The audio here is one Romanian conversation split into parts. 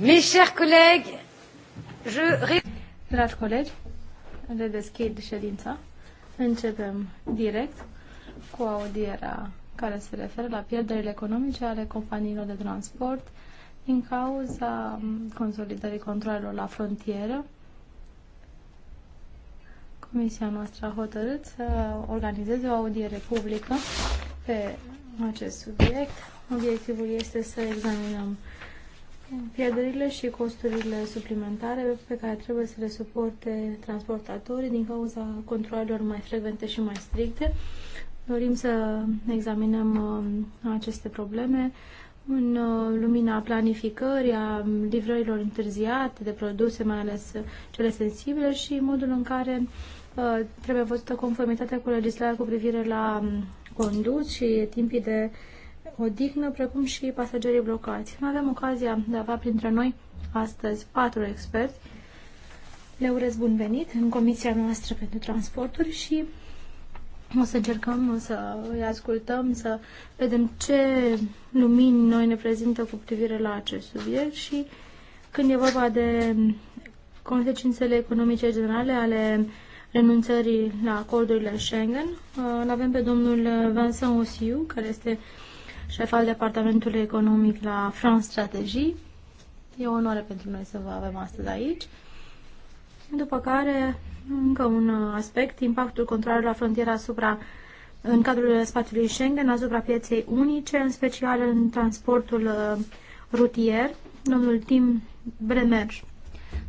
Mes chers collègues, je... Dragi colegi, redeschid ședința. Începem direct cu audierea care se referă la pierderile economice ale companiilor de transport din cauza consolidării controlelor la frontieră. Comisia noastră a hotărât să organizeze o audiere publică pe acest subiect. Obiectivul este să examinăm uh, pierderile și costurile suplimentare pe care trebuie să le suporte transportatorii din cauza controlelor mai frecvente și mai stricte. Dorim să examinăm uh, aceste probleme în uh, lumina planificării, a livrărilor întârziate de produse, mai ales uh, cele sensibile și modul în care trebuie văzută conformitatea cu legislația cu privire la um, condus și timpii de odihnă, precum și pasagerii blocați. Avem ocazia de a avea printre noi astăzi patru experți. Le urez bun venit în Comisia noastră pentru transporturi și o să încercăm să îi ascultăm, să vedem ce lumini noi ne prezintă cu privire la acest subiect și când e vorba de consecințele economice generale ale renunțării la acordurile Schengen. Îl avem pe domnul Vincent Osiu, care este șef al Departamentului Economic la France Strategie. E o onoare pentru noi să vă avem astăzi aici. După care, încă un aspect, impactul controlului la frontiera asupra în cadrul spațiului Schengen, asupra pieței unice, în special în transportul uh, rutier, domnul Tim Bremer,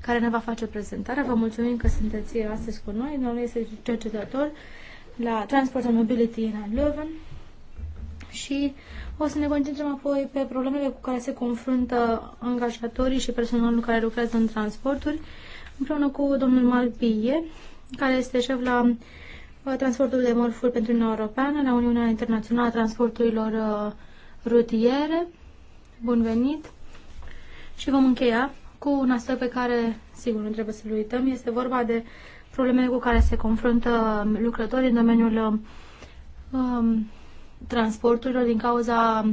care ne va face prezentarea. Vă mulțumim că sunteți astăzi cu noi. Domnul este cercetător la Transport and Mobility în Leuven și o să ne concentrăm apoi pe problemele cu care se confruntă angajatorii și personalul care lucrează în transporturi, împreună cu domnul Malpie, care este șef la uh, transportul de morfuri pentru Uniunea Europeană, la Uniunea Internațională a Transporturilor uh, Rutiere. Bun venit! Și vom încheia cu un aspect pe care, sigur, nu trebuie să-l uităm. Este vorba de problemele cu care se confruntă lucrătorii în domeniul um, transporturilor din cauza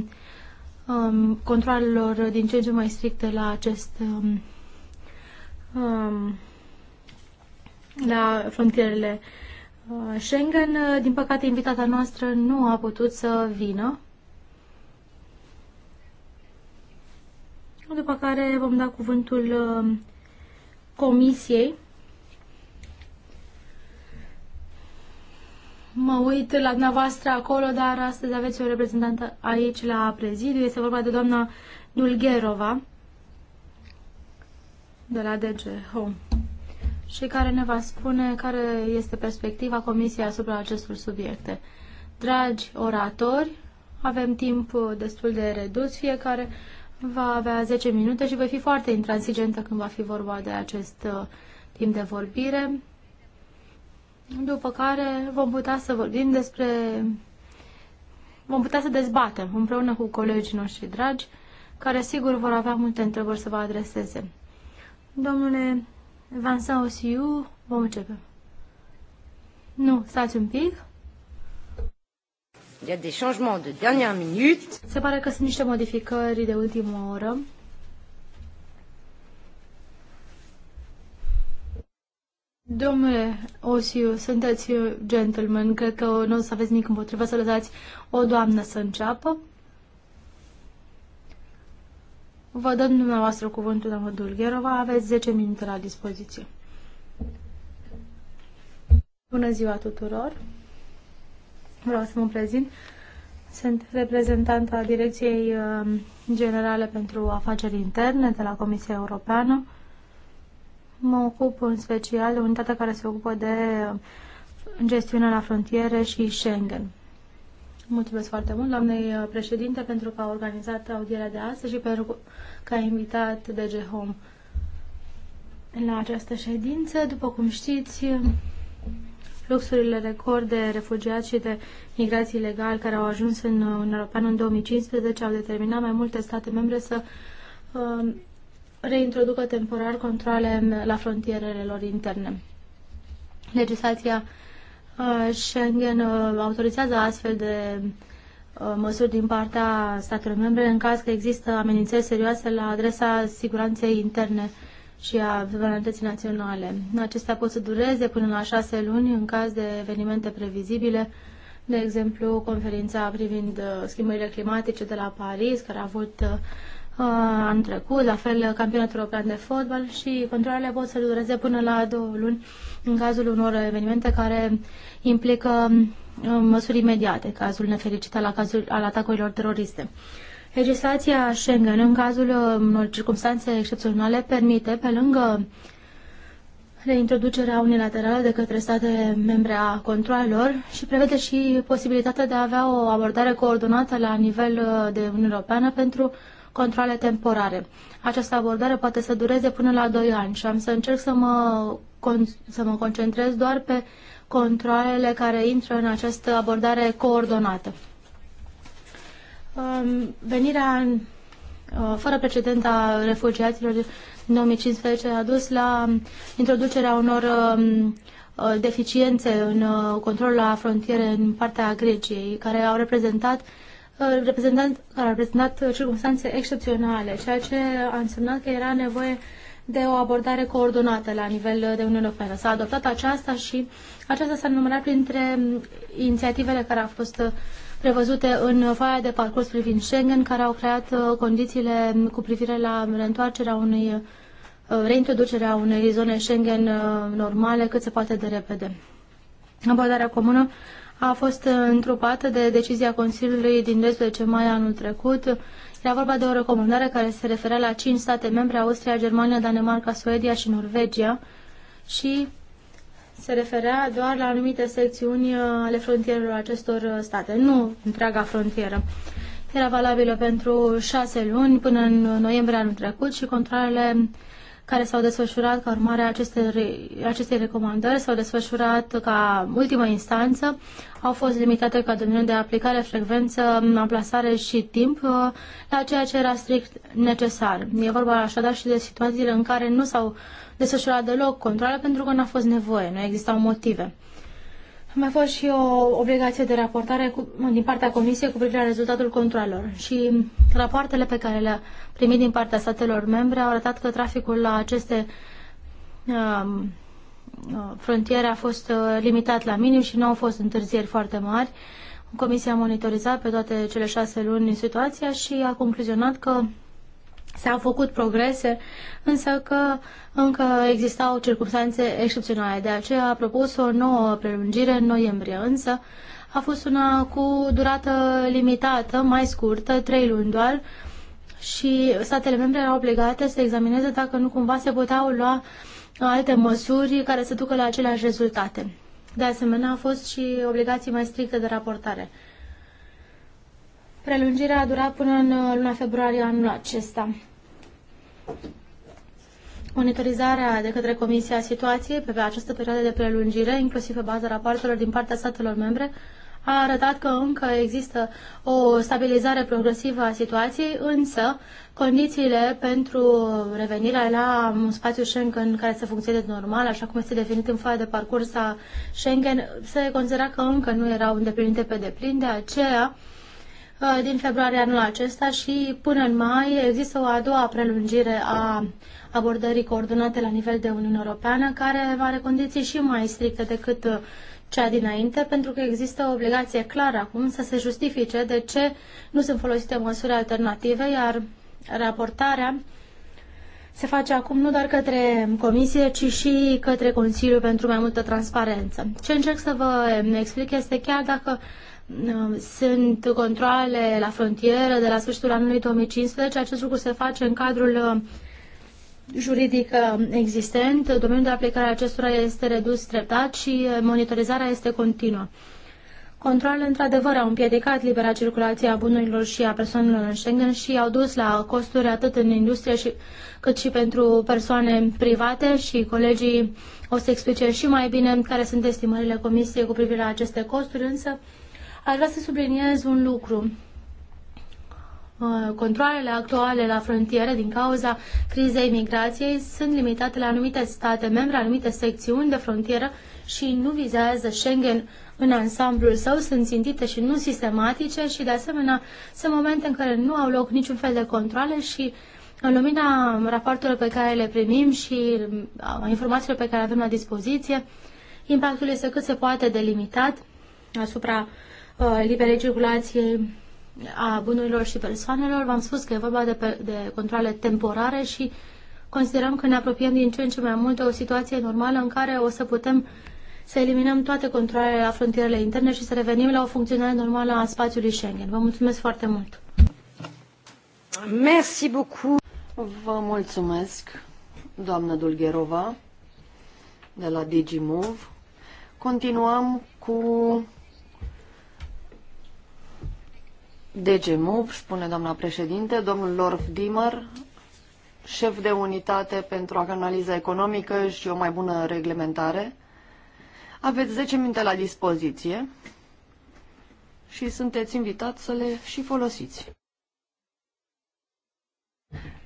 um, controlelor din ce în ce mai stricte la acest um, um, la frontierele uh, Schengen. Din păcate, invitata noastră nu a putut să vină. După care vom da cuvântul um, Comisiei mă uit la dumneavoastră acolo, dar astăzi aveți o reprezentantă aici la prezidiu. Este vorba de doamna Dulgherova de la DG Home și care ne va spune care este perspectiva Comisiei asupra acestor subiecte. Dragi oratori, avem timp destul de redus, fiecare va avea 10 minute și voi fi foarte intransigentă când va fi vorba de acest uh, timp de vorbire după care vom putea să vorbim despre... vom putea să dezbatem împreună cu colegii noștri dragi, care sigur vor avea multe întrebări să vă adreseze. Domnule Vincent Osiu, vom începe. Nu, stați un pic. Il y a des changements de dernière minute. Se pare că sunt niște modificări de ultimă oră Domnule Osiu, sunteți gentleman, cred că nu o să aveți nimic împotriva să lăsați o doamnă să înceapă. Vă dăm dumneavoastră cuvântul, doamnă Dulgherova, aveți 10 minute la dispoziție. Bună ziua tuturor! Vreau să mă prezint. Sunt reprezentanta Direcției um, Generale pentru Afaceri Interne de la Comisia Europeană. Mă ocup în special de unitatea care se ocupă de gestiunea la frontiere și Schengen. Mulțumesc foarte mult, doamnei președinte, pentru că a organizat audierea de astăzi și pentru că a invitat DG Home la această ședință. După cum știți, fluxurile record de refugiați și de migrații ilegali care au ajuns în în Europeană în 2015 au determinat mai multe state membre să uh, reintroducă temporar controle la frontierele lor interne. Legislația uh, Schengen uh, autorizează astfel de uh, măsuri din partea statelor membre în caz că există amenințări serioase la adresa siguranței interne și a suveranității naționale. Acestea pot să dureze până la șase luni în caz de evenimente previzibile, de exemplu conferința privind schimbările climatice de la Paris, care a avut anul uh, trecut, la fel campionatul european de fotbal și controlele pot să dureze până la două luni în cazul unor evenimente care implică uh, măsuri imediate, cazul nefericit al, cazul, al atacurilor teroriste. Legislația Schengen, în cazul uh, unor circunstanțe excepționale, permite, pe lângă reintroducerea unilaterală de către state membre a controlelor și prevede și posibilitatea de a avea o abordare coordonată la nivel de Uniune Europeană pentru controle temporare. Această abordare poate să dureze până la 2 ani și am să încerc să mă, să mă concentrez doar pe controlele care intră în această abordare coordonată. Um, venirea uh, fără precedent a refugiaților din 2015 a dus la introducerea unor um, uh, deficiențe în uh, controlul la frontiere în partea Greciei, care au reprezentat Uh, care a reprezentat uh, circunstanțe excepționale, ceea ce a însemnat că era nevoie de o abordare coordonată la nivel uh, de Uniunea Europeană. S-a adoptat aceasta și aceasta s-a numărat printre um, inițiativele care au fost prevăzute în foaia de parcurs privind Schengen, care au creat condițiile um, cu privire la reîntoarcerea unei reintroducerea unei zone Schengen normale cât se poate de repede. Abordarea comună a fost uh, întrupată de decizia Consiliului din 12 mai anul trecut. Era vorba de o recomandare care se referea la cinci state membre, Austria, Germania, Danemarca, Suedia și Norvegia și se referea doar la anumite secțiuni uh, ale frontierelor acestor uh, state, nu întreaga frontieră. Era valabilă pentru șase luni până în noiembrie anul trecut și controlele care s-au desfășurat ca urmare a acestei, acestei recomandări, s-au desfășurat ca ultimă instanță, au fost limitate ca domeniul de aplicare, frecvență, amplasare și timp uh, la ceea ce era strict necesar. E vorba așadar și de situațiile în care nu s-au desfășurat deloc controle pentru că n-a fost nevoie, nu existau motive mai fost și o obligație de raportare cu, din partea Comisiei cu privire la rezultatul controlelor și rapoartele pe care le-a primit din partea statelor membre au arătat că traficul la aceste um, uh, frontiere a fost uh, limitat la minim și nu au fost întârzieri foarte mari. Comisia a monitorizat pe toate cele șase luni situația și a concluzionat că S-au făcut progrese, însă că încă existau circunstanțe excepționale. De aceea a propus o nouă prelungire în noiembrie, însă a fost una cu durată limitată, mai scurtă, trei luni doar, și statele membre erau obligate să examineze dacă nu cumva se puteau lua alte măsuri care să ducă la aceleași rezultate. De asemenea, au fost și obligații mai stricte de raportare. Prelungirea a durat până în uh, luna februarie anul acesta. Monitorizarea de către Comisia situației pe această perioadă de prelungire, inclusiv pe baza rapoartelor din partea statelor membre, a arătat că încă există o stabilizare progresivă a situației, însă condițiile pentru revenirea la un spațiu Schengen care să funcționeze normal, așa cum este definit în foaia de parcurs a Schengen, se considera că încă nu erau îndeplinite pe deplin, de aceea Uh, din februarie anul acesta și până în mai există o a doua prelungire a abordării coordonate la nivel de Uniune Europeană, care are condiții și mai stricte decât uh, cea dinainte, pentru că există o obligație clară acum să se justifice de ce nu sunt folosite măsuri alternative, iar raportarea se face acum nu doar către Comisie, ci și către Consiliu pentru mai multă transparență. Ce încerc să vă explic este chiar dacă Um, sunt controle la frontieră de la sfârșitul anului 2015. Acest lucru se face în cadrul um, juridic um, existent. Domeniul de aplicare a acestora este redus treptat și uh, monitorizarea este continuă. Controlele, într-adevăr, au împiedicat libera circulație a bunurilor și a persoanelor în Schengen și au dus la costuri atât în industrie și, cât și pentru persoane private și colegii o să explice și mai bine care sunt estimările Comisiei cu privire la aceste costuri, însă Aș vrea să subliniez un lucru. Uh, controlele actuale la frontieră din cauza crizei migrației sunt limitate la anumite state membre, anumite secțiuni de frontieră și nu vizează Schengen în ansamblul său, sunt țintite și nu sistematice și de asemenea sunt momente în care nu au loc niciun fel de controle și în lumina raporturilor pe care le primim și uh, informațiilor pe care le avem la dispoziție, impactul este cât se poate delimitat asupra uh, Uh, liberei circulației a bunurilor și persoanelor. V-am spus că e vorba de, de controle temporare și considerăm că ne apropiem din ce în ce mai mult de o situație normală în care o să putem să eliminăm toate controlele la frontierele interne și să revenim la o funcționare normală a spațiului Schengen. Vă mulțumesc foarte mult! Merci beaucoup! Vă mulțumesc, doamnă Dulgherova, de la DigiMove. Continuăm cu DGMUV, spune doamna președinte, domnul Lorf Dimmer, șef de unitate pentru analiza economică și o mai bună reglementare. Aveți 10 minute la dispoziție și sunteți invitați să le și folosiți.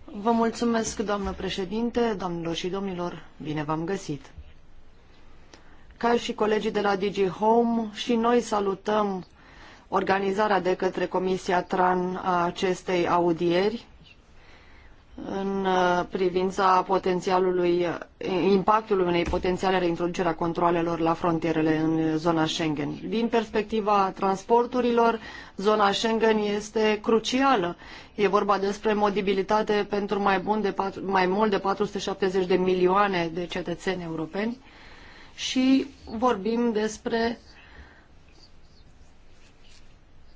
Vă mulțumesc, doamnă președinte, doamnelor și domnilor, bine v-am găsit. Ca și colegii de la Digi Home, și noi salutăm organizarea de către Comisia TRAN a acestei audieri în uh, privința potențialului, uh, impactului unei potențiale reintroducere a controalelor la frontierele în zona Schengen. Din perspectiva transporturilor, zona Schengen este crucială. E vorba despre mobilitate pentru mai, bun de, mai mult de 470 de milioane de cetățeni europeni și vorbim despre uh,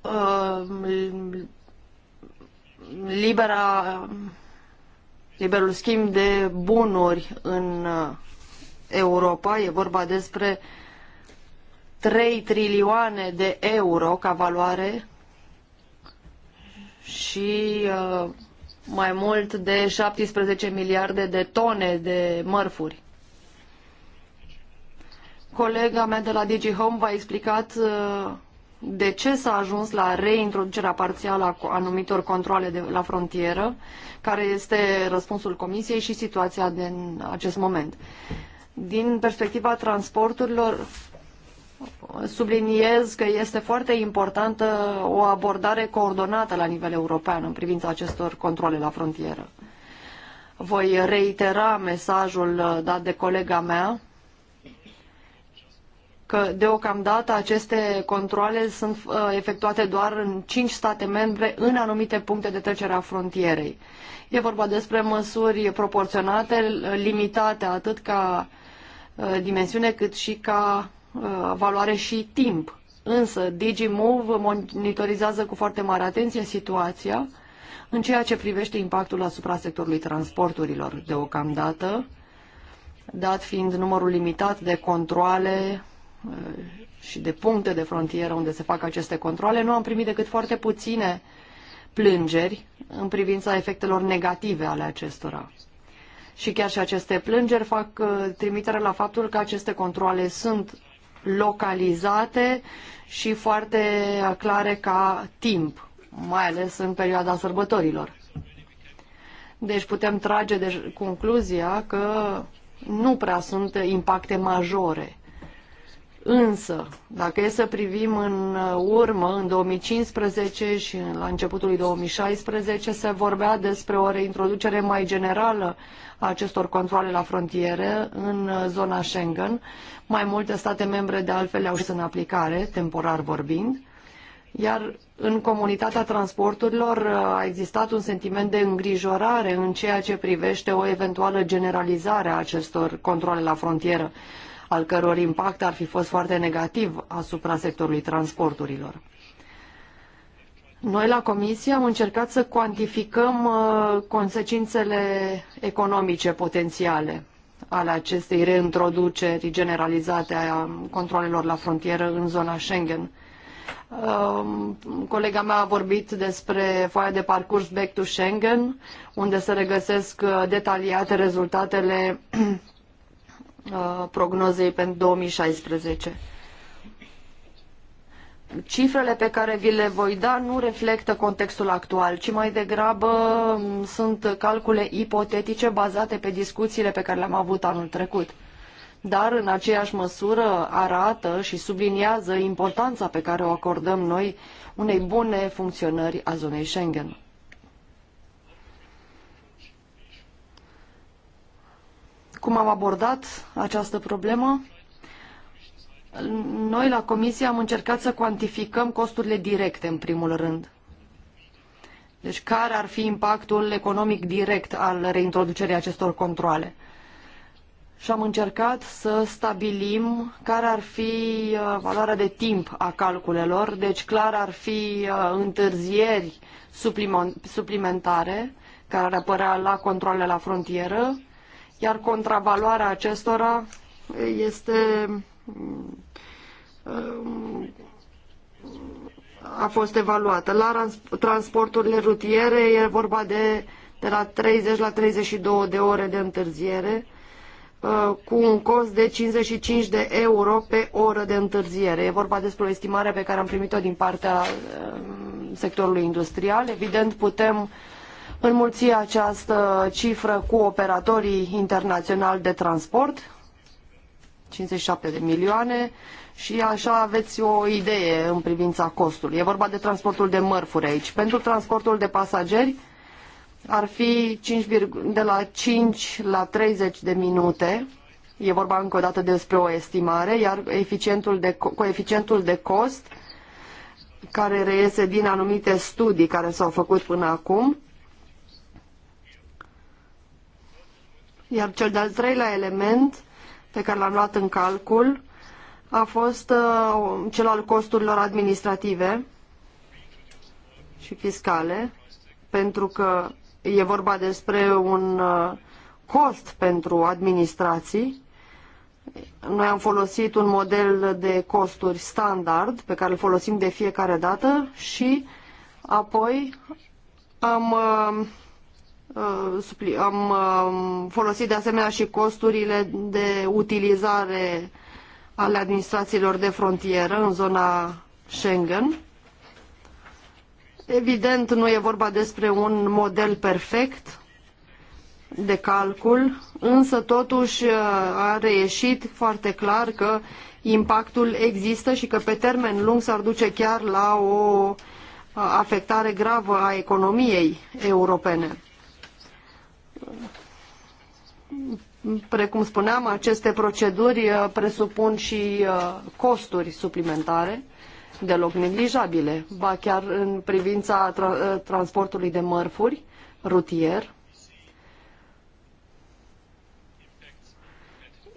Uh, libera, liberul schimb de bunuri în uh, Europa. E vorba despre 3 trilioane de euro ca valoare și uh, mai mult de 17 miliarde de tone de mărfuri. Colega mea de la DigiHome v-a explicat de ce s-a ajuns la reintroducerea parțială a anumitor controle de la frontieră, care este răspunsul Comisiei și situația din acest moment. Din perspectiva transporturilor, subliniez că este foarte importantă o abordare coordonată la nivel european în privința acestor controle la frontieră. Voi reitera mesajul dat de colega mea că deocamdată aceste controle sunt uh, efectuate doar în cinci state membre în anumite puncte de trecere a frontierei. E vorba despre măsuri proporționate, limitate atât ca uh, dimensiune cât și ca uh, valoare și timp. Însă DigiMove monitorizează cu foarte mare atenție situația în ceea ce privește impactul asupra sectorului transporturilor deocamdată, dat fiind numărul limitat de controle Uh, și de puncte de frontieră unde se fac aceste controle, nu am primit decât foarte puține plângeri în privința efectelor negative ale acestora. Și chiar și aceste plângeri fac uh, trimitere la faptul că aceste controle sunt localizate și foarte clare ca timp, mai ales în perioada sărbătorilor. Deci putem trage de concluzia că nu prea sunt impacte majore Însă, dacă e să privim în urmă, în 2015 și la începutul lui 2016 se vorbea despre o reintroducere mai generală a acestor controle la frontiere în zona Schengen. Mai multe state membre de altfel le-au și în aplicare, temporar vorbind. Iar în comunitatea transporturilor uh, a existat un sentiment de îngrijorare în ceea ce privește o eventuală generalizare a acestor controle la frontieră al căror impact ar fi fost foarte negativ asupra sectorului transporturilor. Noi la Comisie am încercat să cuantificăm uh, consecințele economice potențiale ale acestei reintroduceri generalizate a controlelor la frontieră în zona Schengen. Um, colega mea a vorbit despre foaia de parcurs Back to Schengen, unde se regăsesc uh, detaliate rezultatele Uh, prognozei pentru 2016. Cifrele pe care vi le voi da nu reflectă contextul actual, ci mai degrabă mm, sunt calcule ipotetice bazate pe discuțiile pe care le-am avut anul trecut. Dar în aceeași măsură arată și subliniază importanța pe care o acordăm noi unei bune funcționări a zonei Schengen. cum am abordat această problemă. Noi la Comisie am încercat să cuantificăm costurile directe în primul rând. Deci care ar fi impactul economic direct al reintroducerii acestor controle? Și am încercat să stabilim care ar fi uh, valoarea de timp a calculelor, deci clar ar fi uh, întârzieri suplimentare care ar apărea la controlele la frontieră, iar contravaloarea acestora este a fost evaluată. La transporturile rutiere e vorba de, de la 30 la 32 de ore de întârziere uh, cu un cost de 55 de euro pe oră de întârziere. E vorba despre o estimare pe care am primit-o din partea uh, sectorului industrial. Evident, putem înmulți această cifră cu operatorii internaționali de transport, 57 de milioane, și așa aveți o idee în privința costului. E vorba de transportul de mărfuri aici. Pentru transportul de pasageri ar fi 5, de la 5 la 30 de minute, e vorba încă o dată despre o estimare, iar eficientul de, coeficientul de cost care reiese din anumite studii care s-au făcut până acum, Iar cel de-al treilea element pe care l-am luat în calcul a fost uh, cel al costurilor administrative și fiscale, pentru că e vorba despre un uh, cost pentru administrații. Noi am folosit un model de costuri standard pe care îl folosim de fiecare dată și apoi am uh, Uh, am um, folosit de asemenea și costurile de utilizare ale administrațiilor de frontieră în zona Schengen. Evident, nu e vorba despre un model perfect de calcul, însă totuși uh, a reieșit foarte clar că impactul există și că pe termen lung s-ar duce chiar la o uh, afectare gravă a economiei europene precum spuneam, aceste proceduri uh, presupun și uh, costuri suplimentare, deloc neglijabile, ba chiar în privința tra uh, transportului de mărfuri rutier.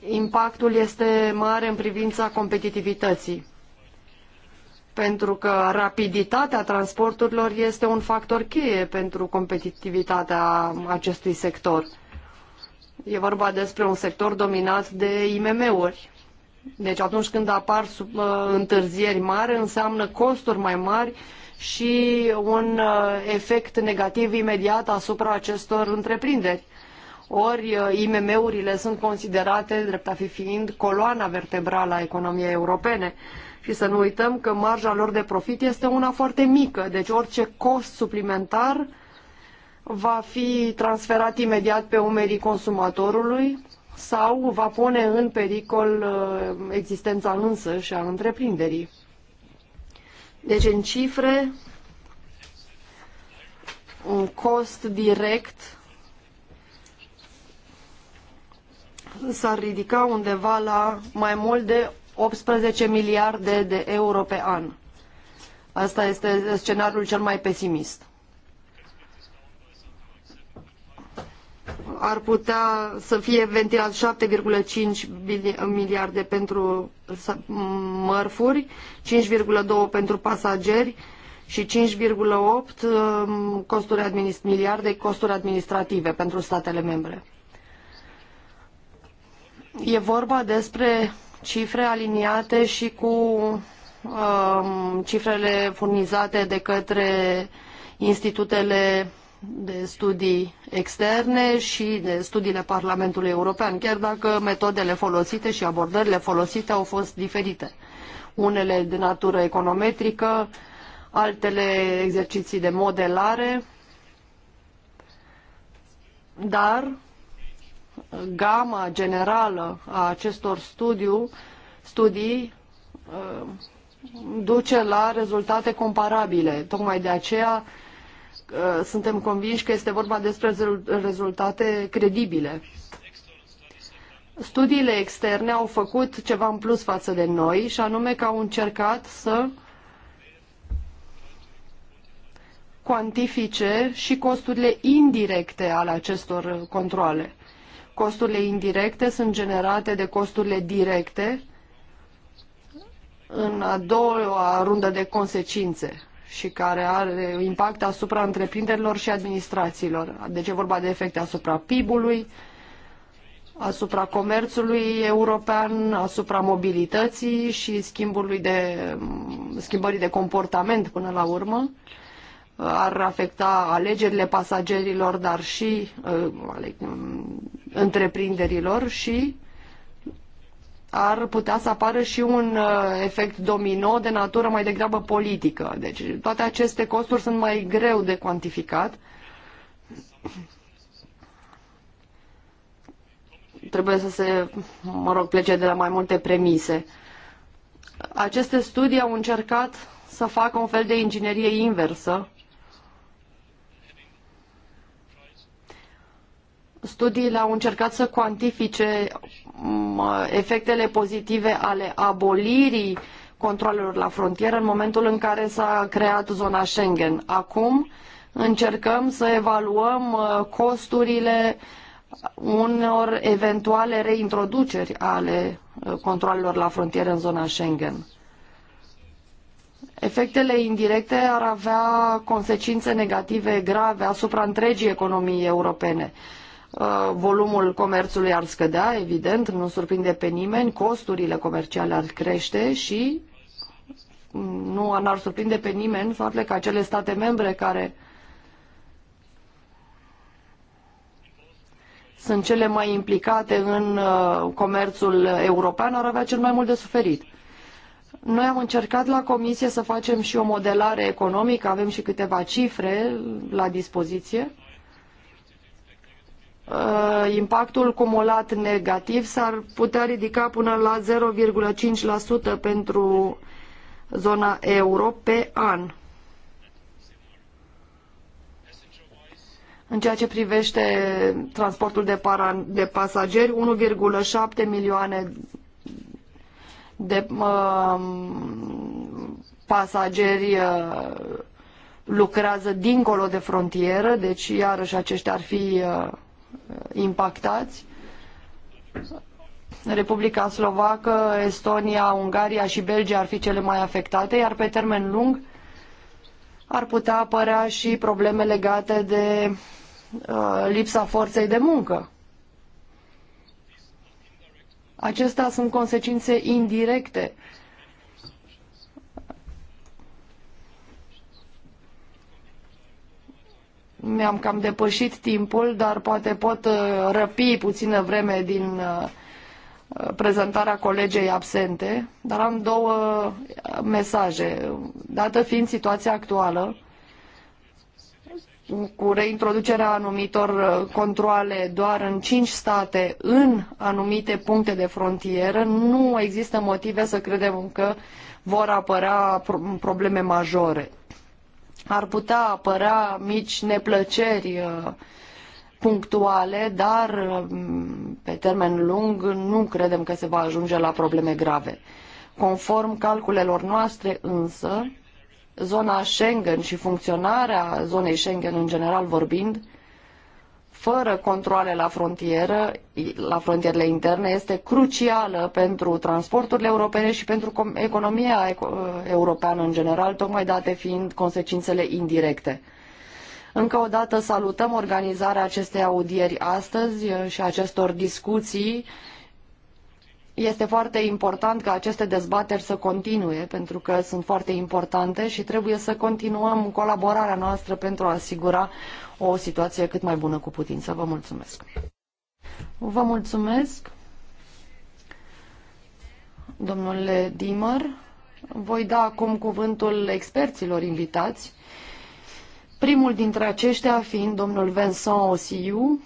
Impactul este mare în privința competitivității pentru că rapiditatea transporturilor este un factor cheie pentru competitivitatea acestui sector. E vorba despre un sector dominat de IMM-uri. Deci atunci când apar sub, uh, întârzieri mari, înseamnă costuri mai mari și un uh, efect negativ imediat asupra acestor întreprinderi. Ori uh, IMM-urile sunt considerate, drept a fi fiind, coloana vertebrală a economiei europene. Uh, și să nu uităm că marja lor de profit este una foarte mică, deci orice cost suplimentar va fi transferat imediat pe umerii consumatorului sau va pune în pericol uh, existența însă și a întreprinderii. Deci, în cifre, un cost direct s-ar ridica undeva la mai mult de 18 miliarde de euro pe an. Asta este scenariul cel mai pesimist. Ar putea să fie ventilat 7,5 miliarde pentru mărfuri, 5,2 pentru pasageri și 5,8 um, costuri miliarde costuri administrative pentru statele membre. E vorba despre cifre aliniate și cu um, cifrele furnizate de către institutele de studii externe și de studiile Parlamentului European, chiar dacă metodele folosite și abordările folosite au fost diferite. Unele de natură econometrică, altele exerciții de modelare, dar gama generală a acestor studiu, studii uh, duce la rezultate comparabile. Tocmai de aceea uh, suntem convinși că este vorba despre rezultate credibile. Studiile externe au făcut ceva în plus față de noi și anume că au încercat să cuantifice și costurile indirecte ale acestor controle costurile indirecte sunt generate de costurile directe în a doua rundă de consecințe și care are impact asupra întreprinderilor și administrațiilor. Deci e vorba de efecte asupra PIB-ului, asupra comerțului european, asupra mobilității și schimbului de, schimbării de comportament până la urmă ar afecta alegerile pasagerilor, dar și uh, um, întreprinderilor și ar putea să apară și un uh, efect domino de natură mai degrabă politică. Deci toate aceste costuri sunt mai greu de cuantificat. Trebuie să se, mă rog, plece de la mai multe premise. Aceste studii au încercat să facă un fel de inginerie inversă studiile au încercat să cuantifice efectele pozitive ale abolirii controlelor la frontieră în momentul în care s-a creat zona Schengen. Acum încercăm să evaluăm uh, costurile unor eventuale reintroduceri ale uh, controlelor la frontieră în zona Schengen. Efectele indirecte ar avea consecințe negative grave asupra întregii economii europene. Uh, volumul comerțului ar scădea, evident, nu surprinde pe nimeni, costurile comerciale ar crește și nu n-ar surprinde pe nimeni faptul că acele state membre care sunt cele mai implicate în uh, comerțul european ar avea cel mai mult de suferit. Noi am încercat la comisie să facem și o modelare economică, avem și câteva cifre la dispoziție Uh, impactul cumulat negativ s-ar putea ridica până la 0,5% pentru zona euro pe an. În ceea ce privește transportul de, para, de pasageri, 1,7 milioane de uh, pasageri uh, lucrează dincolo de frontieră, deci iarăși aceștia ar fi uh, impactați. Republica Slovacă, Estonia, Ungaria și Belgia ar fi cele mai afectate, iar pe termen lung ar putea apărea și probleme legate de uh, lipsa forței de muncă. Acestea sunt consecințe indirecte uh, Mi-am cam depășit timpul, dar poate pot uh, răpi puțină vreme din uh, prezentarea colegei absente, dar am două uh, mesaje. Dată fiind situația actuală, cu reintroducerea anumitor controle doar în cinci state, în anumite puncte de frontieră, nu există motive să credem că vor apărea probleme majore ar putea apărea mici neplăceri uh, punctuale, dar mm, pe termen lung nu credem că se va ajunge la probleme grave. Conform calculelor noastre însă, zona Schengen și funcționarea zonei Schengen în general vorbind, fără controle la frontieră, la frontierele interne, este crucială pentru transporturile europene și pentru economia europeană în general, tocmai date fiind consecințele indirecte. Încă o dată salutăm organizarea acestei audieri astăzi și acestor discuții. Este foarte important ca aceste dezbateri să continue, pentru că sunt foarte importante și trebuie să continuăm colaborarea noastră pentru a asigura o situație cât mai bună cu putință. Vă mulțumesc! Vă mulțumesc, domnule Dimăr. Voi da acum cuvântul experților invitați, primul dintre aceștia fiind domnul Vincent Osiu,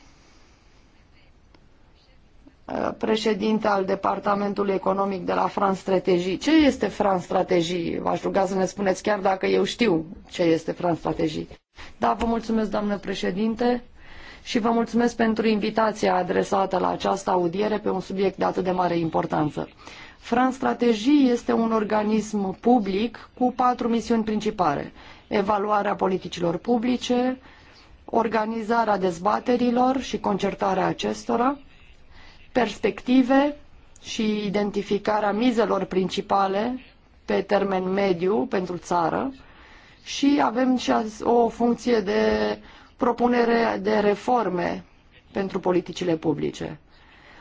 președinte al Departamentului Economic de la France Strategie. Ce este France Strategie? V-aș ruga să ne spuneți chiar dacă eu știu ce este France Strategie. Da, vă mulțumesc, doamnă președinte, și vă mulțumesc pentru invitația adresată la această audiere pe un subiect de atât de mare importanță. France Strategie este un organism public cu patru misiuni principale. Evaluarea politicilor publice, organizarea dezbaterilor și concertarea acestora, perspective și identificarea mizelor principale pe termen mediu pentru țară, și avem și o funcție de propunere de reforme pentru politicile publice.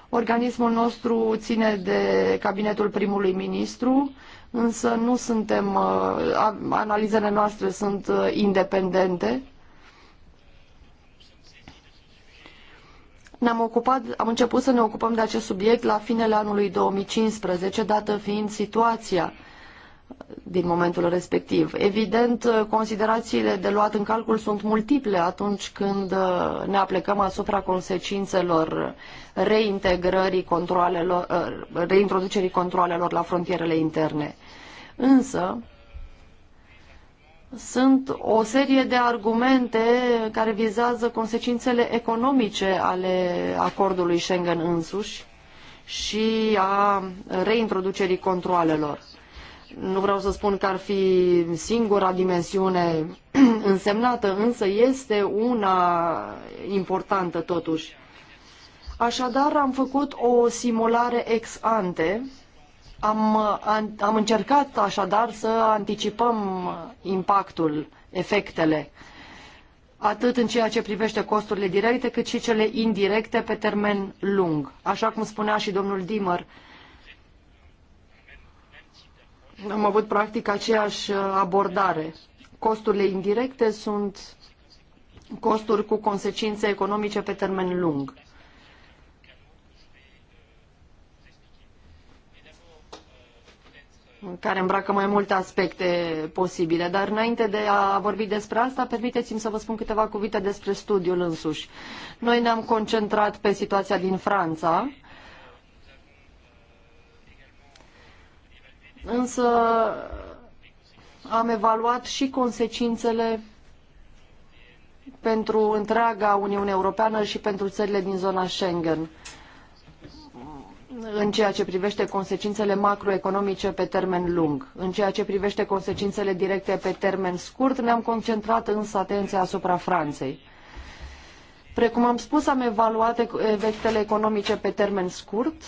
Organismul nostru ține de cabinetul primului ministru, însă nu suntem, uh, analizele noastre sunt uh, independente. Ne-am ocupat, am început să ne ocupăm de acest subiect la finele anului 2015, dată fiind situația din momentul respectiv. Evident, considerațiile de luat în calcul sunt multiple atunci când uh, ne aplicăm asupra consecințelor reintegrării controalelor, uh, reintroducerii controalelor la frontierele interne. Însă, sunt o serie de argumente care vizează consecințele economice ale acordului Schengen însuși și a reintroducerii controalelor. Nu vreau să spun că ar fi singura dimensiune însemnată, însă este una importantă totuși. Așadar, am făcut o simulare ex ante. Am, am încercat așadar să anticipăm impactul, efectele, atât în ceea ce privește costurile directe, cât și cele indirecte pe termen lung. Așa cum spunea și domnul Dimăr, am avut practic aceeași uh, abordare. Costurile indirecte sunt costuri cu consecințe economice pe termen lung. care îmbracă mai multe aspecte posibile. Dar înainte de a vorbi despre asta, permiteți-mi să vă spun câteva cuvinte despre studiul însuși. Noi ne-am concentrat pe situația din Franța, însă am evaluat și consecințele pentru întreaga Uniune Europeană și pentru țările din zona Schengen în ceea ce privește consecințele macroeconomice pe termen lung. În ceea ce privește consecințele directe pe termen scurt, ne-am concentrat însă atenția asupra Franței. Precum am spus, am evaluat efectele economice pe termen scurt,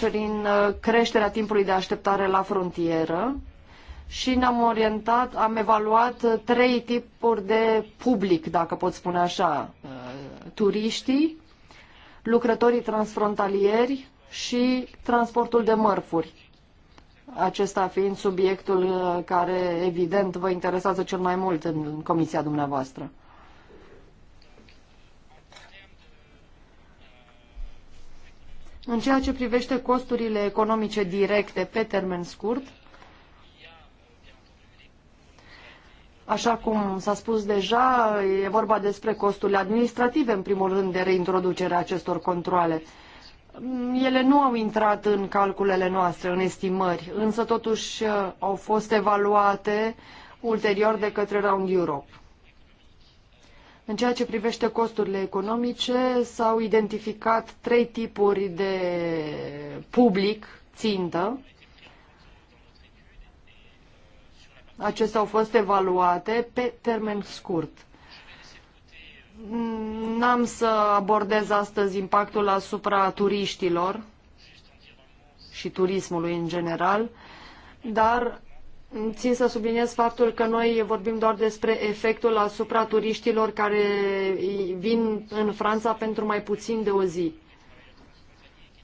prin uh, creșterea timpului de așteptare la frontieră și ne-am orientat, am evaluat uh, trei tipuri de public, dacă pot spune așa, uh, turiștii, lucrătorii transfrontalieri și transportul de mărfuri. Acesta fiind subiectul care, evident, vă interesează cel mai mult în comisia dumneavoastră. În ceea ce privește costurile economice directe pe termen scurt, Așa cum s-a spus deja, e vorba despre costurile administrative, în primul rând, de reintroducerea acestor controle. Ele nu au intrat în calculele noastre, în estimări, însă totuși au fost evaluate ulterior de către Round Europe. În ceea ce privește costurile economice, s-au identificat trei tipuri de public țintă. Acestea au fost evaluate pe termen scurt. N-am să abordez astăzi impactul asupra turiștilor și turismului în general, dar Țin să subliniez faptul că noi vorbim doar despre efectul asupra turiștilor care vin în Franța pentru mai puțin de o zi.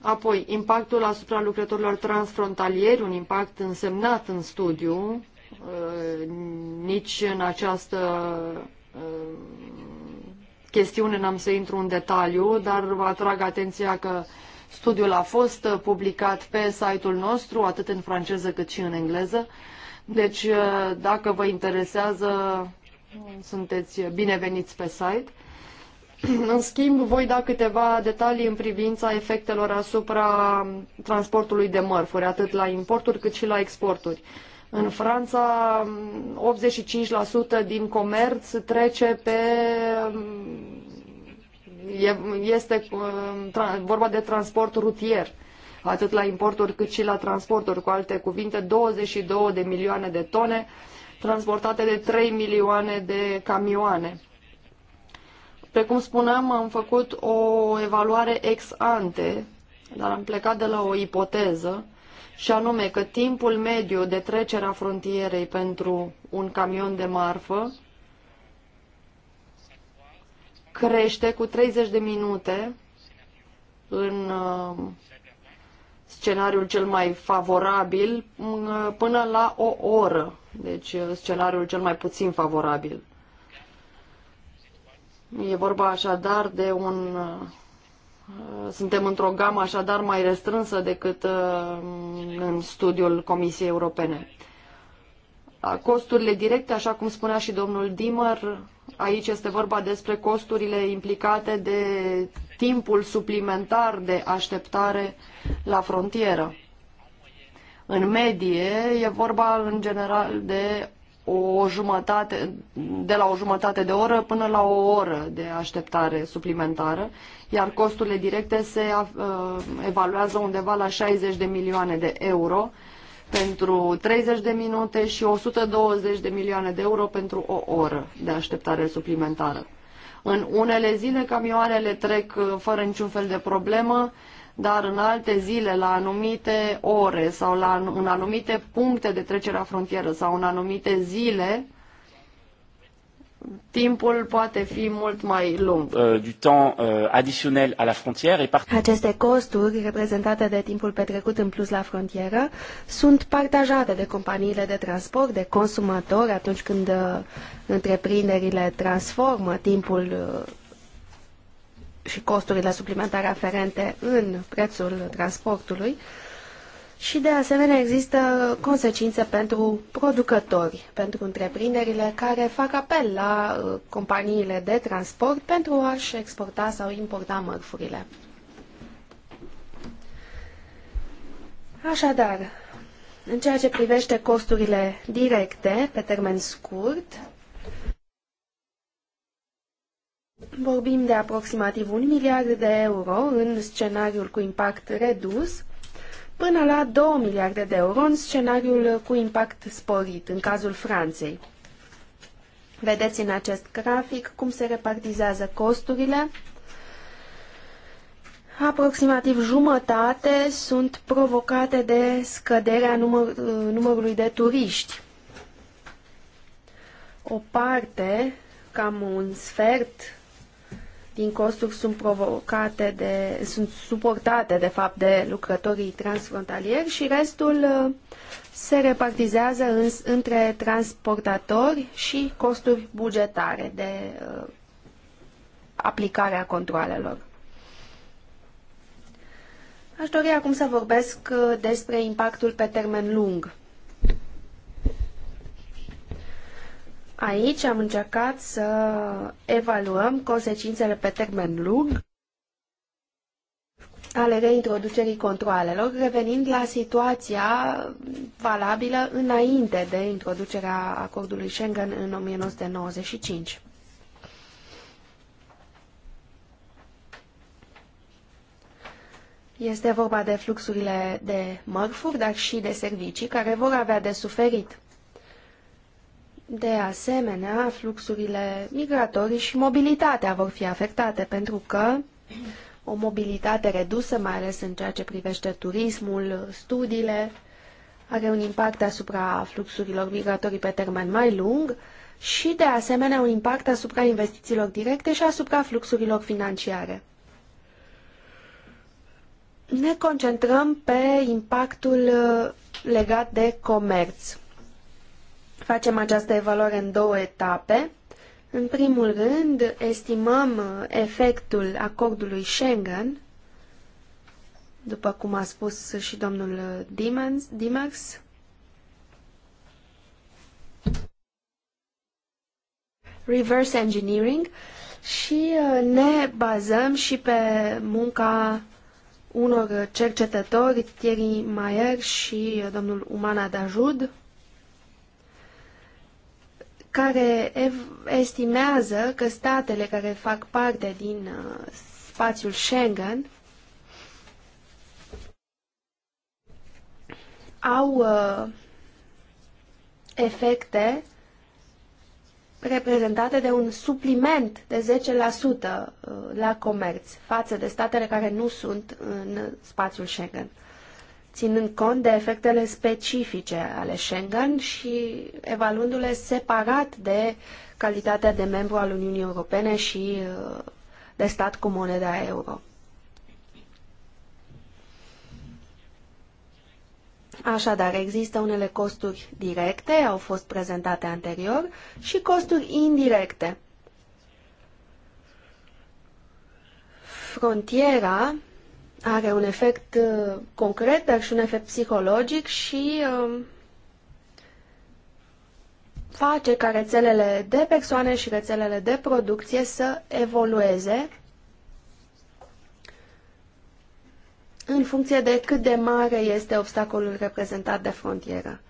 Apoi, impactul asupra lucrătorilor transfrontalieri, un impact însemnat în studiu, uh, nici în această uh, chestiune n-am să intru în detaliu, dar vă atrag atenția că studiul a fost publicat pe site-ul nostru, atât în franceză cât și în engleză. Deci, uh, dacă vă interesează, sunteți bineveniți pe site. În schimb, voi da câteva detalii în privința efectelor asupra transportului de mărfuri, atât la importuri cât și la exporturi. În Franța, 85% din comerț trece pe... Um, este um, vorba de transport rutier atât la importuri cât și la transporturi, cu alte cuvinte 22 de milioane de tone transportate de 3 milioane de camioane. Precum spuneam, am făcut o evaluare ex ante, dar am plecat de la o ipoteză, și anume că timpul mediu de trecere a frontierei pentru un camion de marfă crește cu 30 de minute în uh, scenariul cel mai favorabil mm, până la o oră, deci uh, scenariul cel mai puțin favorabil. E vorba așadar de un... Uh, suntem într-o gamă așadar mai restrânsă decât uh, în studiul Comisiei Europene. Costurile directe, așa cum spunea și domnul Dimăr, aici este vorba despre costurile implicate de timpul suplimentar de așteptare la frontieră. În medie e vorba în general de o jumătate, de la o jumătate de oră până la o oră de așteptare suplimentară, iar costurile directe se uh, evaluează undeva la 60 de milioane de euro pentru 30 de minute și 120 de milioane de euro pentru o oră de așteptare suplimentară. În unele zile camioanele trec uh, fără niciun fel de problemă, dar în alte zile, la anumite ore sau la, în anumite puncte de trecere a frontieră sau în anumite zile, timpul poate fi mult mai lung. Uh, du temps uh, additionnel à la frontière et Aceste costuri reprezentate de timpul petrecut în plus la frontieră sunt partajate de companiile de transport, de consumatori atunci când uh, întreprinderile transformă timpul și costurile suplimentare aferente în prețul transportului. Uh, și de asemenea există consecințe pentru producători, pentru întreprinderile care fac apel la uh, companiile de transport pentru a-și exporta sau importa mărfurile. Așadar, în ceea ce privește costurile directe pe termen scurt, vorbim de aproximativ un miliard de euro în scenariul cu impact redus, până la 2 miliarde de euro în scenariul cu impact sporit, în cazul Franței. Vedeți în acest grafic cum se repartizează costurile. Aproximativ jumătate sunt provocate de scăderea număr, numărului de turiști. O parte, cam un sfert din costuri sunt provocate de, sunt suportate de fapt de lucrătorii transfrontalieri și restul uh, se repartizează în, între transportatori și costuri bugetare de uh, aplicarea controalelor. Aș dori acum să vorbesc uh, despre impactul pe termen lung Aici am încercat să evaluăm consecințele pe termen lung ale reintroducerii controalelor, revenind la situația valabilă înainte de introducerea acordului Schengen în 1995. Este vorba de fluxurile de mărfuri, dar și de servicii care vor avea de suferit de asemenea, fluxurile migratorii și mobilitatea vor fi afectate, pentru că o mobilitate redusă, mai ales în ceea ce privește turismul, studiile, are un impact asupra fluxurilor migratorii pe termen mai lung și, de asemenea, un impact asupra investițiilor directe și asupra fluxurilor financiare. Ne concentrăm pe impactul legat de comerț. Facem această evaluare în două etape. În primul rând, estimăm uh, efectul acordului Schengen, după cum a spus și domnul uh, Dimers. Reverse engineering și uh, ne bazăm și pe munca unor cercetători, Thierry Maier și domnul Umana Dajud, care estimează că statele care fac parte din uh, spațiul Schengen au uh, efecte reprezentate de un supliment de 10% uh, la comerț față de statele care nu sunt în spațiul Schengen ținând cont de efectele specifice ale Schengen și evaluându-le separat de calitatea de membru al Uniunii Europene și uh, de stat cu moneda euro. Așadar, există unele costuri directe, au fost prezentate anterior, și costuri indirecte. Frontiera are un efect uh, concret, dar și un efect psihologic și um, face ca rețelele de persoane și rețelele de producție să evolueze în funcție de cât de mare este obstacolul reprezentat de frontieră.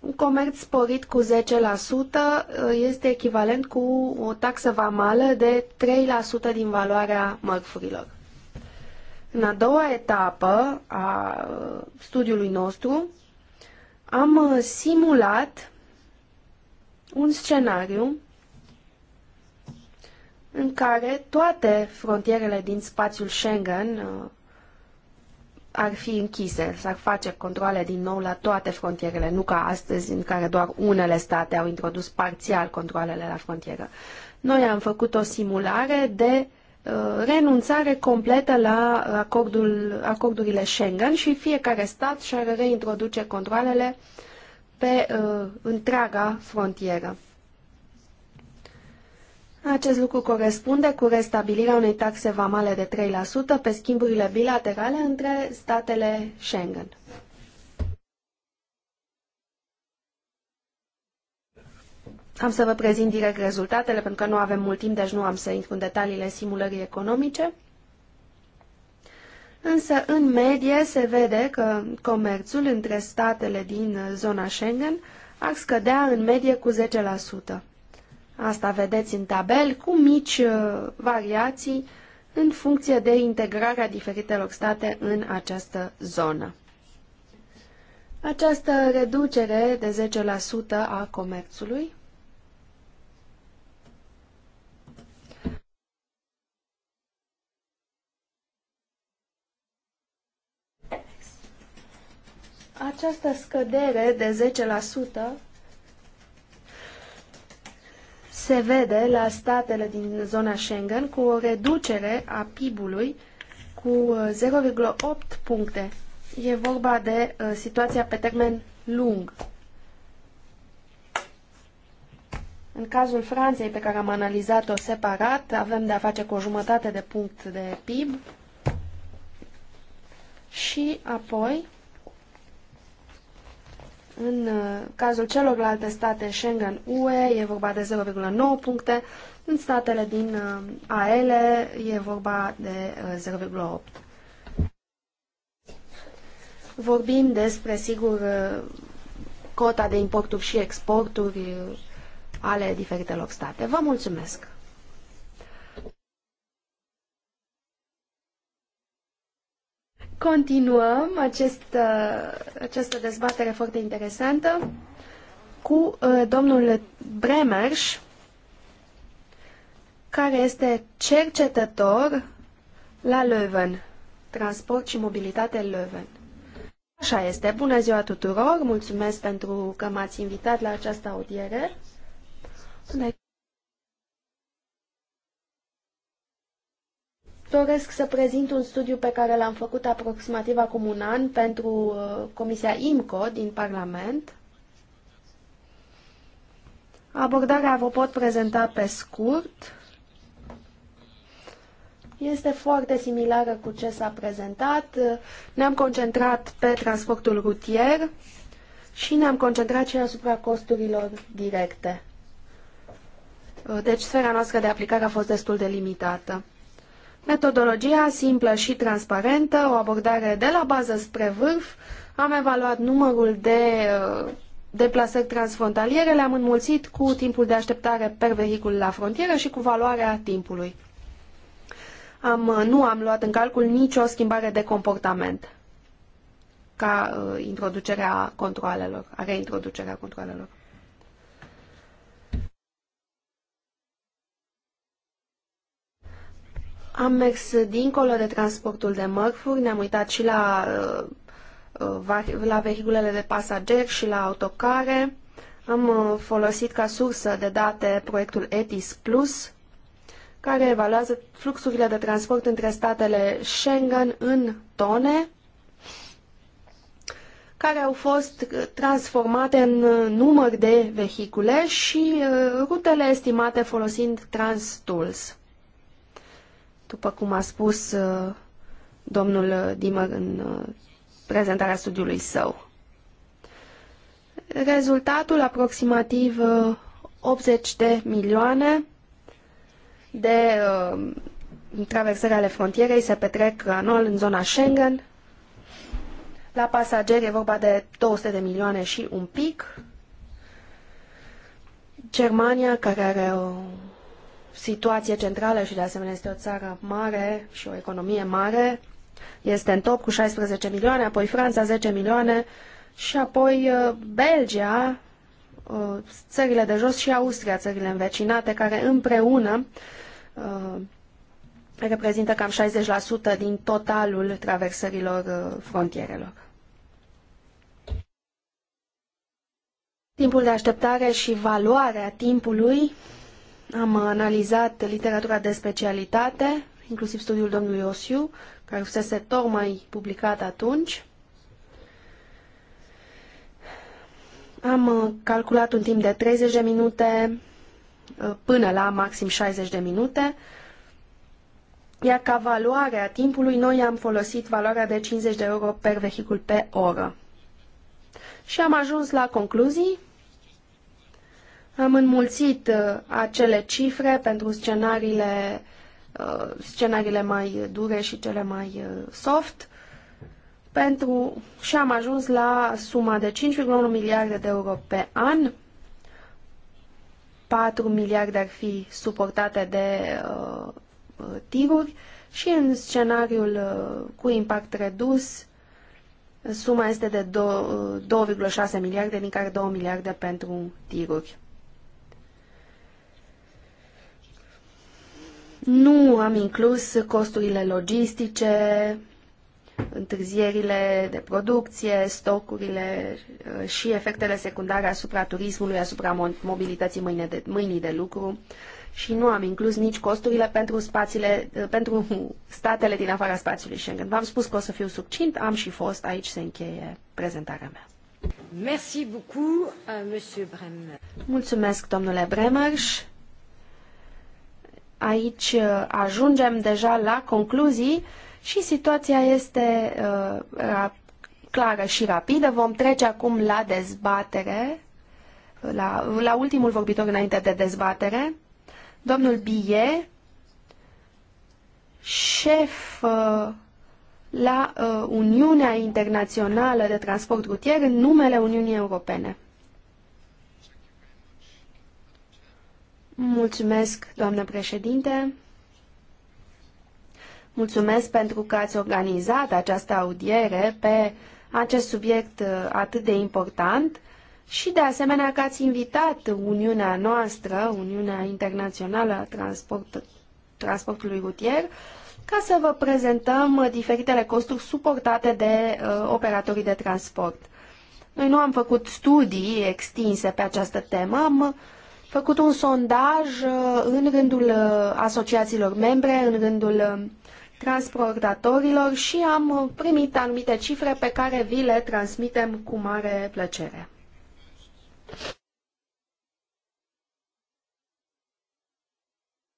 Un comerț sporit cu 10% uh, este echivalent cu o taxă vamală de 3% din valoarea mărfurilor. În a doua etapă a uh, studiului nostru, am uh, simulat un scenariu în care toate frontierele din spațiul Schengen uh, ar fi închise, s-ar face controle din nou la toate frontierele, nu ca astăzi în care doar unele state au introdus parțial controlele la frontieră. Noi am făcut o simulare de uh, Uh, renunțare completă la acordul, acordurile Schengen și fiecare stat și-ar reintroduce controlele pe uh, întreaga frontieră. Acest lucru corespunde cu restabilirea unei taxe vamale de 3% pe schimburile bilaterale între statele Schengen. Am să vă prezint direct rezultatele, pentru că nu avem mult timp, deci nu am să intru în detaliile simulării economice. Însă, în medie, se vede că comerțul între statele din zona Schengen ar scădea în medie cu 10%. Asta vedeți în tabel, cu mici uh, variații în funcție de integrarea diferitelor state în această zonă. Această reducere de 10% a comerțului Această scădere de 10% se vede la statele din zona Schengen cu o reducere a PIB-ului cu 0,8 uh, puncte. E vorba de uh, situația pe termen lung. În cazul Franței, pe care am analizat-o separat, avem de a face cu o jumătate de punct de PIB și apoi în uh, cazul celorlalte state Schengen-UE e vorba de 0,9 puncte, în statele din uh, AL e vorba de 0,8. Uh, Vorbim despre, sigur, cota de importuri și exporturi ale diferitelor state. Vă mulțumesc! Continuăm acest, uh, această dezbatere foarte interesantă cu uh, domnul Bremers, care este cercetător la Leuven, transport și mobilitate Leuven. Așa este. Bună ziua tuturor! Mulțumesc pentru că m-ați invitat la această audiere. Doresc să prezint un studiu pe care l-am făcut aproximativ acum un an pentru uh, Comisia IMCO din Parlament. Abordarea vă pot prezenta pe scurt. Este foarte similară cu ce s-a prezentat. Ne-am concentrat pe transportul rutier și ne-am concentrat și asupra costurilor directe. Deci sfera noastră de aplicare a fost destul de limitată. Metodologia simplă și transparentă, o abordare de la bază spre vârf. Am evaluat numărul de uh, deplasări transfrontaliere, le-am înmulțit cu timpul de așteptare per vehicul la frontieră și cu valoarea timpului. Am, uh, nu am luat în calcul nicio schimbare de comportament ca uh, introducerea controalelor, a reintroducerea controalelor. Am mers dincolo de transportul de mărfuri, ne-am uitat și la, uh, uh, la vehiculele de pasager și la autocare. Am uh, folosit ca sursă de date proiectul ETIS Plus, care evaluează fluxurile de transport între statele Schengen în tone, care au fost transformate în număr de vehicule și rutele estimate folosind TransTools după cum a spus uh, domnul Dimă în uh, prezentarea studiului său. Rezultatul aproximativ 80 uh, de milioane de traversări ale frontierei se petrec anual în zona Schengen. La pasageri e vorba de 200 de milioane și un pic. Germania, care are o situație centrală și de asemenea este o țară mare și o economie mare. Este în top cu 16 milioane, apoi Franța 10 milioane și apoi uh, Belgia, uh, țările de jos și Austria, țările învecinate, care împreună uh, reprezintă cam 60% din totalul traversărilor frontierelor. Timpul de așteptare și valoarea timpului am analizat literatura de specialitate, inclusiv studiul domnului Osiu, care fusese tocmai publicat atunci. Am uh, calculat un timp de 30 de minute uh, până la maxim 60 de minute, iar ca valoare a timpului noi am folosit valoarea de 50 de euro per vehicul pe oră. Și am ajuns la concluzii am înmulțit uh, acele cifre pentru scenariile, uh, scenariile mai dure și cele mai uh, soft pentru, și am ajuns la suma de 5,1 miliarde de euro pe an. 4 miliarde ar fi suportate de uh, tiruri și în scenariul uh, cu impact redus suma este de 2,6 miliarde, din care 2 miliarde pentru tiruri. Nu am inclus costurile logistice, întârzierile de producție, stocurile uh, și efectele secundare asupra turismului, asupra mobilității mâine de, mâinii de lucru și nu am inclus nici costurile pentru, spațiile, uh, pentru statele din afara spațiului Schengen. V-am spus că o să fiu succint, am și fost, aici se încheie prezentarea mea. Merci beaucoup, uh, Mulțumesc, domnule Bremers. Aici uh, ajungem deja la concluzii și situația este uh, clară și rapidă. Vom trece acum la dezbatere, la, la ultimul vorbitor înainte de dezbatere, domnul Bie, șef uh, la uh, Uniunea Internațională de Transport Rutier în numele Uniunii Europene. Mulțumesc, doamnă președinte. Mulțumesc pentru că ați organizat această audiere pe acest subiect uh, atât de important și de asemenea că ați invitat Uniunea noastră, Uniunea Internațională a Transport, Transportului Rutier, ca să vă prezentăm diferitele costuri suportate de uh, operatorii de transport. Noi nu am făcut studii extinse pe această temă, am uh, făcut un sondaj uh, în rândul uh, asociațiilor membre, în rândul uh, transportatorilor și am primit anumite cifre pe care vi le transmitem cu mare plăcere.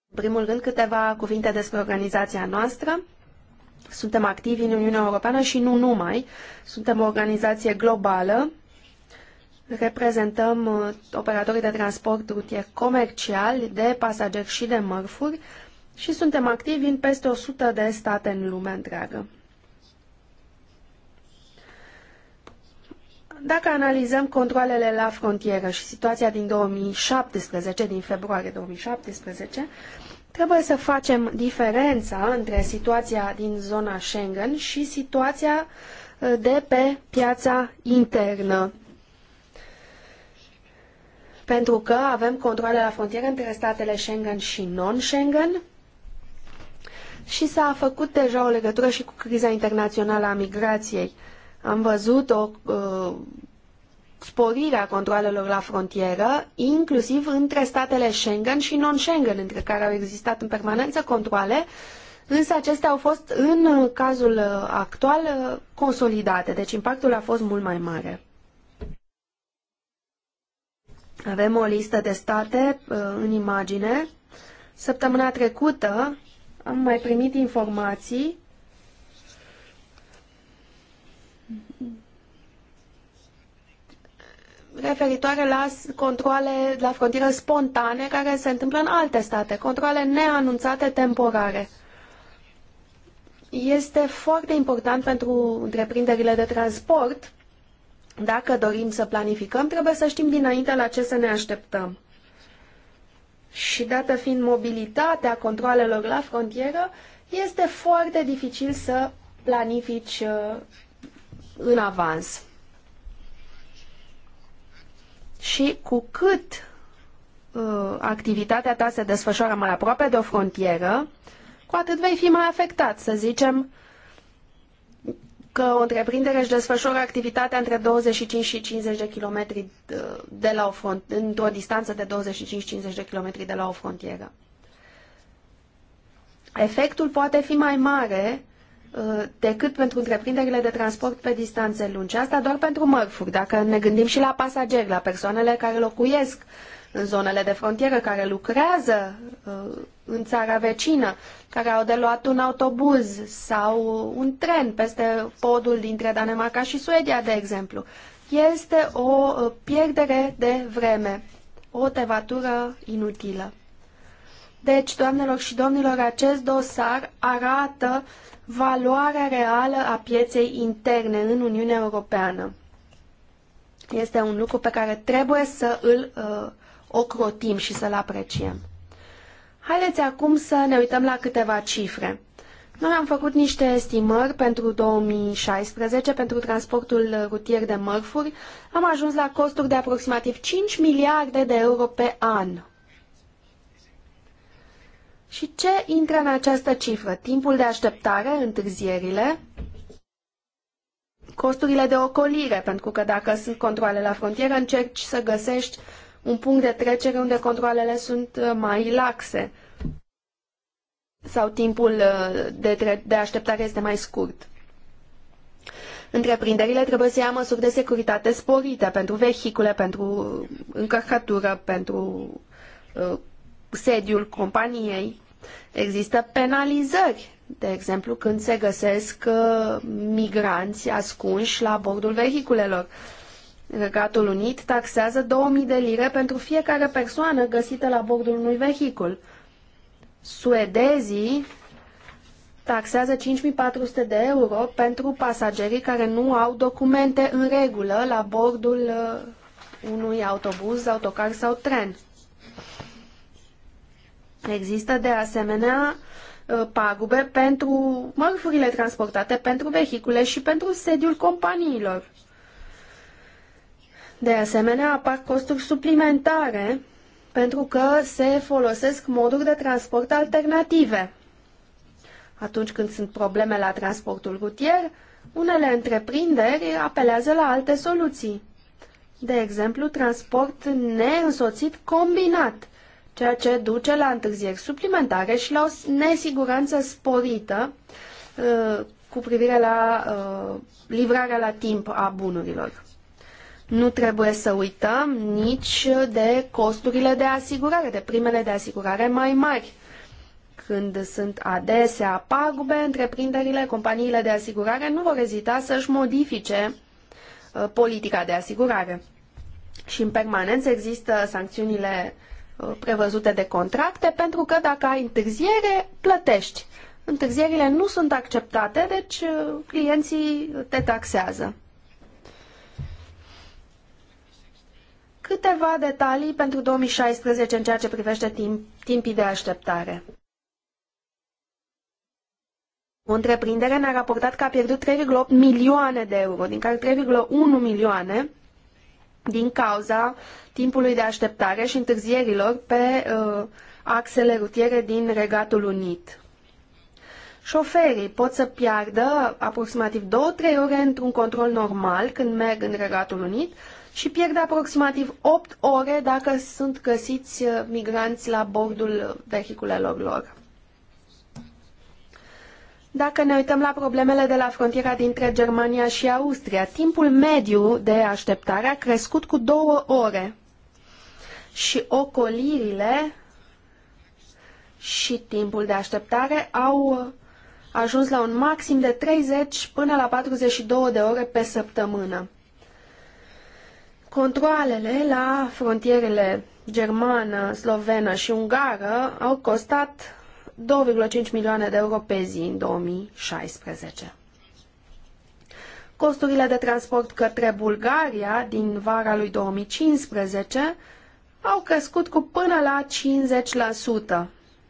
În primul rând, câteva cuvinte despre organizația noastră. Suntem activi în Uniunea Europeană și nu numai. Suntem o organizație globală reprezentăm uh, operatorii de transport rutier comercial de pasageri și de mărfuri și suntem activi în peste 100 de state în lumea întreagă. Dacă analizăm controlele la frontieră și situația din 2017, din februarie 2017, trebuie să facem diferența între situația din zona Schengen și situația uh, de pe piața internă pentru că avem controle la frontiere între statele Schengen și non-Schengen și s-a făcut deja o legătură și cu criza internațională a migrației. Am văzut o uh, sporire a controlelor la frontieră, inclusiv între statele Schengen și non-Schengen, între care au existat în permanență controle, însă acestea au fost, în cazul uh, actual, uh, consolidate, deci impactul a fost mult mai mare. Avem o listă de state uh, în imagine. Săptămâna trecută am mai primit informații referitoare la controle la frontieră spontane care se întâmplă în alte state, controle neanunțate temporare. Este foarte important pentru întreprinderile de transport dacă dorim să planificăm, trebuie să știm dinainte la ce să ne așteptăm. Și dată fiind mobilitatea controalelor la frontieră, este foarte dificil să planifici uh, în avans. Și cu cât uh, activitatea ta se desfășoară mai aproape de o frontieră, cu atât vei fi mai afectat. Să zicem că o întreprindere își desfășoară activitatea între 25 și 50 de kilometri uh, de la o front, într-o distanță de 25-50 de kilometri de la o frontieră. Efectul poate fi mai mare uh, decât pentru întreprinderile de transport pe distanțe lungi. Asta doar pentru mărfuri. Dacă ne gândim și la pasageri, la persoanele care locuiesc uh, în zonele de frontieră, care lucrează uh, în țara vecină, care au de luat un autobuz sau un tren peste podul dintre Danemarca și Suedia, de exemplu. Este o uh, pierdere de vreme, o tevatură inutilă. Deci, doamnelor și domnilor, acest dosar arată valoarea reală a pieței interne în Uniunea Europeană. Este un lucru pe care trebuie să îl uh, ocrotim și să-l apreciem. Haideți acum să ne uităm la câteva cifre. Noi am făcut niște estimări pentru 2016 pentru transportul rutier de mărfuri. Am ajuns la costuri de aproximativ 5 miliarde de euro pe an. Și ce intră în această cifră? Timpul de așteptare, întârzierile, costurile de ocolire, pentru că dacă sunt controle la frontieră, încerci să găsești un punct de trecere unde controlele sunt uh, mai laxe sau timpul uh, de, de așteptare este mai scurt. Întreprinderile trebuie să ia măsuri de securitate sporite pentru vehicule, pentru încărcătură, pentru uh, sediul companiei. Există penalizări, de exemplu, când se găsesc uh, migranți ascunși la bordul vehiculelor. Uh, Regatul Unit taxează 2000 de lire pentru fiecare persoană găsită la bordul unui vehicul. Suedezii taxează 5400 de euro pentru pasagerii care nu au documente în regulă la bordul uh, unui autobuz, autocar sau tren. Există de asemenea uh, pagube pentru mărfurile transportate, pentru vehicule și pentru sediul companiilor. De asemenea, apar costuri suplimentare pentru că se folosesc moduri de transport alternative. Atunci când sunt probleme la transportul rutier, unele întreprinderi apelează la alte soluții. De exemplu, transport neînsoțit combinat, ceea ce duce la întârzieri suplimentare și la o nesiguranță sporită uh, cu privire la uh, livrarea la timp a bunurilor. Nu trebuie să uităm nici de costurile de asigurare, de primele de asigurare mai mari. Când sunt adesea pagube, întreprinderile, companiile de asigurare nu vor ezita să-și modifice uh, politica de asigurare. Și în permanență există sancțiunile uh, prevăzute de contracte, pentru că dacă ai întârziere, plătești. Întârzierile nu sunt acceptate, deci uh, clienții te taxează. Câteva detalii pentru 2016 în ceea ce privește timp, timpii de așteptare. O întreprindere ne-a raportat că a pierdut 3,8 milioane de euro, din care 3,1 milioane din cauza timpului de așteptare și întârzierilor pe uh, axele rutiere din Regatul Unit. Șoferii pot să piardă aproximativ 2-3 ore într-un control normal când merg în Regatul Unit și pierd aproximativ 8 ore dacă sunt găsiți uh, migranți la bordul vehiculelor lor. Dacă ne uităm la problemele de la frontiera dintre Germania și Austria, timpul mediu de așteptare a crescut cu două ore și ocolirile și timpul de așteptare au uh, ajuns la un maxim de 30 până la 42 de ore pe săptămână. Controalele la frontierele germană, slovenă și ungară au costat 2,5 milioane de euro pe zi în 2016. Costurile de transport către Bulgaria din vara lui 2015 au crescut cu până la 50%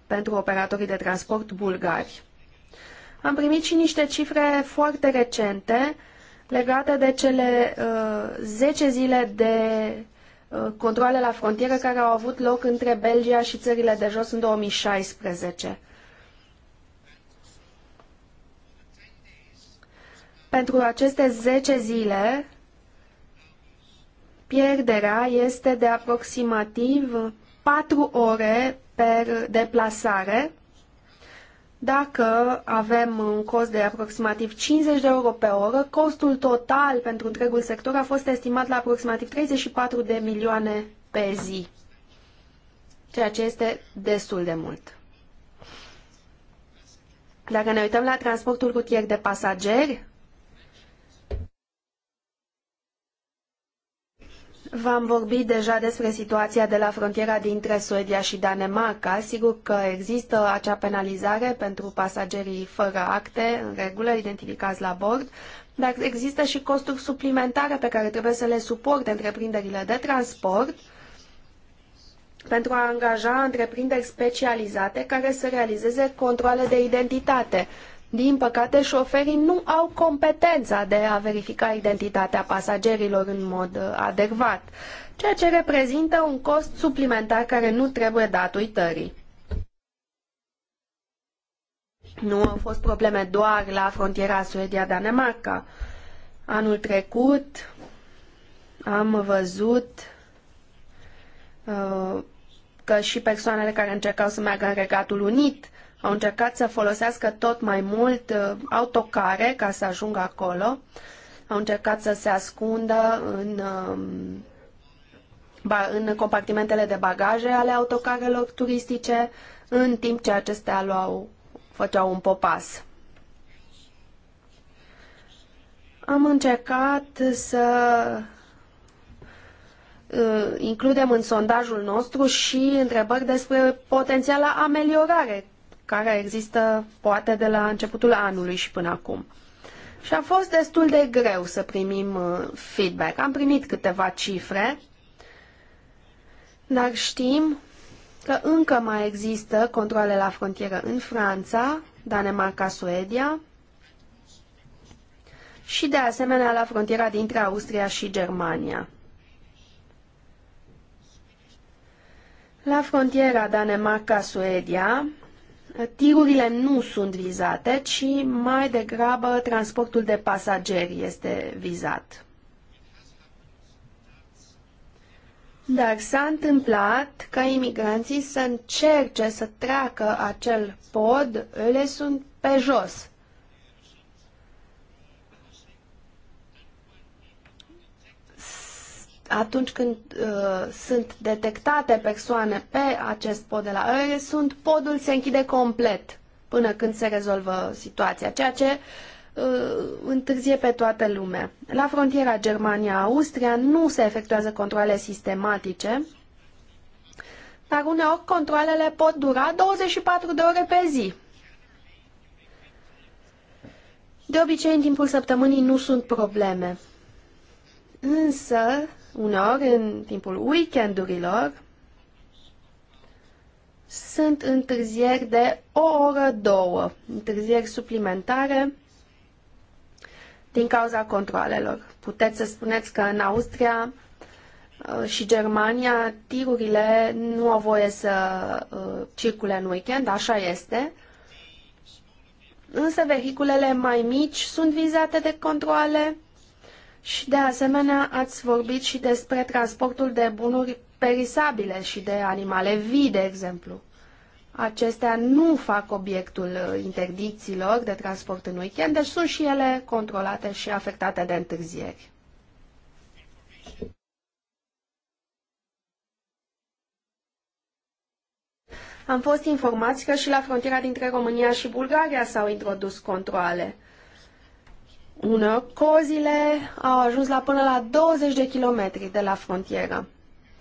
pentru operatorii de transport bulgari. Am primit și niște cifre foarte recente legată de cele uh, zece zile de uh, controle la frontieră care au avut loc între Belgia și țările de jos în 2016. Pentru aceste zece zile, pierderea este de aproximativ patru ore per deplasare, dacă avem un cost de aproximativ 50 de euro pe oră, costul total pentru întregul sector a fost estimat la aproximativ 34 de milioane pe zi, ceea ce este destul de mult. Dacă ne uităm la transportul rutier de pasageri, V-am vorbit deja despre situația de la frontiera dintre Suedia și Danemarca. Sigur că există acea penalizare pentru pasagerii fără acte, în regulă, identificați la bord, dar există și costuri suplimentare pe care trebuie să le suporte întreprinderile de transport pentru a angaja întreprinderi specializate care să realizeze controle de identitate din păcate, șoferii nu au competența de a verifica identitatea pasagerilor în mod uh, adecvat, ceea ce reprezintă un cost suplimentar care nu trebuie dat uitării. Nu au fost probleme doar la frontiera Suedia-Danemarca. Anul trecut am văzut uh, că și persoanele care încercau să meargă în Regatul Unit au încercat să folosească tot mai mult uh, autocare ca să ajungă acolo, au încercat să se ascundă în, um, în compartimentele de bagaje ale autocarelor turistice, în timp ce acestea luau, făceau un popas. Am încercat să uh, includem în sondajul nostru și întrebări despre potențiala ameliorare care există poate de la începutul anului și până acum. Și a fost destul de greu să primim uh, feedback. Am primit câteva cifre, dar știm că încă mai există controle la frontieră în Franța, Danemarca, Suedia și de asemenea la frontiera dintre Austria și Germania. La frontiera Danemarca-Suedia tirurile nu sunt vizate, ci mai degrabă transportul de pasageri este vizat. Dar s-a întâmplat ca imigranții să încerce să treacă acel pod, ele sunt pe jos. atunci când uh, sunt detectate persoane pe acest pod de la sunt podul se închide complet până când se rezolvă situația, ceea ce uh, întârzie pe toată lumea. La frontiera Germania-Austria nu se efectuează controle sistematice, dar uneori controlele pot dura 24 de ore pe zi. De obicei, în timpul săptămânii nu sunt probleme. Însă, uneori în timpul weekendurilor, sunt întârzieri de o oră, două, întârzieri suplimentare din cauza controalelor. Puteți să spuneți că în Austria uh, și Germania tirurile nu au voie să uh, circule în weekend, așa este, însă vehiculele mai mici sunt vizate de controle și de asemenea ați vorbit și despre transportul de bunuri perisabile și de animale vii, de exemplu. Acestea nu fac obiectul uh, interdicțiilor de transport în weekend, deci sunt și ele controlate și afectate de întârzieri. Am fost informați că și la frontiera dintre România și Bulgaria s-au introdus controale. Una, cozile au ajuns la până la 20 de kilometri de la frontieră.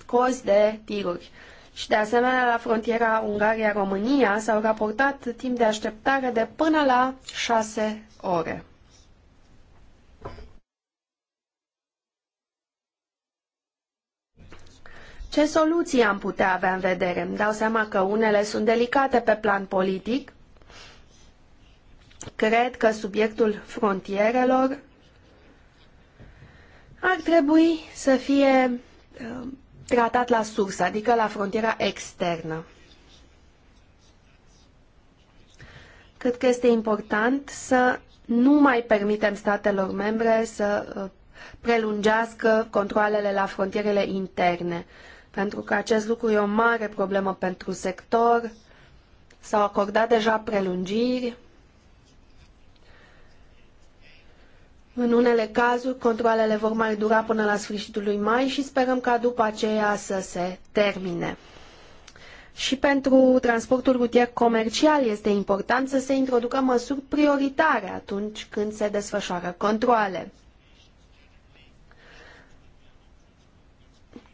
Cozi de tiruri. Și de asemenea, la frontiera Ungaria-România s-au raportat timp de așteptare de până la 6 ore. Ce soluții am putea avea în vedere? Îmi dau seama că unele sunt delicate pe plan politic, Cred că subiectul frontierelor ar trebui să fie uh, tratat la sursă, adică la frontiera externă. Cred că este important să nu mai permitem statelor membre să uh, prelungească controlele la frontierele interne, pentru că acest lucru e o mare problemă pentru sector. S-au acordat deja prelungiri În unele cazuri, controlele vor mai dura până la sfârșitul lui mai și sperăm ca după aceea să se termine. Și pentru transportul rutier comercial este important să se introducă măsuri prioritare atunci când se desfășoară controle.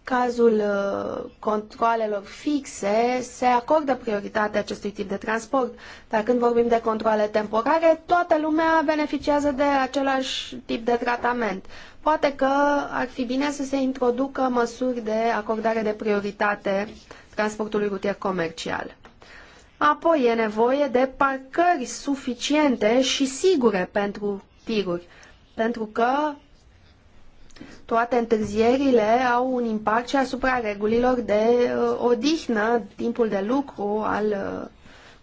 cazul uh, controalelor fixe, se acordă prioritate acestui tip de transport. Dar când vorbim de controle temporare, toată lumea beneficiază de același tip de tratament. Poate că ar fi bine să se introducă măsuri de acordare de prioritate transportului rutier comercial. Apoi e nevoie de parcări suficiente și sigure pentru tiruri, pentru că toate întârzierile au un impact și asupra regulilor de uh, odihnă, timpul de lucru al uh,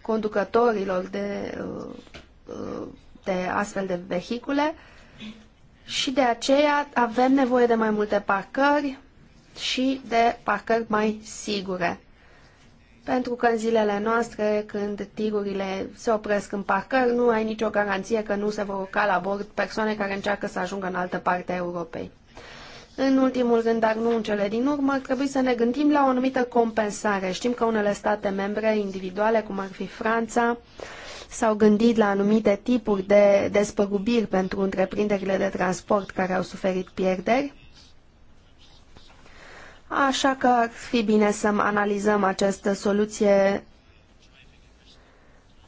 conducătorilor de, uh, de astfel de vehicule și de aceea avem nevoie de mai multe parcări și de parcări mai sigure. Pentru că în zilele noastre, când tirurile se opresc în parcări, nu ai nicio garanție că nu se vor ca la bord persoane care încearcă să ajungă în altă parte a Europei. În ultimul rând, dar nu în cele din urmă, ar trebui să ne gândim la o anumită compensare. Știm că unele state membre individuale, cum ar fi Franța, s-au gândit la anumite tipuri de despăgubiri pentru întreprinderile de transport care au suferit pierderi. Așa că ar fi bine să analizăm această soluție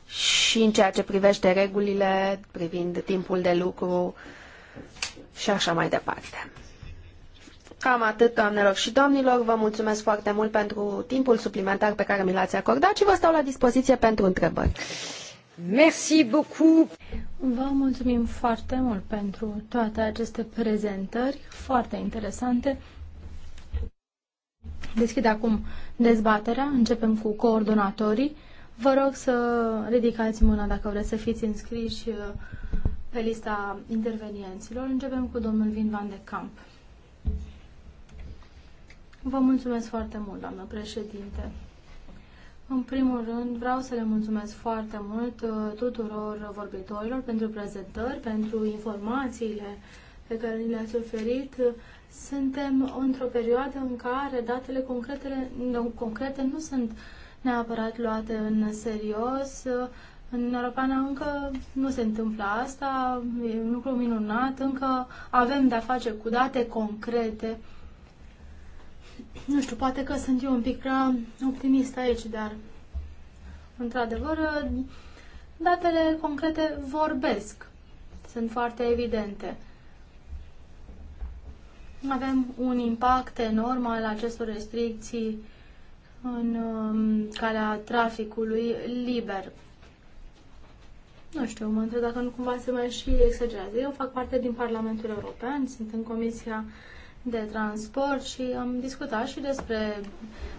și în ceea ce privește regulile privind timpul de lucru și așa mai departe. Cam atât, doamnelor și domnilor. Vă mulțumesc foarte mult pentru timpul suplimentar pe care mi l-ați acordat și vă stau la dispoziție pentru întrebări. Merci beaucoup. Vă mulțumim foarte mult pentru toate aceste prezentări foarte interesante. Deschid acum dezbaterea. Începem cu coordonatorii. Vă rog să ridicați mâna dacă vreți să fiți înscriși uh, pe lista intervenienților. Începem cu domnul Vin Van de Camp. Vă mulțumesc foarte mult, doamnă președinte. În primul rând, vreau să le mulțumesc foarte mult uh, tuturor vorbitorilor pentru prezentări, pentru informațiile pe care ni le-ați oferit. Suntem într-o perioadă în care datele concrete, concrete nu sunt neapărat luate în serios. În Europeană încă nu se întâmplă asta, e un lucru minunat, încă avem de-a face cu date concrete nu știu, poate că sunt eu un pic prea optimist aici, dar într-adevăr datele concrete vorbesc. Sunt foarte evidente. Avem un impact enorm al acestor restricții în um, calea traficului liber. Nu știu, mă întreb dacă nu cumva se mai și exagerează. Eu fac parte din Parlamentul European, sunt în Comisia uh, de transport și am discutat și despre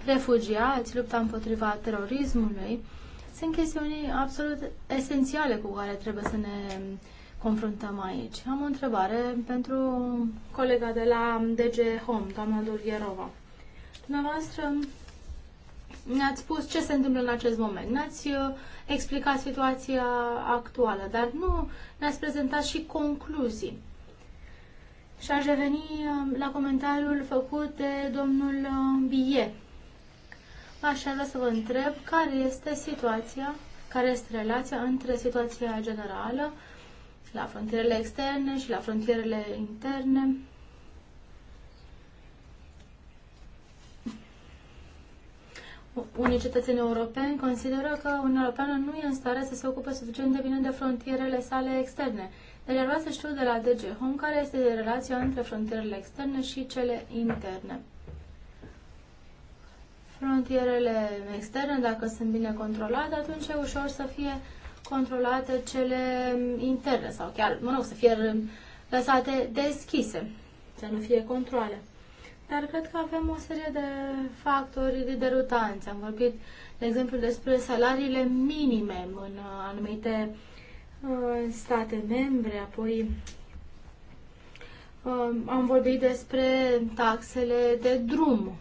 refugiați, lupta împotriva terorismului. Sunt chestiuni absolut esențiale cu care trebuie să ne confruntăm aici. Am o întrebare pentru colega de la DG Home, doamna Durgherova. Dumneavoastră ne-ați spus ce se întâmplă în acest moment, ne-ați uh, explicat situația actuală, dar nu ne-ați prezentat și concluzii. Și aș reveni um, la comentariul făcut de domnul um, Bie. Aș vrea să vă întreb care este situația, care este relația între situația generală la frontierele externe și la frontierele interne. Unii cetățeni europeni consideră că Uniunea Europeană nu e în stare să se ocupe suficient de bine de frontierele sale externe dar ar vrea să știu de la DG Home care este relația între frontierele externe și cele interne. Frontierele externe, dacă sunt bine controlate, atunci e ușor să fie controlate cele interne sau chiar, mă rog, să fie lăsate deschise, să nu fie controle. Dar cred că avem o serie de factori de derutanți. Am vorbit, de exemplu, despre salariile minime în anumite Uh, state membre, apoi uh, am vorbit despre taxele de drum,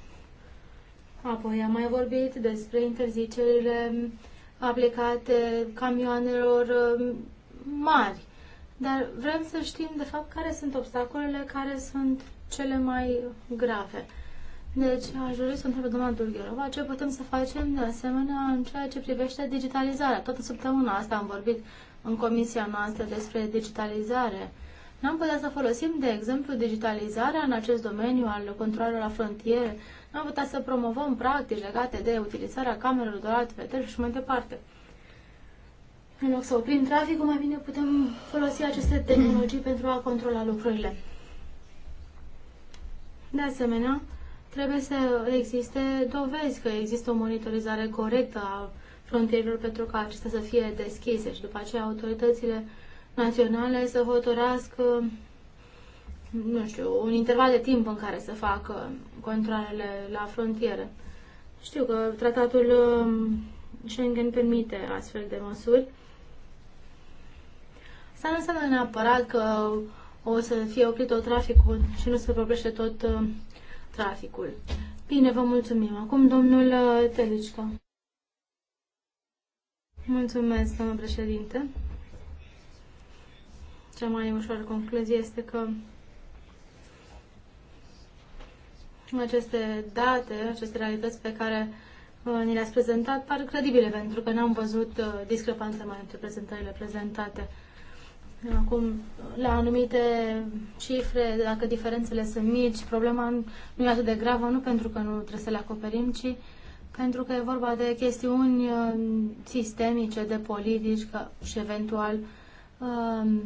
apoi am mai vorbit despre interzicerile aplicate camioanelor uh, mari. Dar vrem să știm, de fapt, care sunt obstacolele care sunt cele mai grave. Deci, aș dori să întreb doamna Dulgherova ce putem să facem de asemenea în ceea ce privește digitalizarea. Toată săptămâna asta am vorbit în comisia noastră despre digitalizare. N-am putea să folosim, de exemplu, digitalizarea în acest domeniu al controlului la frontiere, n-am putea să promovăm practici legate de utilizarea camerelor de alt vedere și mai departe. În loc să oprim traficul, mai bine putem folosi aceste tehnologii pentru a controla lucrurile. De asemenea, trebuie să existe dovezi că există o monitorizare corectă a frontierelor pentru ca acestea să fie deschise și după aceea autoritățile naționale să hotărască nu știu, un interval de timp în care să facă controlele la frontiere. Știu că tratatul um, Schengen permite astfel de măsuri. Asta nu înseamnă neapărat că o să fie oprit tot traficul și nu se proplește tot um, traficul. Bine, vă mulțumim. Acum domnul uh, Telicca. Mulțumesc, domnul președinte. Cea mai ușoară concluzie este că aceste date, aceste realități pe care uh, ni le-ați prezentat par credibile, pentru că n-am văzut uh, discrepanțe mai între prezentările prezentate. Acum, la anumite cifre, dacă diferențele sunt mici, problema nu e atât de gravă, nu pentru că nu trebuie să le acoperim, ci pentru că e vorba de chestiuni uh, sistemice, de politici și eventual um,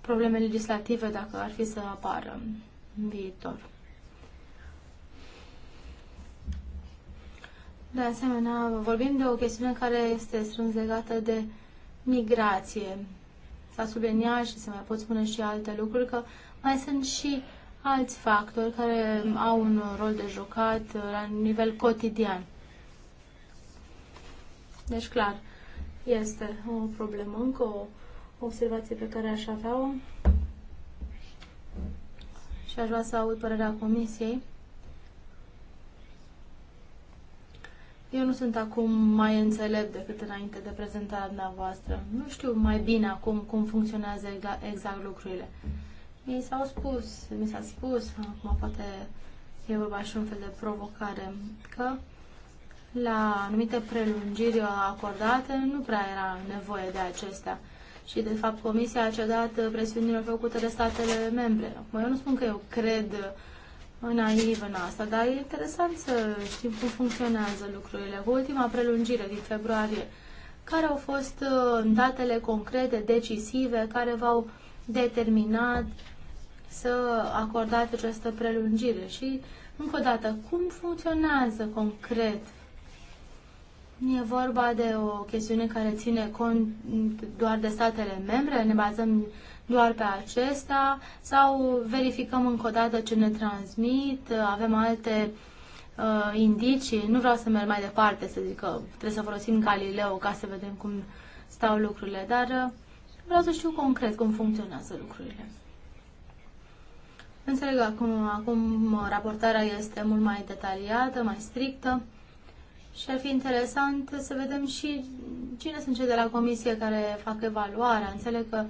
probleme legislative dacă ar fi să apară în viitor. De asemenea, vorbim de o chestiune care este strâns legată de migrație. S-a subliniat și se mai pot spune și alte lucruri, că mai sunt și alți factori care au un rol de jucat uh, la nivel cotidian. Deci, clar, este o problemă. Încă o observație pe care aș avea-o și aș vrea să aud părerea Comisiei. Eu nu sunt acum mai înțelept decât înainte de prezentarea dumneavoastră. Nu știu mai bine acum cum funcționează exact lucrurile. Mi s-au spus, mi s-a spus, acum poate e vorba și un fel de provocare, că la anumite prelungiri acordate nu prea era nevoie de acestea. Și, de fapt, Comisia a cedat presiunilor făcute de statele membre. Acum, eu nu spun că eu cred naiv în asta, dar e interesant să știm cum funcționează lucrurile. Cu ultima prelungire din februarie, care au fost uh, datele concrete, decisive, care v-au determinat să acordați această prelungire și, încă o dată, cum funcționează concret E vorba de o chestiune care ține cont doar de statele membre, ne bazăm doar pe acesta sau verificăm încă o dată ce ne transmit, avem alte uh, indicii, nu vreau să merg mai departe, să zic că trebuie să folosim Galileo ca să vedem cum stau lucrurile, dar uh, vreau să știu concret cum funcționează lucrurile. Înțeleg acum, acum uh, raportarea este mult mai detaliată, mai strictă. Și ar fi interesant să vedem și cine sunt cei de la comisie care fac evaluarea. Înțeleg că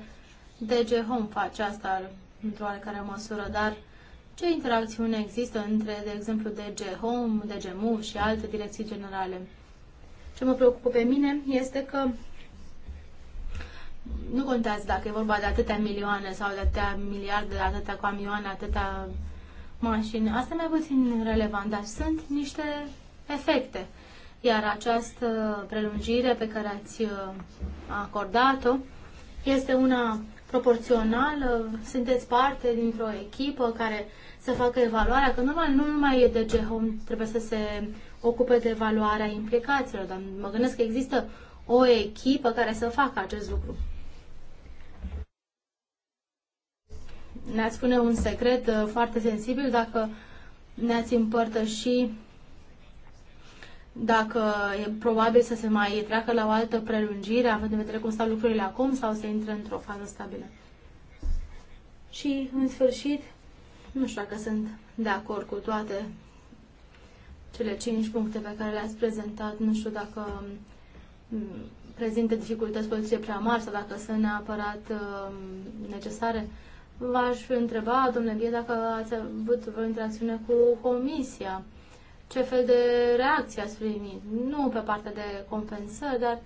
DG Home face asta într-o oarecare măsură, dar ce interacțiune există între, de exemplu, DG Home, DG Move și alte direcții generale? Ce mă preocupă pe mine este că nu contează dacă e vorba de atâtea milioane sau de atâtea miliarde, de atâtea camioane, atâtea mașini. Asta e mai puțin relevant, dar sunt niște efecte iar această prelungire pe care ați uh, acordat-o este una proporțională, sunteți parte dintr-o echipă care să facă evaluarea, că normal nu numai e ce Home trebuie să se ocupe de evaluarea implicațiilor, dar mă gândesc că există o echipă care să facă acest lucru. Ne-ați spune un secret uh, foarte sensibil dacă ne-ați împărtăși dacă e probabil să se mai treacă la o altă prelungire, având în vedere cum stau lucrurile acum, sau să intre într-o fază stabilă. Și, în sfârșit, nu știu dacă sunt de acord cu toate cele cinci puncte pe care le-ați prezentat, nu știu dacă mm, prezintă dificultăți poziție prea mari sau dacă sunt neapărat uh, necesare. V-aș întreba, domnule Bie, dacă ați avut o interacțiune cu Comisia ce fel de reacție ați primit. Nu pe partea de compensări, dar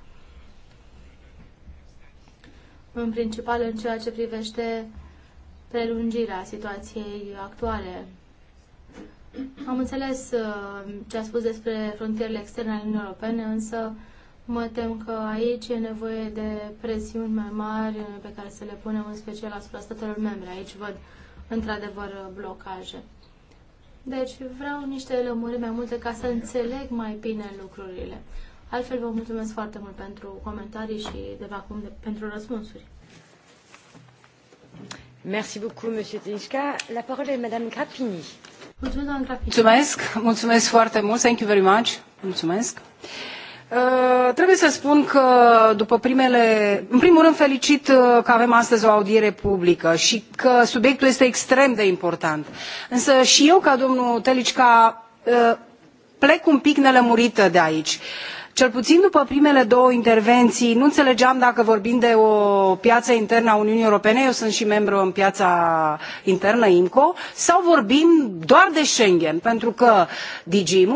în principal în ceea ce privește prelungirea situației actuale. Am înțeles uh, ce a spus despre frontierele externe ale Uniunii Europene, însă mă tem că aici e nevoie de presiuni mai mari pe care să le punem în special asupra statelor membre. Aici văd într-adevăr blocaje. Deci vreau niște lămuriri mai multe ca să înțeleg mai bine lucrurile. Altfel vă mulțumesc foarte mult pentru comentarii și de acum de, pentru răspunsuri. Merci beaucoup, Monsieur Tenișca. La parole est Madame Grappini. Mulțumesc, Grappini. Mulțumesc, mulțumesc foarte mult. Thank you very much. Mulțumesc. Uh, Uh, trebuie să spun că după primele în primul rând felicit uh, că avem astăzi o audiere publică și că subiectul este extrem de important însă și eu ca domnul telika uh, plec un pic nelămurită de aici cel puțin după primele două intervenții nu înțelegeam dacă vorbim de o piață internă a uniunii europene eu sunt și membru în piața internă imco sau vorbim doar de schengen pentru că dg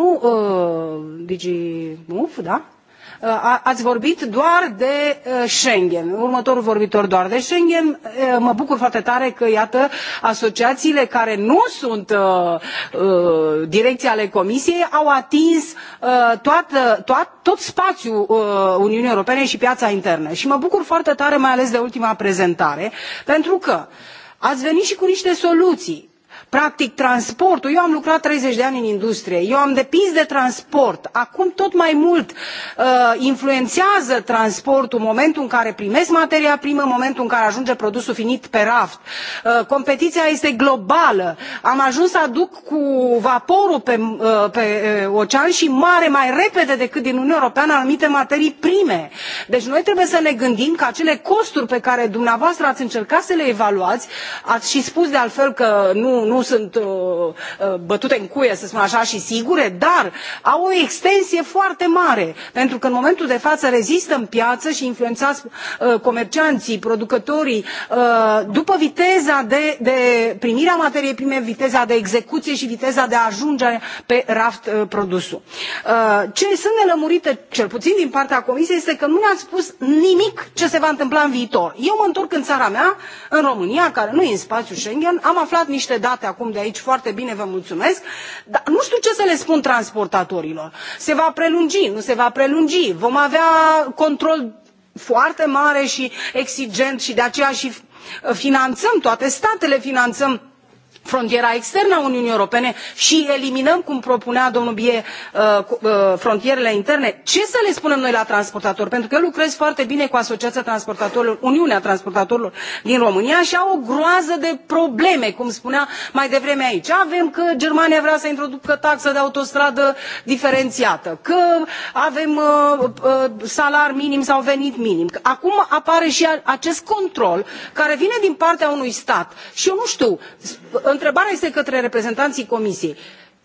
move da? ați vorbit doar de schengen următorul vorbitor doar de schengen mă bucur foarte tare că iată asociațiile care nu sunt direcții ale comisiei au atins toată, toat, tot spațiul uniunii europene și piața internă și mă bucur foarte tare mai ales de ultima prezentare pentru că ați venit și cu niște soluții practic transportul eu am lucrat treizeci de ani în industrie eu am depins de transport acum tot mai mult uh, influențează transportul momentul în care primesc materia primă momentul în care ajunge produsul finit pe raft uh, competiția este globală am ajuns să aduc cu vaporul pe, uh, pe ocean și mare mai repede decât din uniunea europeană anumite materii prime deci noi trebuie să ne gândim că acele costuri pe care dumneavoastră ați încercat să le evaluați ați și spus de altfel că nu, nu sunt uh, uh, bătute în cuie, să spun așa, și sigure, dar au o extensie foarte mare, pentru că în momentul de față rezistă în piață și influențați uh, comercianții, producătorii, după viteza de, de primire a materiei prime, viteza de execuție și viteza de a ajunge pe raft produsul. Ce sunt nelămurite, cel puțin din partea Comisiei, este că nu ne-ați spus nimic ce se va întâmpla în viitor. Eu mă întorc în țara mea, în România, care nu e în spațiul Schengen, am aflat niște date departe acum de aici foarte bine vă mulțumesc dar nu știu ce să le spun transportatorilor se va prelungi nu se va prelungi vom avea control foarte mare și exigent și de aceea și finanțăm toate statele finanțăm frontiera externă a Uniunii Europene și eliminăm, cum propunea domnul Bie, uh, uh, frontierele interne. Ce să le spunem noi la transportatori? Pentru că eu lucrez foarte bine cu Asociația Transportatorilor, Uniunea Transportatorilor din România și au o groază de probleme, cum spunea mai devreme aici. Avem că Germania vrea să introducă taxă de autostradă diferențiată, că avem uh, uh, salar minim sau venit minim. Acum apare și acest control care vine din partea unui stat și eu nu știu, uh, întrebarea este către reprezentanții comisiei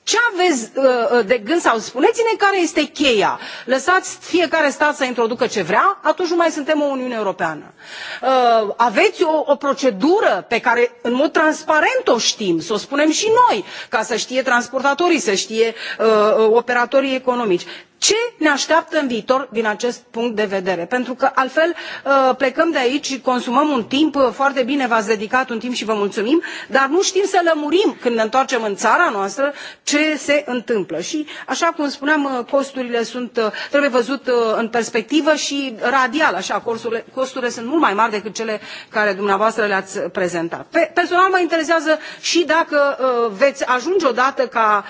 ce aveți uh, uh, de gând sau spuneți ne care este cheia lăsați fiecare stat să introducă ce vrea atunci nu mai suntem o uniune europeană uh, aveți o, o procedură pe care în mod transparent o știm să o spunem și noi ca să știe transportatorii să știe uh, operatorii economici ce ne așteaptă în viitor din acest punct de vedere pentru că altfel uh, plecăm de aici consumăm un timp uh, foarte bine v ați dedicat un timp și vă mulțumim dar nu știm să lămurim când ne întoarcem în țara noastră ce se întâmplă și așa cum spuneam uh, costurile sunt trebuie văzut în perspectivă și radial așa costurile, costurile sunt mult mai mari decât cele care dumneavoastră le ați prezentat. Pe, personal mă interesează și dacă veți ajunge odată ca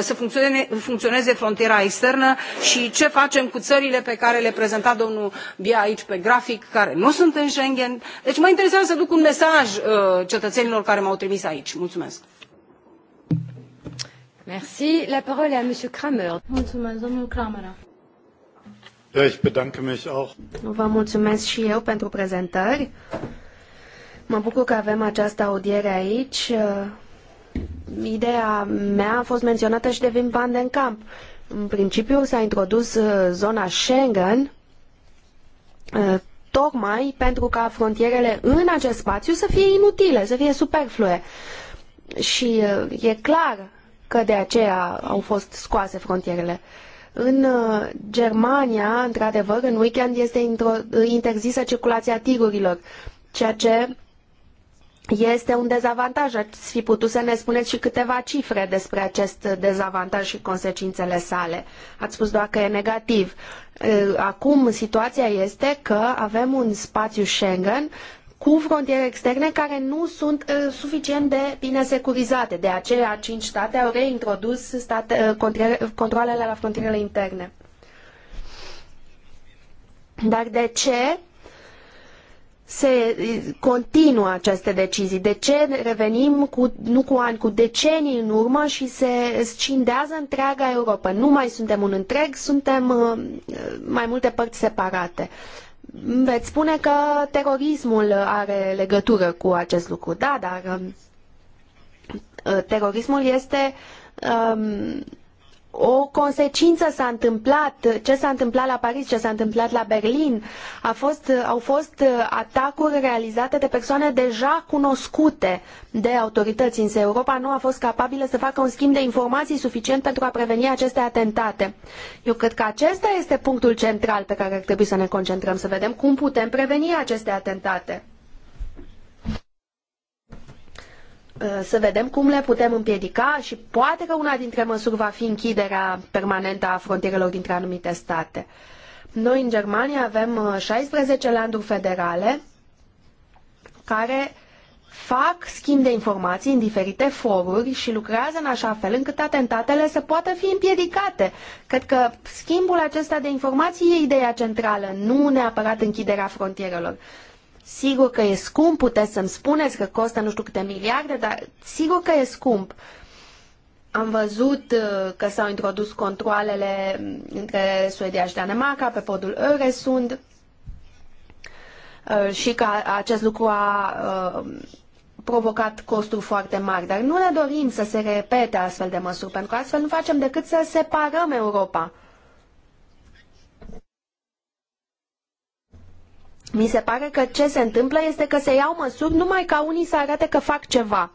să funcționeze, funcționeze frontiera externă și ce facem cu țările pe care le prezenta domnul Bia aici pe grafic, care nu sunt în Schengen. Deci mă interesează să duc un mesaj uh, cetățenilor care m-au trimis aici. Mulțumesc! Merci. La parole est à Monsieur Kramer. Mulțumesc, domnul Kramer. Ich bedanke mich auch. Vă mulțumesc și eu pentru prezentări. Mă bucur că avem această audiere aici. Ideea mea a fost menționată și de Wim van den Kamp. În principiu s-a introdus uh, zona Schengen uh, tocmai pentru ca frontierele în acest spațiu să fie inutile, să fie superflue. Și uh, e clar că de aceea au fost scoase frontierele. În Germania, într-adevăr, în weekend este interzisă circulația tigurilor, ceea ce este un dezavantaj. Ați fi putut să ne spuneți și câteva cifre despre acest dezavantaj și consecințele sale. Ați spus doar că e negativ. Acum situația este că avem un spațiu Schengen cu frontiere externe care nu sunt uh, suficient de bine securizate. De aceea, cinci state au reintrodus state, uh, controlele la frontierele interne. Dar de ce se continuă aceste decizii? De ce revenim cu, nu cu ani, cu decenii în urmă și se scindează întreaga Europa? Nu mai suntem un întreg, suntem uh, mai multe părți separate. Veți spune că terorismul are legătură cu acest lucru, da, dar um, uh, terorismul este um, o consecință s-a întâmplat, ce s-a întâmplat la Paris, ce s-a întâmplat la Berlin, a fost, au fost uh, atacuri realizate de persoane deja cunoscute de autorități, însă Europa nu a fost capabilă să facă un schimb de informații suficient pentru a preveni aceste atentate. Eu cred că acesta este punctul central pe care ar trebui să ne concentrăm, să vedem cum putem preveni aceste atentate. Eh, să vedem cum le putem împiedica și poate că una dintre măsuri va fi închiderea permanentă a frontierelor dintre anumite state. Noi în Germania avem 16 eh, landuri federale care fac schimb de informații în diferite foruri și lucrează în așa fel încât atentatele să poată fi împiedicate. Cred că schimbul acesta de informații e ideea centrală, nu neapărat închiderea frontierelor. Sigur că e scump, puteți să-mi spuneți că costă nu știu câte miliarde, dar sigur că e scump. Am văzut uh, că s-au introdus controlele mm, între Suedia și Danemarca pe podul Öresund uh, și că acest lucru a uh, provocat costuri foarte mari, dar nu ne dorim să se repete astfel de măsuri, pentru că astfel nu facem decât să separăm Europa. Mi se pare că ce se întâmplă este că se iau măsuri numai ca unii să arate că fac ceva.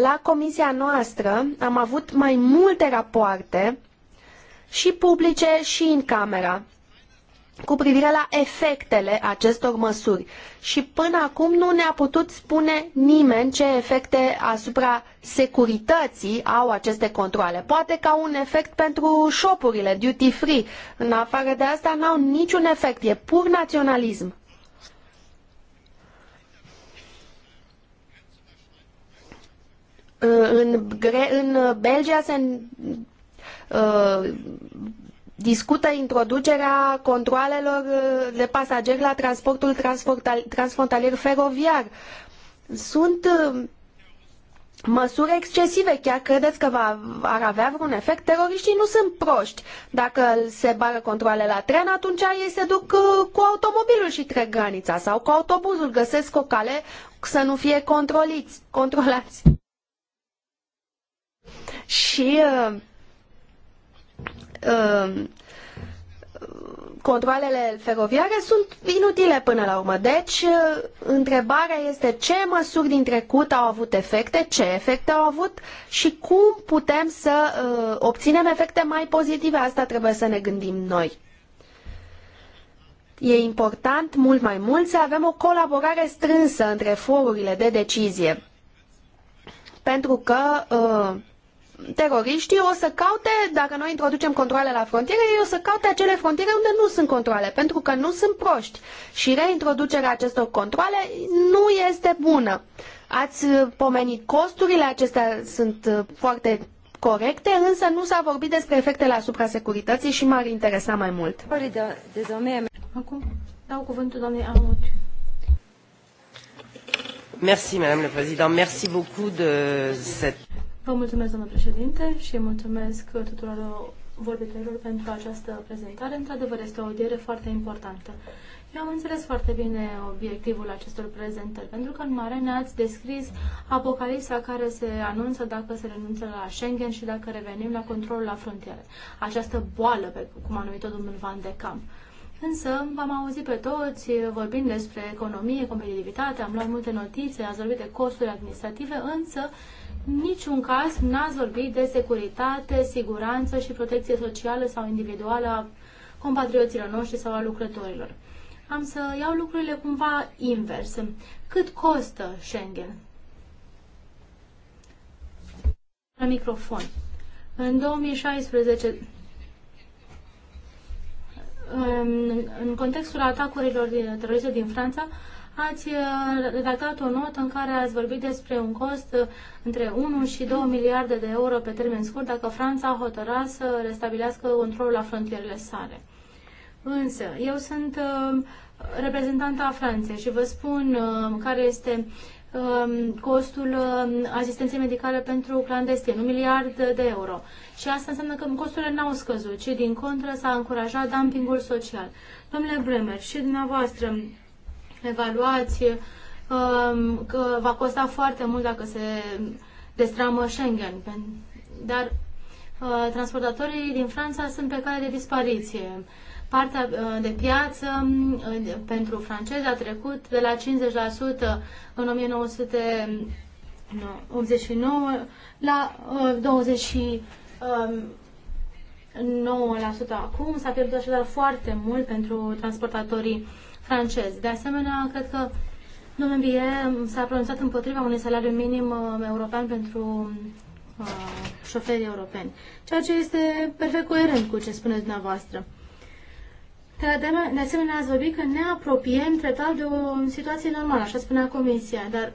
La comisia noastră am avut mai multe rapoarte și publice și în camera cu privire la efectele acestor măsuri. Și până acum nu ne-a putut spune nimeni ce efecte asupra securității au aceste controle. Poate ca un efect pentru șopurile duty free. În afară de asta n-au niciun efect. E pur naționalism. În, Belgia se uh, discută introducerea controalelor uh, de pasageri la transportul transfrontalier feroviar. Sunt uh, măsuri excesive. Chiar credeți că va, ar avea vreun efect? Teroriștii nu sunt proști. Dacă se bară controale la tren, atunci ei se duc uh, cu automobilul și trec granița sau cu autobuzul. Găsesc o cale să nu fie controliți, controlați. Și uh, controlele feroviare sunt inutile până la urmă. Deci, uh, întrebarea este ce măsuri din trecut au avut efecte, ce efecte au avut și cum putem să uh, obținem efecte mai pozitive. Asta trebuie să ne gândim noi. E important mult mai mult să avem o colaborare strânsă între forurile de decizie. Pentru că uh, teroriștii o să caute, dacă noi introducem controle la frontiere, ei o să caute acele frontiere unde nu sunt controle, pentru că nu sunt proști. Și reintroducerea acestor controle nu este bună. Ați pomenit costurile, acestea sunt uh, foarte corecte, însă nu s-a vorbit despre efectele asupra securității și m-ar interesa mai mult. Acum dau cuvântul doamnei Amot. Merci, Madame la Présidente. Merci beaucoup de cette Vă mulțumesc, domnule președinte, și mulțumesc tuturor vorbitorilor pentru această prezentare. Într-adevăr, este o audiere foarte importantă. Eu am înțeles foarte bine obiectivul acestor prezentări, pentru că în mare ne-ați descris apocalipsa care se anunță dacă se renunță la Schengen și dacă revenim la controlul la frontiere. Această boală, pe cum a numit-o domnul Van de Camp. Însă v-am auzit pe toți vorbind despre economie, competitivitate, am luat multe notițe, ați vorbit de costuri administrative, însă niciun caz n-ați vorbit de securitate, siguranță și protecție socială sau individuală a compatrioților noștri sau a lucrătorilor. Am să iau lucrurile cumva invers. Cât costă Schengen? La microfon. În 2016, în contextul atacurilor teroriste din Franța, ați uh, redactat o notă în care ați vorbit despre un cost uh, între 1 și 2 miliarde de euro pe termen scurt dacă Franța a hotăra să restabilească controlul la frontierele sale. Însă, eu sunt uh, reprezentanta Franței și vă spun care este um, costul asistenței medicale pentru clandestin, un miliard de euro. Și asta înseamnă că costurile n-au scăzut, ci din contră s-a încurajat dumpingul social. Domnule Bremer, și dumneavoastră evaluați um, că va costa foarte mult dacă se destramă Schengen. Dar uh, transportatorii din Franța sunt pe cale de dispariție. Partea uh, de piață uh, pentru francezi a trecut de la 50% în 1989 la 29% um, acum, s-a pierdut așadar foarte mult pentru transportatorii francez. De asemenea, cred că domnul Bie s-a pronunțat împotriva unui salariu minim uh, european pentru uh, șoferii europeni, ceea ce este perfect coerent cu ce spuneți dumneavoastră. De asemenea, ați vorbit că ne apropiem treptat de o situație normală, așa spunea Comisia, dar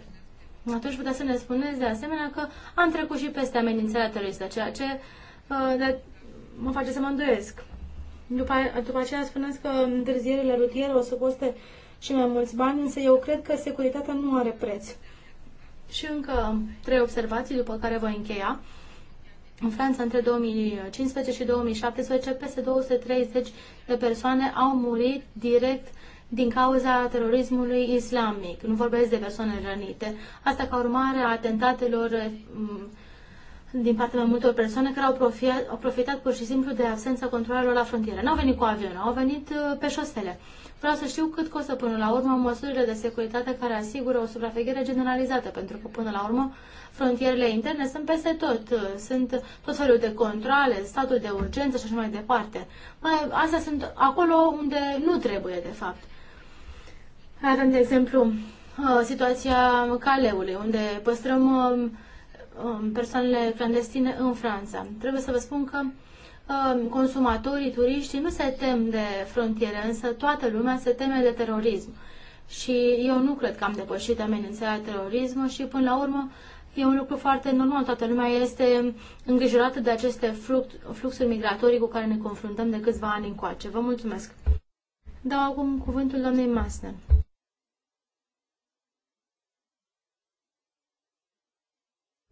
atunci puteți să ne spuneți de asemenea că am trecut și peste amenințarea teroristă, ceea ce uh, de, mă face să mă îndoiesc. După, după aceea spuneți că întârzierile rutiere o să coste și mai mulți bani, însă eu cred că securitatea nu are preț. Și încă trei observații, după care voi încheia. În Franța, între 2015 și 2017, peste 230 de persoane au murit direct din cauza terorismului islamic. Nu vorbesc de persoane rănite. Asta ca urmare a atentatelor mm, din partea mai multor persoane care au, profiat, au profitat pur și simplu de absența controlelor la frontieră. N-au venit cu avionul, au venit uh, pe șosele. Vreau să știu cât costă până la urmă măsurile de securitate care asigură o supraveghere generalizată, pentru că până la urmă frontierele interne sunt peste tot. Uh, sunt tot felul de controle, statul de urgență și așa mai departe. Astea sunt acolo unde nu trebuie, de fapt. Avem, de exemplu, uh, situația Caleului, unde păstrăm um, Um, persoanele clandestine în Franța. Trebuie să vă spun că um, consumatorii, turiștii nu se tem de frontiere, însă toată lumea se teme de terorism. Și eu nu cred că am depășit amenințarea terorismului și până la urmă e un lucru foarte normal. Toată lumea este îngrijorată de aceste flux, fluxuri migratorii cu care ne confruntăm de câțiva ani încoace. Vă mulțumesc! Dau acum cuvântul doamnei Masner.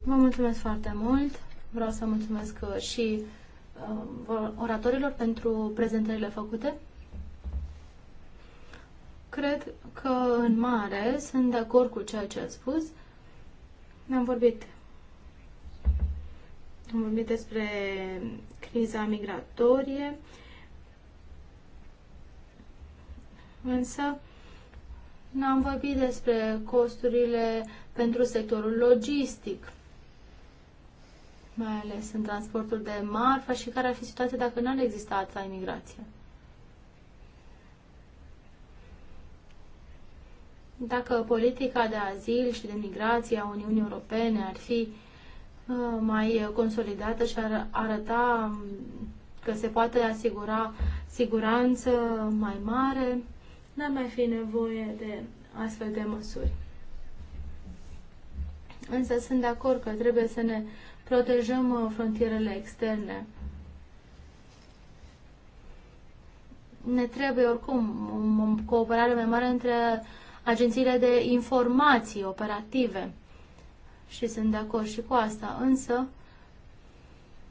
Vă mulțumesc foarte mult. Vreau să mulțumesc uh, și uh, oratorilor pentru prezentările făcute. Cred că, în mare, sunt de acord cu ceea ce ați spus. Am vorbit am vorbit despre criza migratorie, însă n-am vorbit despre costurile pentru sectorul logistic mai ales în transportul de marfă și care ar fi situația dacă nu ar exista atâta imigrație. Dacă politica de azil și de migrație a Uniunii Europene ar fi uh, mai consolidată și ar arăta um, că se poate asigura siguranță mai mare, n-ar mai fi nevoie de astfel de măsuri. Însă sunt de acord că trebuie să ne protejăm uh, frontierele externe. Ne trebuie oricum o cooperare mai mare între agențiile de informații operative și sunt de acord și cu asta, însă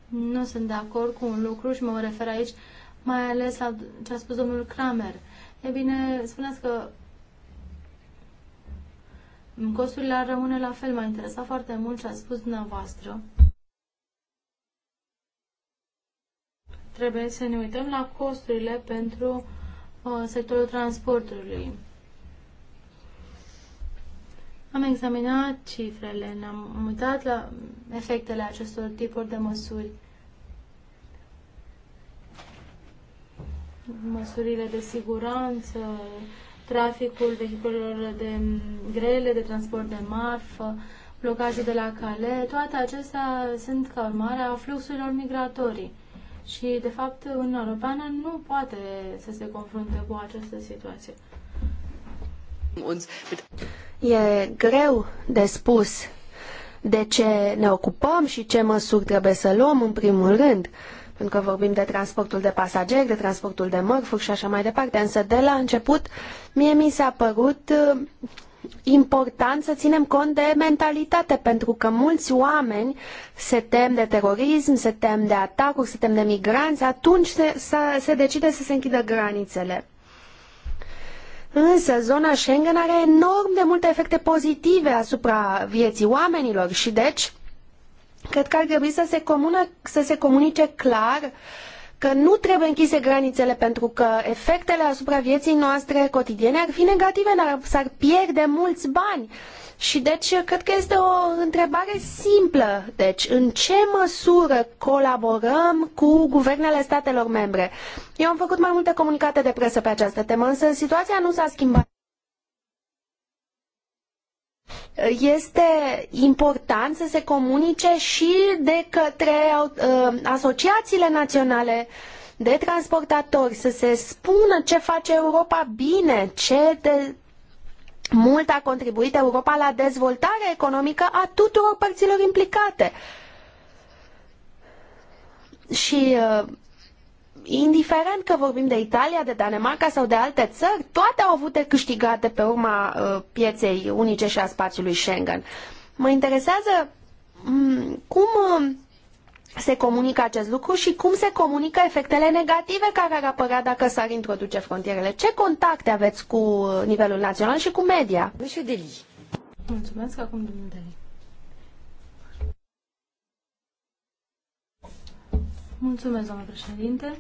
nu sunt de acord cu un lucru și mă refer aici mai ales la ce a spus domnul Kramer. E bine, spuneți că costurile ar rămâne la fel. M-a interesat foarte mult ce a spus dumneavoastră trebuie să ne uităm la costurile pentru uh, sectorul transportului. Am examinat cifrele, ne-am uitat la efectele acestor tipuri de măsuri. Măsurile de siguranță, traficul vehiculelor de grele, de transport de marfă, blocajul de la cale, toate acestea sunt ca urmare a fluxurilor migratorii. Și, de fapt, Uniunea Europeană nu poate să se confrunte cu această situație. E greu de spus de ce ne ocupăm și ce măsuri trebuie să luăm în primul rând, pentru că vorbim de transportul de pasageri, de transportul de mărfuri și așa mai departe, însă de la început mie mi s-a părut important să ținem cont de mentalitate, pentru că mulți oameni se tem de terorism, se tem de atacuri, se tem de migranți, atunci se, se, se decide să se închidă granițele. Însă zona Schengen are enorm de multe efecte pozitive asupra vieții oamenilor și deci cred că ar trebui să se, comună, să se comunice clar uh, că nu trebuie închise granițele pentru că efectele asupra vieții noastre cotidiene ar fi negative, s-ar pierde mulți bani. Și deci cred că este o întrebare simplă. Deci, în ce măsură colaborăm cu guvernele statelor membre? Eu am făcut mai multe comunicate de presă pe această temă, însă situația nu s-a schimbat este important să se comunice și de către uh, asociațiile naționale de transportatori, să se spună ce face Europa bine, ce de mult a contribuit Europa la dezvoltarea economică a tuturor părților implicate. Și uh, indiferent că vorbim de Italia, de Danemarca sau de alte țări, toate au avut de câștigat de pe urma uh, pieței unice și a spațiului Schengen. Mă interesează mm, cum uh, se comunică acest lucru și cum se comunică efectele negative care ar apărea dacă s-ar introduce frontierele. Ce contacte aveți cu uh, nivelul național și cu media? Mulțumesc, acum domnul Deli. Mulțumesc, doamnă președinte.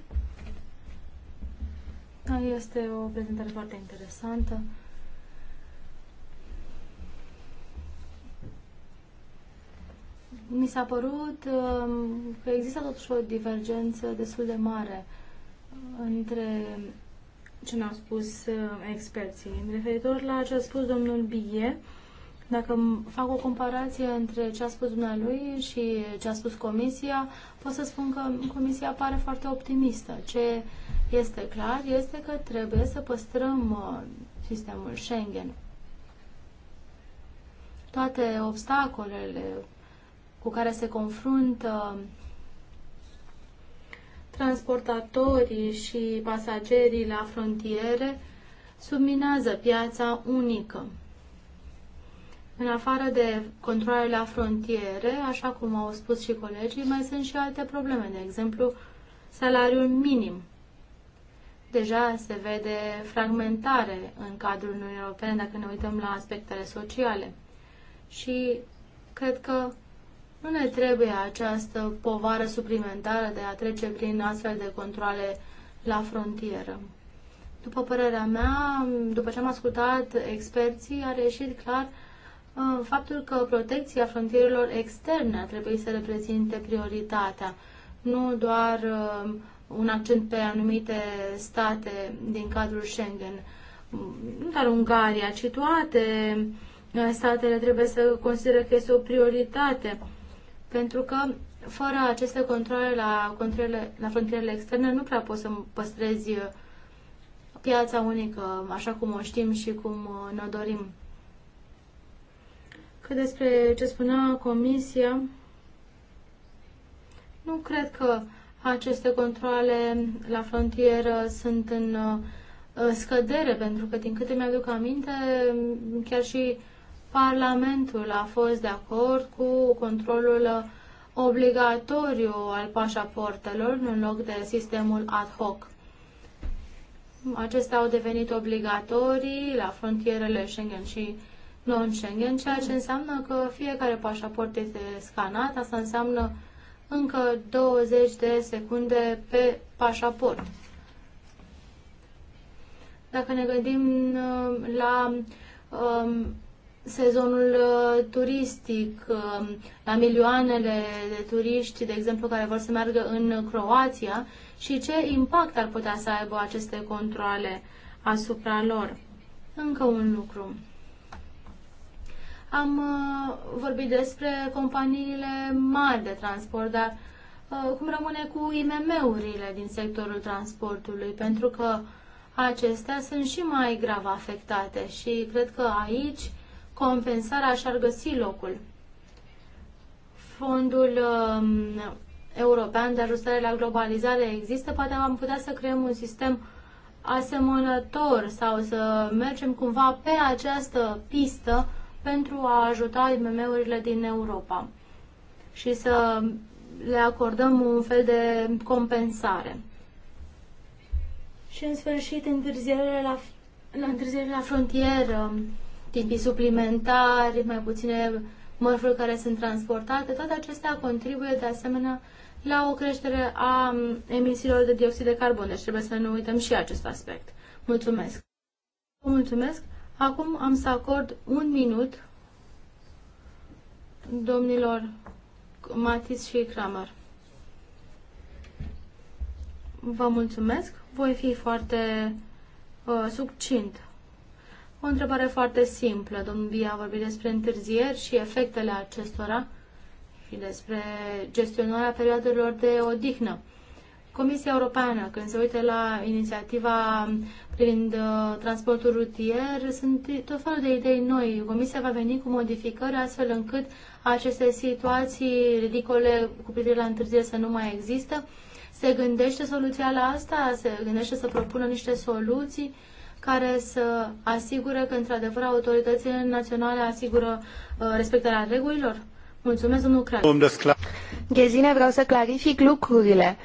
Da, este o prezentare foarte interesantă. Mi s-a părut um, că există totuși o divergență destul de mare între ce ne-au spus uh, experții. Referitor la ce a spus domnul Bie, dacă fac o comparație între ce a spus dumnealui și ce a spus comisia, pot să spun că comisia pare foarte optimistă. Ce este clar este că trebuie să păstrăm uh, sistemul Schengen. Toate obstacolele cu care se confruntă transportatorii și pasagerii la frontiere subminează piața unică. În afară de controlele la frontiere, așa cum au spus și colegii, mai sunt și alte probleme, de exemplu, salariul minim. Deja se vede fragmentare în cadrul Uniunii Europene dacă ne uităm la aspectele sociale. Și cred că nu ne trebuie această povară suplimentară de a trece prin astfel de controle la frontieră. După părerea mea, după ce am ascultat experții, a reieșit clar Uh, faptul că protecția frontierelor externe ar trebui să reprezinte prioritatea, nu doar uh, un accent pe anumite state din cadrul Schengen, nu mm, doar Ungaria, ci toate uh, statele trebuie să consideră că este o prioritate, pentru că fără aceste controle la, la frontierele externe nu prea poți să păstrezi piața unică așa cum o știm și cum ne dorim că despre ce spunea Comisia, nu cred că aceste controle la frontieră sunt în uh, scădere, pentru că, din câte mi-aduc aminte, chiar și Parlamentul a fost de acord cu controlul obligatoriu al pașaportelor în loc de sistemul ad hoc. Acestea au devenit obligatorii la frontierele Schengen și non-Schengen, ceea ce înseamnă că fiecare pașaport este scanat, asta înseamnă încă 20 de secunde pe pașaport. Dacă ne gândim uh, la um, sezonul uh, turistic, um, la milioanele de turiști, de exemplu, care vor să meargă în Croația și ce impact ar putea să aibă aceste controle asupra lor. Încă un lucru. Am uh, vorbit despre companiile mari de transport, dar uh, cum rămâne cu IMM-urile din sectorul transportului? Pentru că acestea sunt și mai grav afectate și cred că aici compensarea și-ar găsi locul. Fondul um, european de ajustare la globalizare există, poate am putea să creăm un sistem asemănător sau să mergem cumva pe această pistă pentru a ajuta IMM-urile din Europa și să le acordăm un fel de compensare. Și în sfârșit, întârzierile la, la, întârziere la frontieră, tipii suplimentari, mai puține mărfuri care sunt transportate, toate acestea contribuie de asemenea la o creștere a um, emisiilor de dioxid de carbon, deci trebuie să nu uităm și acest aspect. Mulțumesc! mulțumesc! Acum am să acord un minut domnilor Matis și Kramer. Vă mulțumesc, voi fi foarte uh, succint. O întrebare foarte simplă. Domnul Bia a vorbit despre întârzieri și efectele acestora și despre gestionarea perioadelor de odihnă. Comisia Europeană, când se uită la inițiativa privind uh, transportul rutier, sunt tot felul de idei noi. Comisia va veni cu modificări astfel încât aceste situații ridicole cu privire la întârziere să nu mai există. Se gândește soluția la asta, se gândește să propună niște soluții care să asigure că, într-adevăr, autoritățile naționale asigură uh, respectarea regulilor? Mulțumesc, domnul Crăciun. Ghezine, vreau să clarific lucrurile.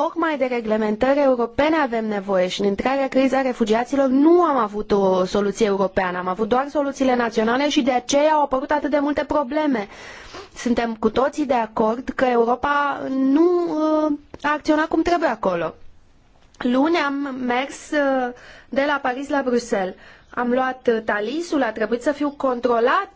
Tocmai de reglementări europene avem nevoie și în intrarea criza refugiaților nu am avut o soluție europeană, am avut doar soluțiile naționale și de aceea au apărut atât de multe probleme. Suntem cu toții de acord că Europa nu uh, a acționat cum trebuie acolo. Luni am mers uh, de la Paris la Bruxelles. Am luat uh, talisul, a trebuit să fiu controlat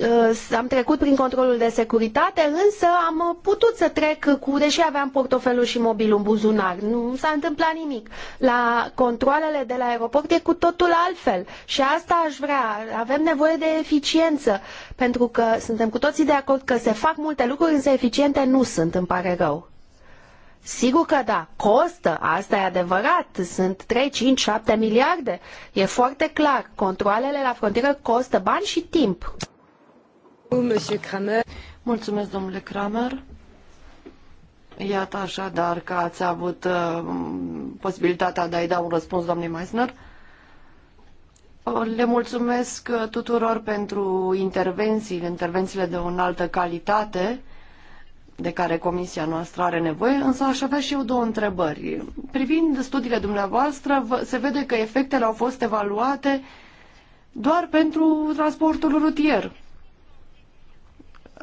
Uh, am trecut prin controlul de securitate, însă am putut să trec cu, deși aveam portofelul și mobilul în buzunar. Nu s-a întâmplat nimic. La controlele de la aeroport e cu totul altfel. Și asta aș vrea. Avem nevoie de eficiență, pentru că suntem cu toții de acord că se fac multe lucruri, însă eficiente nu sunt, îmi pare rău. Sigur că da, costă, asta e adevărat, sunt 3, 5, 7 miliarde. E foarte clar, controlele la frontieră costă bani și timp. Mulțumesc, domnule Kramer. Iată așadar că ați avut uh, posibilitatea de a-i da un răspuns, doamnei Meisner. Uh, le mulțumesc uh, tuturor pentru intervențiile, intervențiile de o înaltă calitate de care comisia noastră are nevoie, însă aș avea și eu două întrebări. Privind studiile dumneavoastră, se vede că efectele au fost evaluate doar pentru transportul rutier.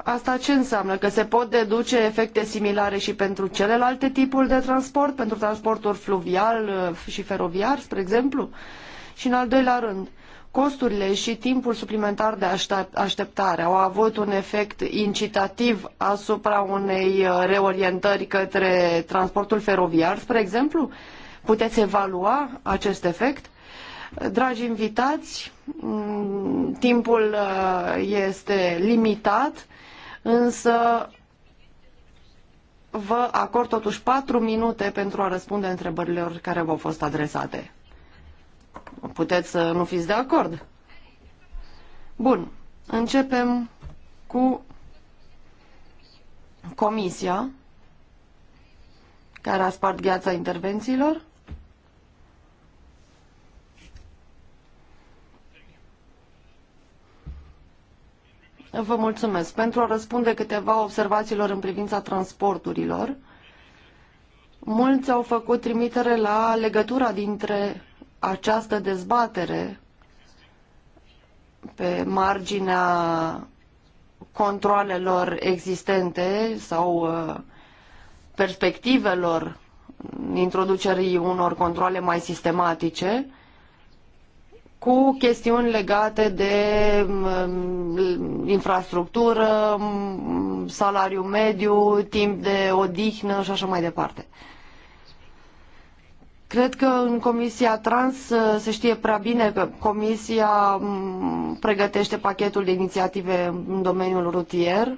Asta ce înseamnă? Că se pot deduce efecte similare și pentru celelalte tipuri de transport, pentru transportul fluvial uh, și feroviar, spre exemplu? Și în al doilea rând, costurile și timpul suplimentar de așteptare au avut un efect incitativ asupra unei uh, reorientări către transportul feroviar, spre exemplu? Puteți evalua acest efect? Dragi invitați, mm, timpul uh, este limitat însă vă acord totuși patru minute pentru a răspunde întrebărilor care v-au fost adresate. Puteți să nu fiți de acord. Bun, începem cu comisia care a spart gheața intervențiilor. Vă mulțumesc. Pentru a răspunde câteva observațiilor în privința transporturilor, mulți au făcut trimitere la legătura dintre această dezbatere pe marginea controlelor existente sau uh, perspectivelor introducerii unor controle mai sistematice cu chestiuni legate de mm, infrastructură, mm, salariu mediu, timp de odihnă și așa mai departe. Cred că în Comisia Trans uh, se știe prea bine că Comisia mm, pregătește pachetul de inițiative în domeniul rutier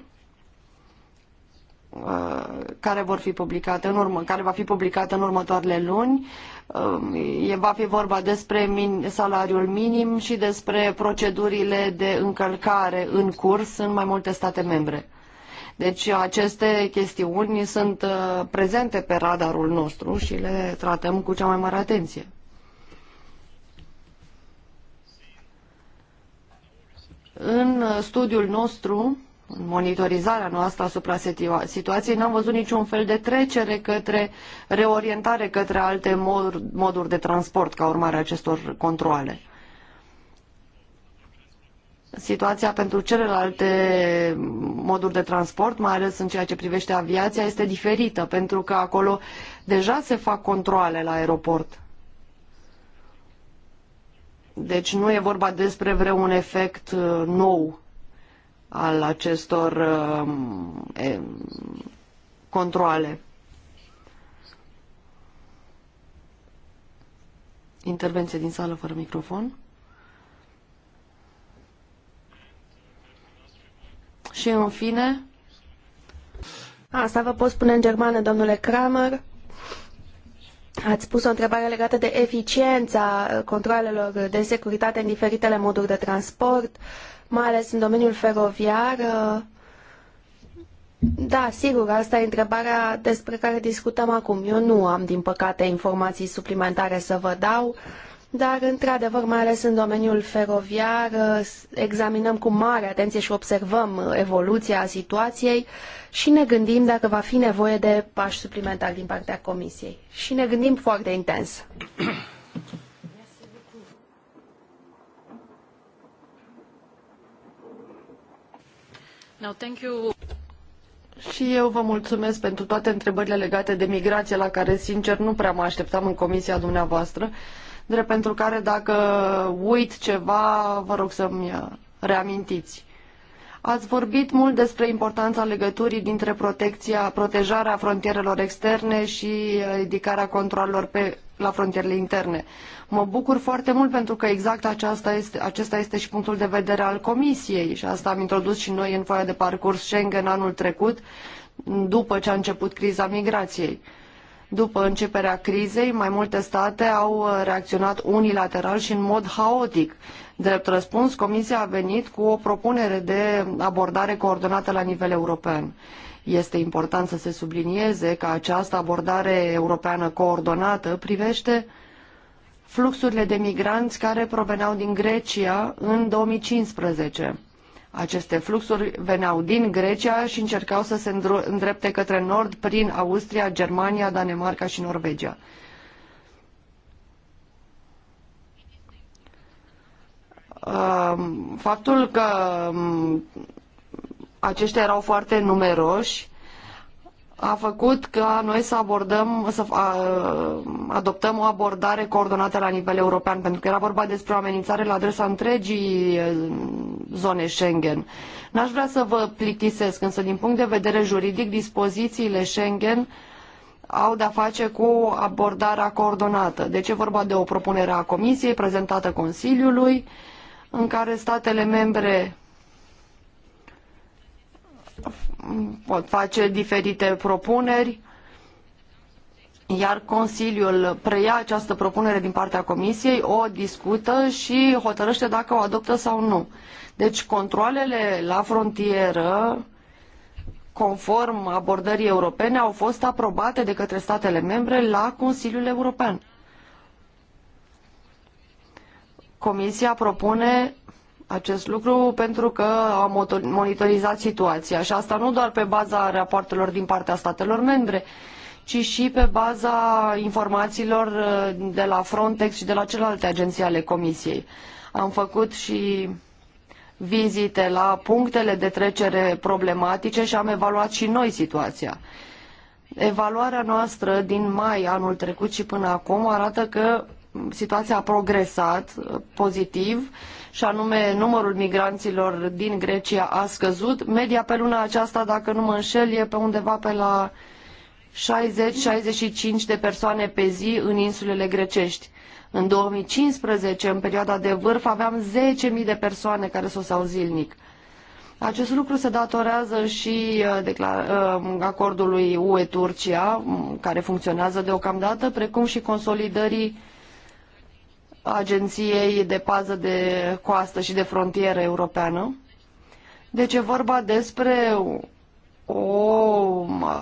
uh, care vor fi publicate în urmă, care va fi publicată în următoarele luni. Um, va fi vorba despre min, salariul minim și despre procedurile de încălcare în curs în mai multe state membre. Deci aceste chestiuni sunt uh, prezente pe radarul nostru și le tratăm cu cea mai mare atenție. În studiul nostru monitorizarea noastră asupra situației, n-am văzut niciun fel de trecere către reorientare către alte moduri de transport ca urmare a acestor controle. Situația pentru celelalte moduri de transport, mai ales în ceea ce privește aviația, este diferită, pentru că acolo deja se fac controle la aeroport. Deci nu e vorba despre vreun efect uh, nou al acestor uh, controle. Intervenție din sală fără microfon. Și în fine... Asta vă pot spune în germană, domnule Kramer. Ați pus o întrebare legată de eficiența controlelor de securitate în diferitele moduri de transport. Uh, mai ales în domeniul feroviar. Uh, da, sigur, asta e întrebarea despre care discutăm acum. Eu nu am, din păcate, informații suplimentare să vă dau, dar, într-adevăr, mai ales în domeniul feroviar, uh, examinăm cu mare atenție și observăm evoluția situației și ne gândim dacă va fi nevoie de pași suplimentari din partea Comisiei. Și ne gândim foarte intens. Și eu vă mulțumesc pentru toate întrebările legate de migrație, la care, sincer, nu prea mă așteptam în comisia dumneavoastră, drept pentru care, dacă uit ceva, vă rog să-mi uh, reamintiți. Ați vorbit mult despre importanța legăturii dintre protecția, protejarea frontierelor externe și uh, ridicarea controlelor pe, la frontierele interne. Mă bucur foarte mult pentru că exact aceasta este, acesta este și punctul de vedere al Comisiei și asta am introdus și noi în foaia de parcurs Schengen anul trecut, după ce a început criza migrației. După începerea crizei, mai multe state au uh, reacționat unilateral și în mod haotic. Drept răspuns, Comisia a venit cu o propunere de abordare coordonată la nivel european. Este important să se sublinieze că această abordare europeană coordonată privește fluxurile de migranți care proveneau din Grecia în 2015. Aceste fluxuri veneau din Grecia și încercau să se îndrepte către nord prin Austria, Germania, Danemarca și Norvegia. Um, faptul că um, aceștia erau foarte numeroși a făcut ca noi să abordăm, să adoptăm o abordare coordonată la nivel european, pentru că era vorba despre o amenințare la adresa întregii eh, zone Schengen. N-aș vrea să vă plictisesc, însă din punct de vedere juridic, dispozițiile Schengen au de-a face cu abordarea coordonată. Deci ce vorba de o propunere a Comisiei prezentată Consiliului, în care statele membre pot face diferite propuneri, iar Consiliul preia această propunere din partea Comisiei, o discută și hotărăște dacă o adoptă sau nu. Deci controlele la frontieră, conform abordării europene, au fost aprobate de către statele membre la Consiliul European. Comisia propune acest lucru pentru că a monitorizat situația și asta nu doar pe baza rapoartelor din partea statelor membre, ci și pe baza informațiilor uh, de la Frontex și de la celelalte agenții ale Comisiei. Am făcut și vizite la punctele de trecere problematice și am evaluat și noi situația. Evaluarea noastră din mai anul trecut și până acum arată că situația a progresat uh, pozitiv și anume numărul migranților din Grecia a scăzut. Media pe luna aceasta, dacă nu mă înșel, e pe undeva pe la 60-65 de persoane pe zi în insulele grecești. În 2015, în perioada de vârf, aveam 10.000 de persoane care soseau zilnic. Acest lucru se datorează și uh, uh, acordului UE-Turcia, care funcționează deocamdată, precum și consolidării Agenției de Pază de Coastă și de Frontieră Europeană. Deci e vorba despre o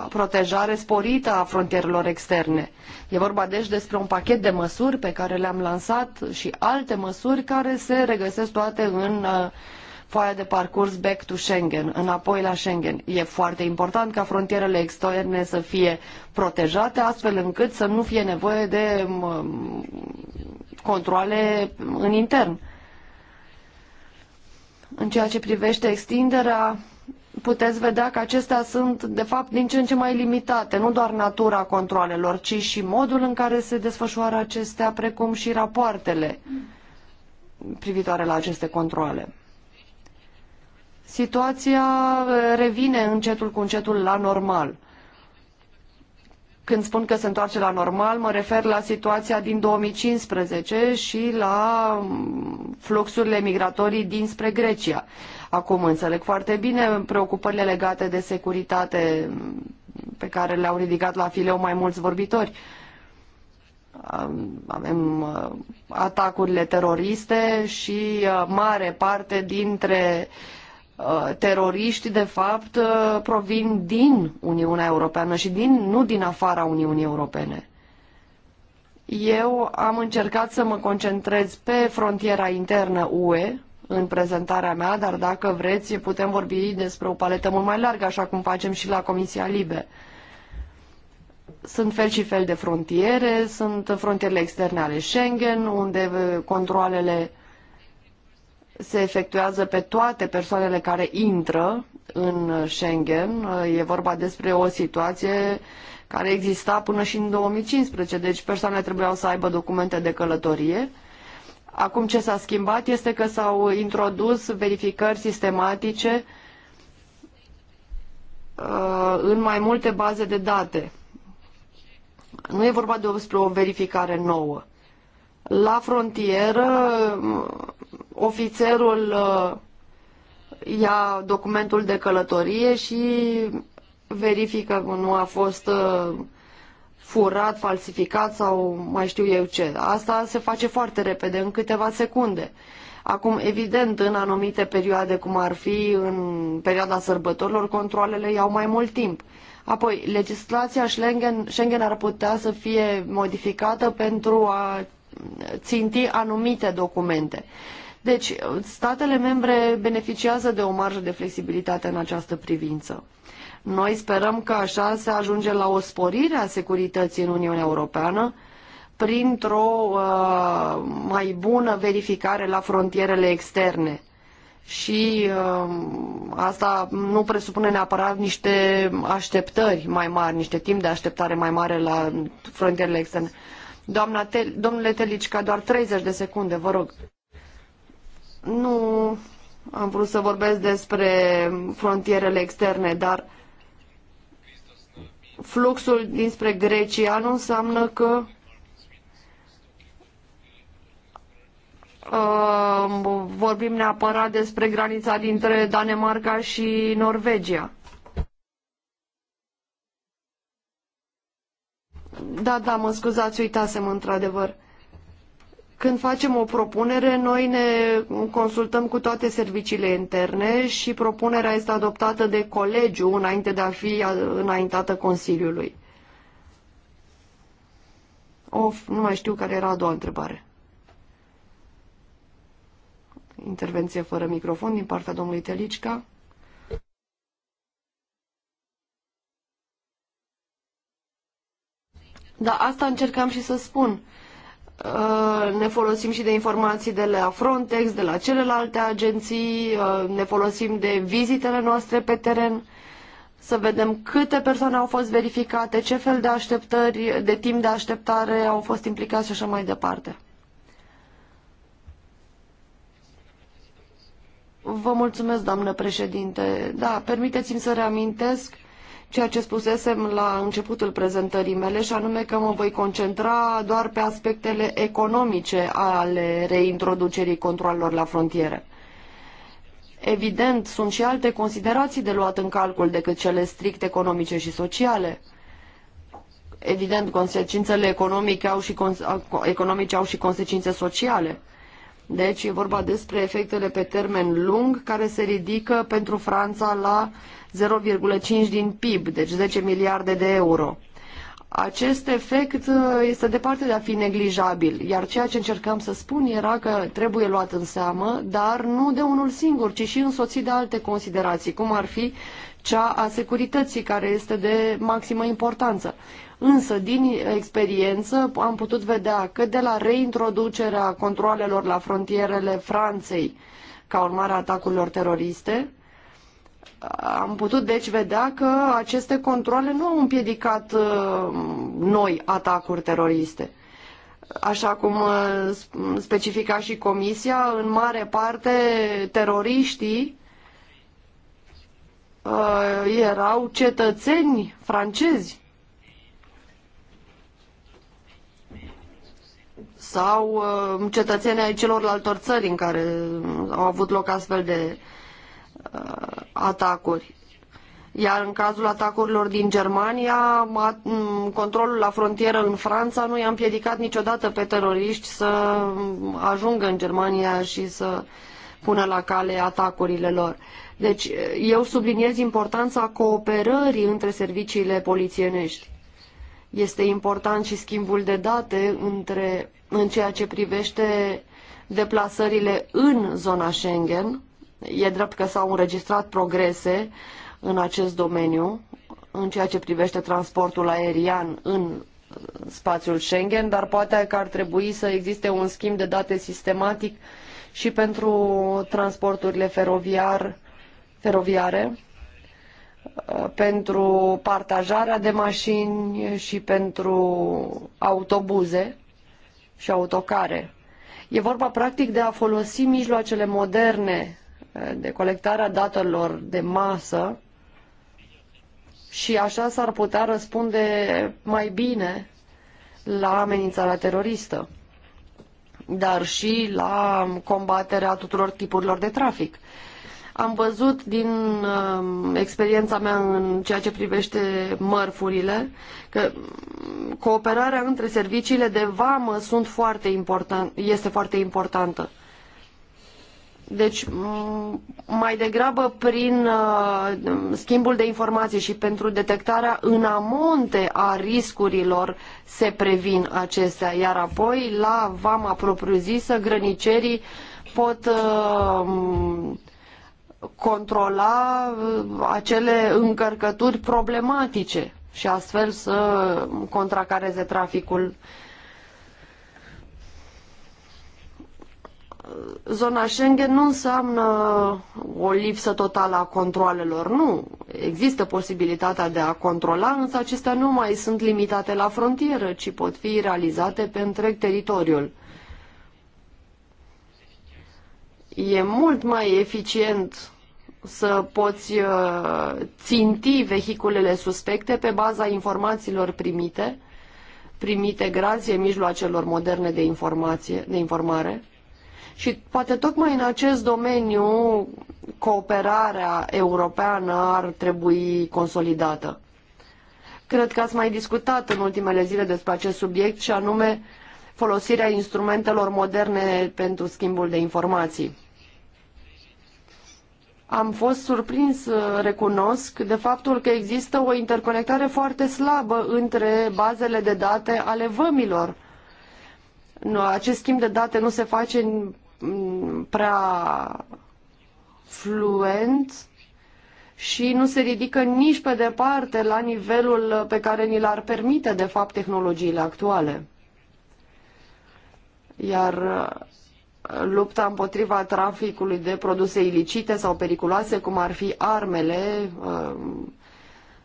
protejare sporită a frontierelor externe. E vorba deci despre un pachet de măsuri pe care le-am lansat și alte măsuri care se regăsesc toate în uh, foaia de parcurs back to Schengen, înapoi la Schengen. E foarte important ca frontierele externe să fie protejate astfel încât să nu fie nevoie de um, controle în intern. În ceea ce privește extinderea, puteți vedea că acestea sunt, de fapt, din ce în ce mai limitate, nu doar natura controlelor, ci și modul în care se desfășoară acestea, precum și rapoartele privitoare la aceste controle. Situația eh, revine încetul cu încetul la normal. Când spun că se întoarce la normal, mă refer la situația din 2015 și la mm, fluxurile migratorii dinspre Grecia. Acum înțeleg foarte bine preocupările legate de securitate mm, pe care le-au ridicat la fileu mai mulți vorbitori. Avem uh, atacurile teroriste și uh, mare parte dintre uh, Uh, teroriști, de fapt, uh, provin din Uniunea Europeană și din, nu din afara Uniunii Europene. Eu am încercat să mă concentrez pe frontiera internă UE în prezentarea mea, dar dacă vreți putem vorbi despre o paletă mult mai largă, așa cum facem și la Comisia Libe. Sunt fel și fel de frontiere, sunt frontierele externe ale Schengen, unde uh, controlele se efectuează pe toate persoanele care intră în Schengen. E vorba despre o situație care exista până și în 2015, deci persoanele trebuiau să aibă documente de călătorie. Acum ce s-a schimbat este că s-au introdus verificări sistematice uh, în mai multe baze de date. Nu e vorba despre o verificare nouă. La frontieră ofițerul uh, ia documentul de călătorie și verifică că nu a fost uh, furat, falsificat sau mai știu eu ce. Asta se face foarte repede, în câteva secunde. Acum, evident, în anumite perioade, cum ar fi în perioada sărbătorilor, controlele iau mai mult timp. Apoi, legislația Schengen, Schengen ar putea să fie modificată pentru a ținti anumite documente. Deci, statele membre beneficiază de o marjă de flexibilitate în această privință. Noi sperăm că așa se ajunge la o sporire a securității în Uniunea Europeană printr-o uh, mai bună verificare la frontierele externe. Și uh, asta nu presupune neapărat niște așteptări mai mari, niște timp de așteptare mai mare la frontierele externe. Doamna Te- domnule Telicica, doar 30 de secunde, vă rog. Nu am vrut să vorbesc despre frontierele externe, dar fluxul dinspre Grecia nu înseamnă că uh, vorbim neapărat despre granița dintre Danemarca și Norvegia. Da, da, mă scuzați, uitasem într-adevăr. Când facem o propunere, noi ne consultăm cu toate serviciile interne și propunerea este adoptată de colegiu înainte de a fi înaintată Consiliului. Of, nu mai știu care era a doua întrebare. Intervenție fără microfon din partea domnului Telicica. Da, asta încercam și să spun. Uh, ne folosim și de informații de la Frontex, de la celelalte agenții, uh, ne folosim de vizitele noastre pe teren, să vedem câte persoane au fost verificate, ce fel de așteptări, de timp de așteptare au fost implicați și așa mai departe. Vă mulțumesc, doamnă președinte. Da, permiteți-mi să reamintesc ceea ce spusesem la începutul prezentării mele și anume că mă voi concentra doar pe aspectele economice ale reintroducerii controlelor la frontiere. Evident, sunt și alte considerații de luat în calcul decât cele strict economice și sociale. Evident, consecințele economice au și, economice au și consecințe sociale. Deci e vorba despre efectele pe termen lung care se ridică pentru Franța la 0,5 din PIB, deci 10 miliarde de euro. Acest efect uh, este departe de a fi neglijabil, iar ceea ce încercam să spun era că trebuie luat în seamă, dar nu de unul singur, ci și însoțit de alte considerații, cum ar fi cea a securității, care este de maximă importanță. Însă, din experiență, am putut vedea că de la reintroducerea controalelor la frontierele Franței ca urmare a atacurilor teroriste, am putut deci vedea că aceste controle nu au împiedicat uh, noi atacuri teroriste. Așa cum uh, specifica și Comisia, în mare parte teroriștii uh, erau cetățeni francezi sau uh, cetățenii ai celorlalte țări în care au avut loc astfel de uh, atacuri. Iar în cazul atacurilor din Germania, mm, controlul la frontieră în Franța nu i-a împiedicat niciodată pe teroriști să mm, ajungă în Germania și să pună la cale atacurile lor. Deci eu subliniez importanța cooperării între serviciile polițienești. Este important și schimbul de date între, în ceea ce privește deplasările în zona Schengen. E drept că s-au înregistrat progrese în acest domeniu, în ceea ce privește transportul aerian în spațiul Schengen, dar poate că ar trebui să existe un schimb de date sistematic și pentru transporturile feroviar, feroviare pentru partajarea de mașini și pentru autobuze și autocare. E vorba practic de a folosi mijloacele moderne eh, de colectarea datelor de masă și așa s-ar putea răspunde mai bine la amenințarea teroristă, dar și la combaterea tuturor tipurilor de trafic. Am văzut din uh, experiența mea în ceea ce privește mărfurile că cooperarea între serviciile de vamă sunt foarte important, este foarte importantă. Deci, mai degrabă prin uh, schimbul de informații și pentru detectarea în amonte a riscurilor se previn acestea, iar apoi la vama propriu-zisă grănicerii pot uh, controla uh, acele încărcături problematice și astfel să contracareze traficul. Zona Schengen nu înseamnă o lipsă totală a controalelor, nu. Există posibilitatea de a controla, însă acestea nu mai sunt limitate la frontieră, ci pot fi realizate pe întreg teritoriul. E mult mai eficient să poți uh, ținti vehiculele suspecte pe baza informațiilor primite, primite grație mijloacelor moderne de, informație, de informare. Și poate tocmai în acest domeniu cooperarea europeană ar trebui consolidată. Cred că ați mai discutat în ultimele zile despre acest subiect și anume folosirea instrumentelor moderne pentru schimbul de informații. Am fost surprins, uh, recunosc, de faptul că există o interconectare foarte slabă între bazele de date ale vămilor. Acest schimb de date nu se face mm, prea fluent și nu se ridică nici pe departe la nivelul pe care ni l-ar permite, de fapt, tehnologiile actuale. Iar uh, lupta împotriva traficului de produse ilicite sau periculoase, cum ar fi armele uh,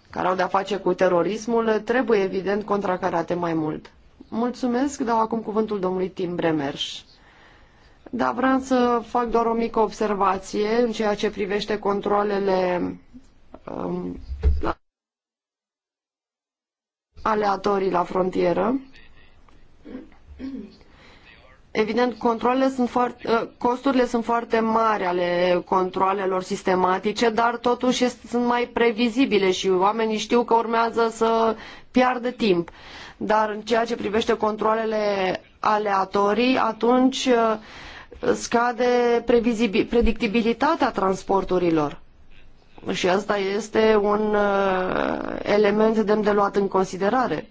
care au de-a face cu terorismul, trebuie evident contracarate mai mult. Mulțumesc, dau acum cuvântul domnului Tim Bremers. Da, vreau să fac doar o mică observație în ceea ce privește controlele um, aleatorii la frontieră. Evident, controlele sunt foarte, uh, costurile sunt foarte mari ale controlelor sistematice, dar totuși sunt mai previzibile și oamenii știu că urmează să piardă timp. Dar în ceea ce privește controlele aleatorii, atunci uh, scade predictibilitatea transporturilor. Și asta este un uh, element demn de luat în considerare,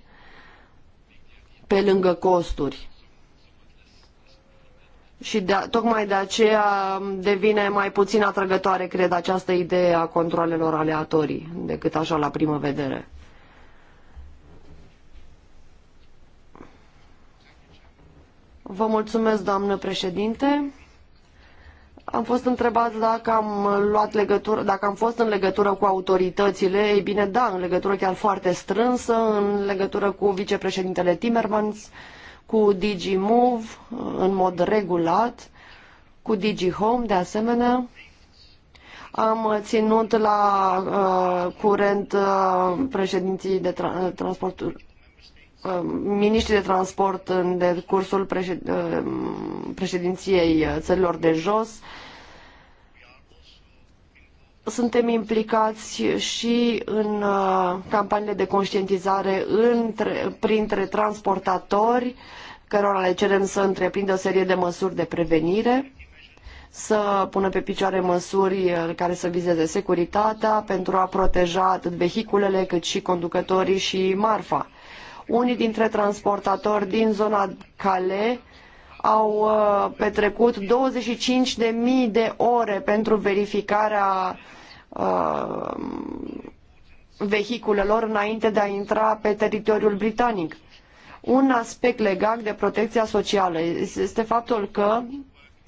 pe lângă costuri. Și de, tocmai de aceea devine mai puțin atrăgătoare, cred, această idee a controlelor aleatorii decât așa la primă vedere. Vă mulțumesc, doamnă președinte. Am fost întrebat dacă am luat legătură, dacă am fost în legătură cu autoritățile. Ei bine, da, în legătură chiar foarte strânsă, în legătură cu vicepreședintele Timmermans, cu DigiMove uh, în mod regulat, cu DigiHome de asemenea. Am ținut la uh, curent uh, președinții de tra uh, transport, uh, miniștrii de transport în decursul președ, uh, președinției uh, țărilor de jos. Uh, suntem implicați și în uh, campaniile de conștientizare între, printre transportatori, cărora le cerem să întreprindă o serie de măsuri de prevenire, să pună pe picioare măsuri uh, care să vizeze securitatea pentru a proteja atât vehiculele cât și conducătorii și marfa. Unii dintre transportatori din zona Calais au uh, petrecut 25.000 de de ore pentru verificarea uh, vehiculelor înainte de a intra pe teritoriul britanic. Un aspect legat de protecția socială este faptul că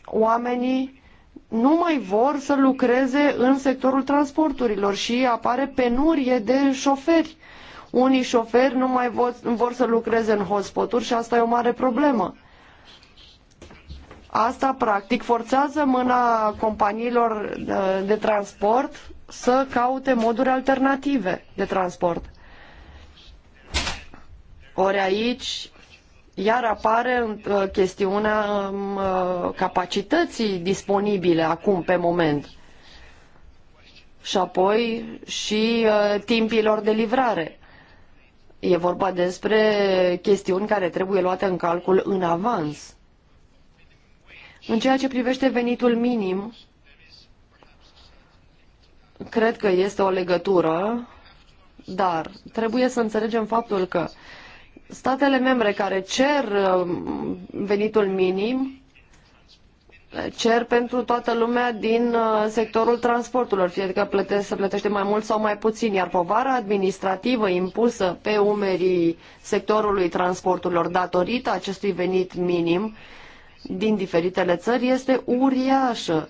oamenii nu mai vor să lucreze în sectorul transporturilor și apare penurie de șoferi. Unii șoferi nu mai vor, vor să lucreze în hotspoturi și asta e o mare problemă. Asta, practic, forțează mâna companiilor uh, de transport să caute moduri alternative de transport. Ori aici, iar apare uh, chestiunea um, uh, capacității disponibile acum, pe moment. Și apoi și timpilor de livrare. E vorba despre chestiuni care trebuie luate în calcul în avans. În ceea ce privește venitul minim, cred că este o legătură, dar trebuie să înțelegem faptul că statele membre care cer um, venitul minim cer pentru toată lumea din uh, sectorul transporturilor, fie că plătește, se plătește mai mult sau mai puțin, iar povara administrativă impusă pe umerii sectorului transporturilor datorită acestui venit minim din diferitele țări este uriașă.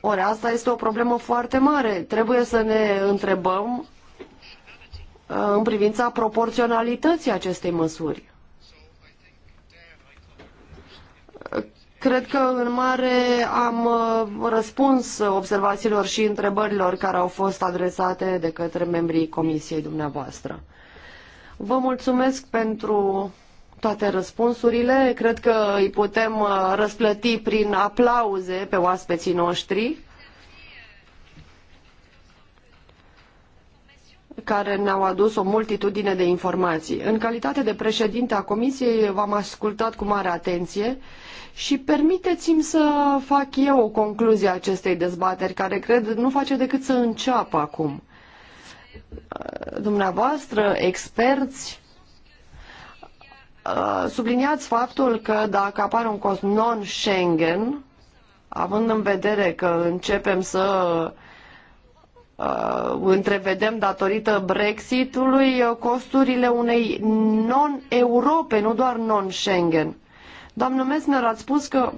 Ori asta este o problemă foarte mare. Trebuie să ne întrebăm uh, în privința proporționalității acestei măsuri. Cred că în mare am uh, răspuns observațiilor și întrebărilor care au fost adresate de către membrii comisiei dumneavoastră. Vă mulțumesc pentru toate răspunsurile. Cred că îi putem uh, răsplăti prin aplauze pe oaspeții noștri care ne-au adus o multitudine de informații. În calitate de președinte a comisiei v-am ascultat cu mare atenție și permiteți-mi să fac eu o concluzie a acestei dezbateri, care cred nu face decât să înceapă acum. Dumneavoastră, experți, Uh, subliniați faptul că dacă apare un cost non-Schengen, având în vedere că începem să uh, întrevedem datorită Brexitului uh, costurile unei non-Europe, nu doar non-Schengen. Doamnă Messner, ați spus că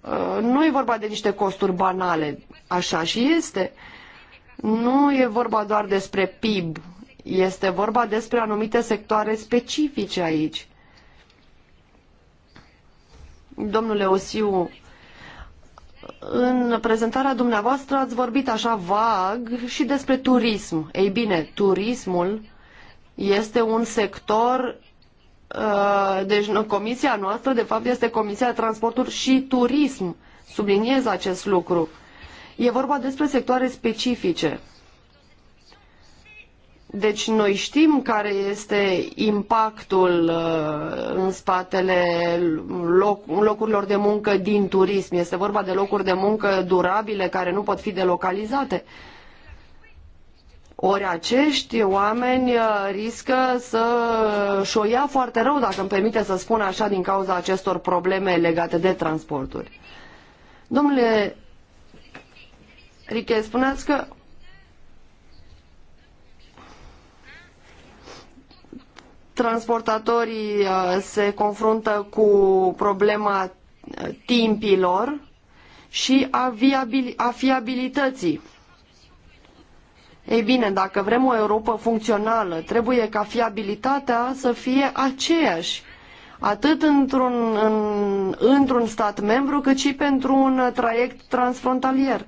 uh, nu e vorba de niște costuri banale, așa și este. Nu e vorba doar despre PIB, este vorba despre anumite sectoare specifice aici. Domnule Osiu, în prezentarea dumneavoastră ați vorbit așa vag și despre turism. Ei bine, turismul este un sector uh, deci comisia noastră de fapt este Comisia Transporturi și Turism. Subliniez acest lucru. E vorba despre sectoare specifice. Deci noi știm care este impactul uh, în spatele loc, locurilor de muncă din turism. Este vorba de locuri de muncă durabile care nu pot fi delocalizate. Ori acești oameni uh, riscă să șoia foarte rău, dacă îmi permite să spun așa, din cauza acestor probleme legate de transporturi. Domnule Riche, spuneați că transportatorii uh, se confruntă cu problema uh, timpilor și a, viabil, a fiabilității. Ei bine, dacă vrem o Europa funcțională, trebuie ca fiabilitatea să fie aceeași, atât într-un, în, într stat membru, cât și pentru un traiect transfrontalier.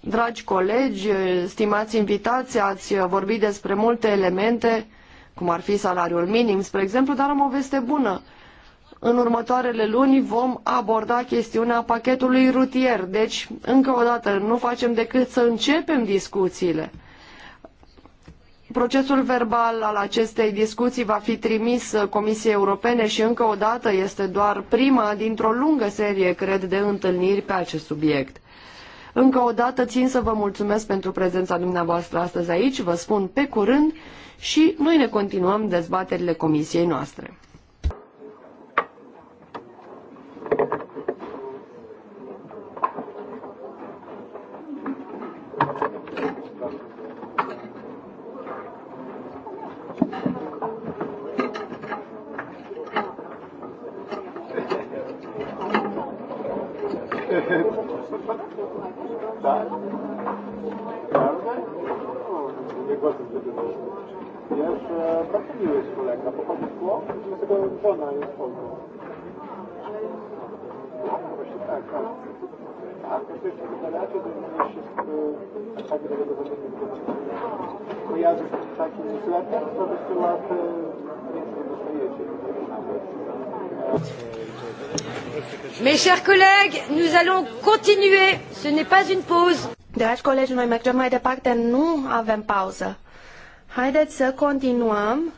Dragi colegi, stimați invitați, ați vorbit despre multe elemente cum ar fi salariul minim, spre exemplu, dar am o veste bună. În următoarele luni vom aborda chestiunea pachetului rutier, deci, încă o dată, nu facem decât să începem discuțiile. Procesul verbal al acestei discuții va fi trimis Comisiei Europene și încă o dată este doar prima dintr-o lungă serie, cred, de întâlniri pe acest subiect. Încă o dată țin să vă mulțumesc pentru prezența dumneavoastră astăzi aici, vă spun pe curând și noi ne continuăm dezbaterile comisiei noastre. głosu zrobiłem. Wiesz, e, pracowiłeś z kolega, po prostu szkło, że tego żona jest Polką. Tak, tak. A jak to się wydaje, to będziesz się z tym takim Mes chers collègues, nous allons continuer. Ce n'est pas une pause. Dragi colegi, noi mergem mai departe, nu avem pauză. Haideți să continuăm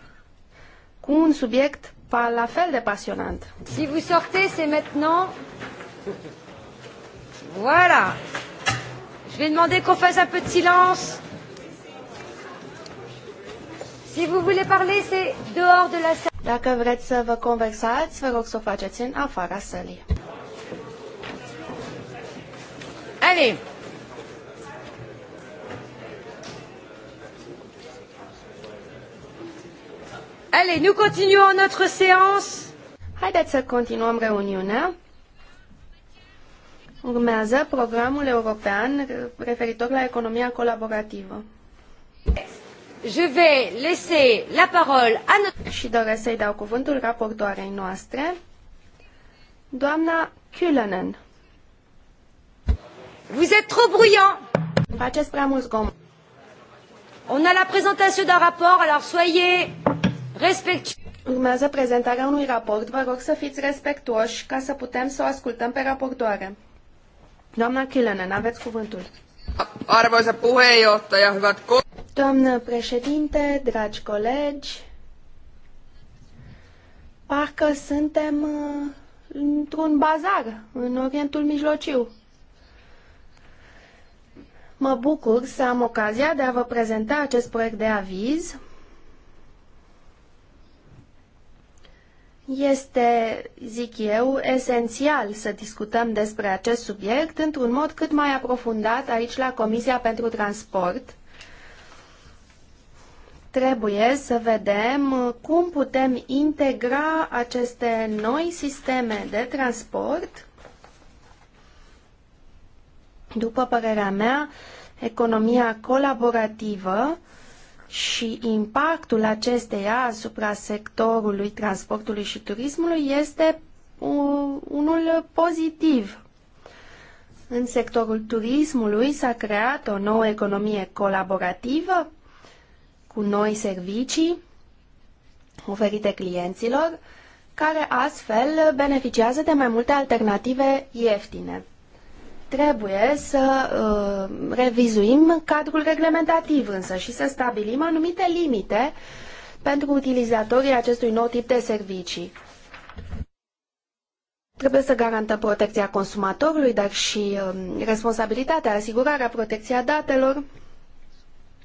cu un subiect la fel de pasionant. Si vous sortez, c'est maintenant. Voilà. Je vais demander qu'on fasse un peu de silence. Si vous voulez parler, c'est dehors de la salle. Dacă vreți să vă conversați, vă rog să o faceți în afara sălii. Allez. Allez, nous continuons notre séance. Haideți să continuăm reuniunea. Urmează programul european referitor la economia colaborativă. Je vais laisser la parole à notre... Și doresc să-i dau cuvântul raportoarei noastre, doamna Kulönen. Vous êtes trop bruyant. Faceți prea mult zgomot. On a la présentation d'un rapport, alors soyez Respect. Urmează prezentarea unui raport. Vă rog să fiți respectuoși ca să putem să o ascultăm pe raportoare. Doamna Kilenen, aveți cuvântul. Arvoisa puheenjohtaja, hyvät Doamnă președinte, dragi colegi, parcă suntem uh, într-un bazar în Orientul Mijlociu. Mă bucur să am ocazia de a vă prezenta acest proiect de aviz Este, zic eu, esențial să discutăm despre acest subiect într-un mod cât mai aprofundat aici la Comisia pentru Transport. Trebuie să vedem cum putem integra aceste noi sisteme de transport. După părerea mea, economia colaborativă și impactul acesteia asupra sectorului transportului și turismului este unul pozitiv. În sectorul turismului s-a creat o nouă economie colaborativă cu noi servicii oferite clienților, care astfel beneficiază de mai multe alternative ieftine. Trebuie să uh, revizuim cadrul reglementativ însă și să stabilim anumite limite pentru utilizatorii acestui nou tip de servicii. Trebuie să garantăm protecția consumatorului, dar și uh, responsabilitatea, asigurarea, protecția datelor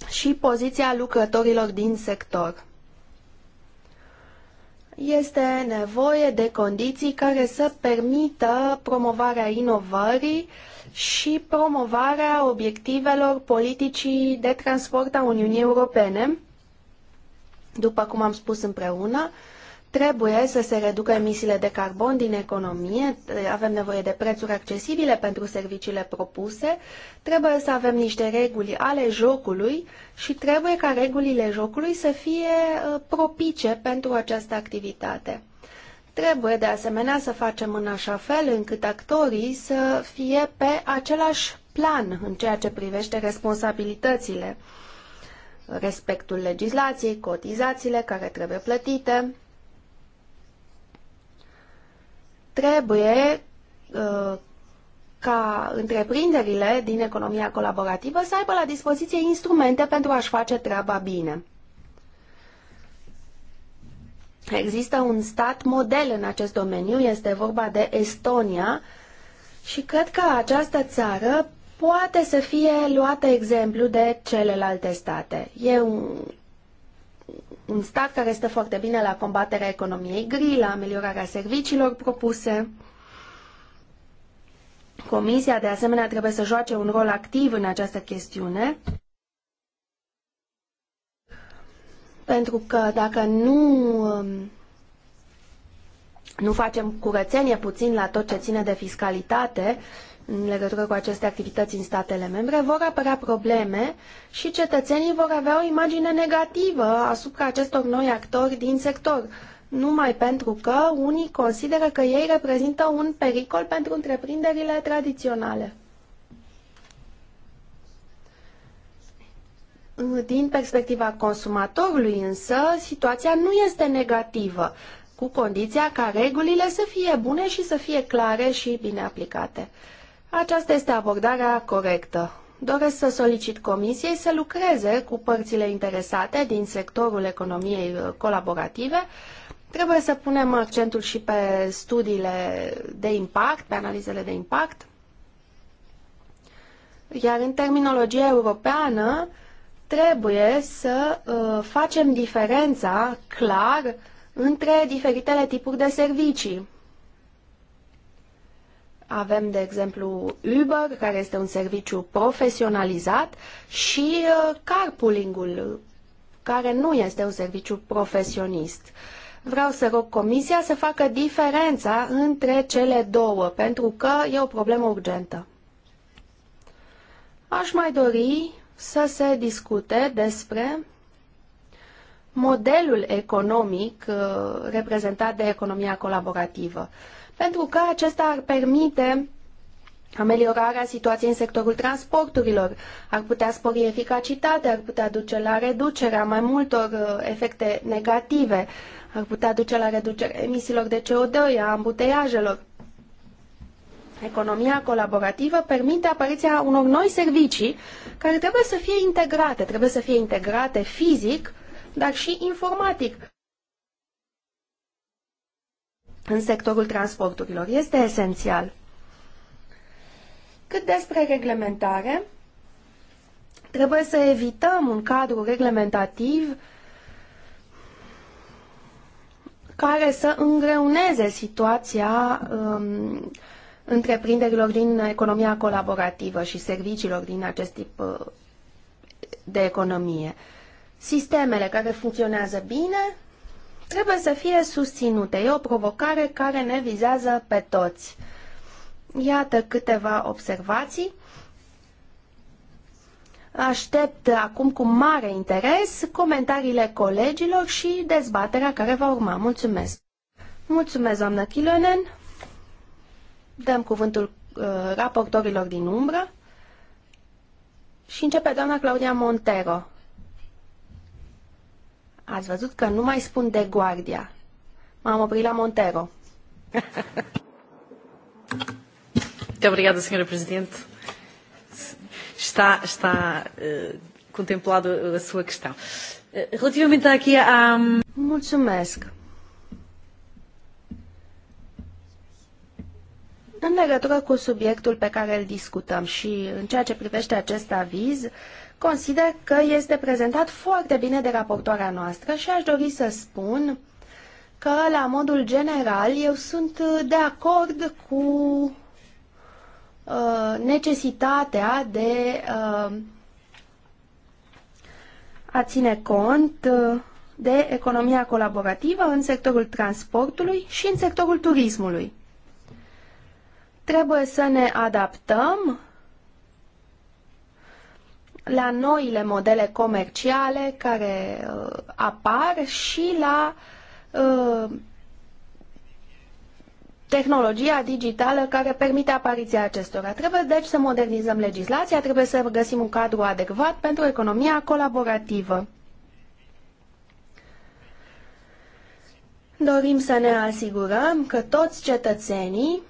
și poziția lucrătorilor din sector. Este nevoie de condiții care să permită promovarea inovării și promovarea obiectivelor politicii de transport a Uniunii Europene, după cum am spus împreună, Trebuie să se reducă emisiile de carbon din economie, avem nevoie de prețuri accesibile pentru serviciile propuse, trebuie să avem niște reguli ale jocului și trebuie ca regulile jocului să fie uh, propice pentru această activitate. Trebuie de asemenea să facem în așa fel încât actorii să fie pe același plan în ceea ce privește responsabilitățile, respectul legislației, cotizațiile care trebuie plătite, Trebuie uh, ca întreprinderile din economia colaborativă să aibă la dispoziție instrumente pentru a-și face treaba bine. Există un stat model în acest domeniu, este vorba de Estonia și cred că această țară poate să fie luată exemplu de celelalte state. E un, un stat care stă foarte bine la combaterea economiei gri, la ameliorarea serviciilor propuse. Comisia, de asemenea, trebuie să joace un rol activ în această chestiune, pentru că dacă nu, um, nu facem curățenie puțin la tot ce ține de fiscalitate, în legătură cu aceste activități în statele membre, vor apărea probleme și cetățenii vor avea o imagine negativă asupra acestor noi actori din sector, numai pentru că unii consideră că ei reprezintă un pericol pentru întreprinderile tradiționale. Din perspectiva consumatorului însă, situația nu este negativă, cu condiția ca regulile să fie bune și să fie clare și bine aplicate. Aceasta este abordarea corectă. Doresc să solicit Comisiei să lucreze cu părțile interesate din sectorul economiei uh, colaborative. Trebuie să punem accentul și pe studiile de impact, pe analizele de impact. Iar în terminologia europeană trebuie să uh, facem diferența clar între diferitele tipuri de servicii avem, de exemplu, Uber, care este un serviciu profesionalizat, și uh, carpooling-ul, care nu este un serviciu profesionist. Vreau să rog Comisia să facă diferența între cele două, pentru că e o problemă urgentă. Aș mai dori să se discute despre modelul economic uh, reprezentat de economia colaborativă pentru că acesta ar permite ameliorarea situației în sectorul transporturilor, ar putea spori eficacitatea, ar putea duce la reducerea mai multor uh, efecte negative, ar putea duce la reducerea emisiilor de CO2, a ambuteiajelor. Economia colaborativă permite apariția unor noi servicii care trebuie să fie integrate, trebuie să fie integrate fizic, dar și informatic în sectorul transporturilor. Este esențial. Cât despre reglementare, trebuie să evităm un cadru reglementativ care să îngreuneze situația um, întreprinderilor din economia colaborativă și serviciilor din acest tip uh, de economie. Sistemele care funcționează bine trebuie să fie susținute. E o provocare care ne vizează pe toți. Iată câteva observații. Aștept acum cu mare interes comentariile colegilor și dezbaterea care va urma. Mulțumesc! Mulțumesc, doamnă Chilonen! Dăm cuvântul uh, raportorilor din umbră și începe doamna Claudia Montero. Ați văzut că nu mai spun de Guardia. M-am oprit la Montero. Muito obrigada, Sra. Presidente. Está, está uh, contemplado a sua questão. Eh, relativamente aqui à... Um, Mulțumesc. În legătură cu subiectul pe care îl discutăm și în ceea ce privește acest aviz, uh, Consider că este prezentat foarte bine de raportoarea noastră și aș dori să spun că, la modul general, eu sunt de acord cu uh, necesitatea de uh, a ține cont uh, de economia colaborativă în sectorul transportului și în sectorul turismului. Trebuie să ne adaptăm la noile modele comerciale care uh, apar și la uh, tehnologia digitală care permite apariția acestora. Trebuie deci să modernizăm legislația, trebuie să găsim un cadru adecvat pentru economia colaborativă. Dorim să ne asigurăm că toți cetățenii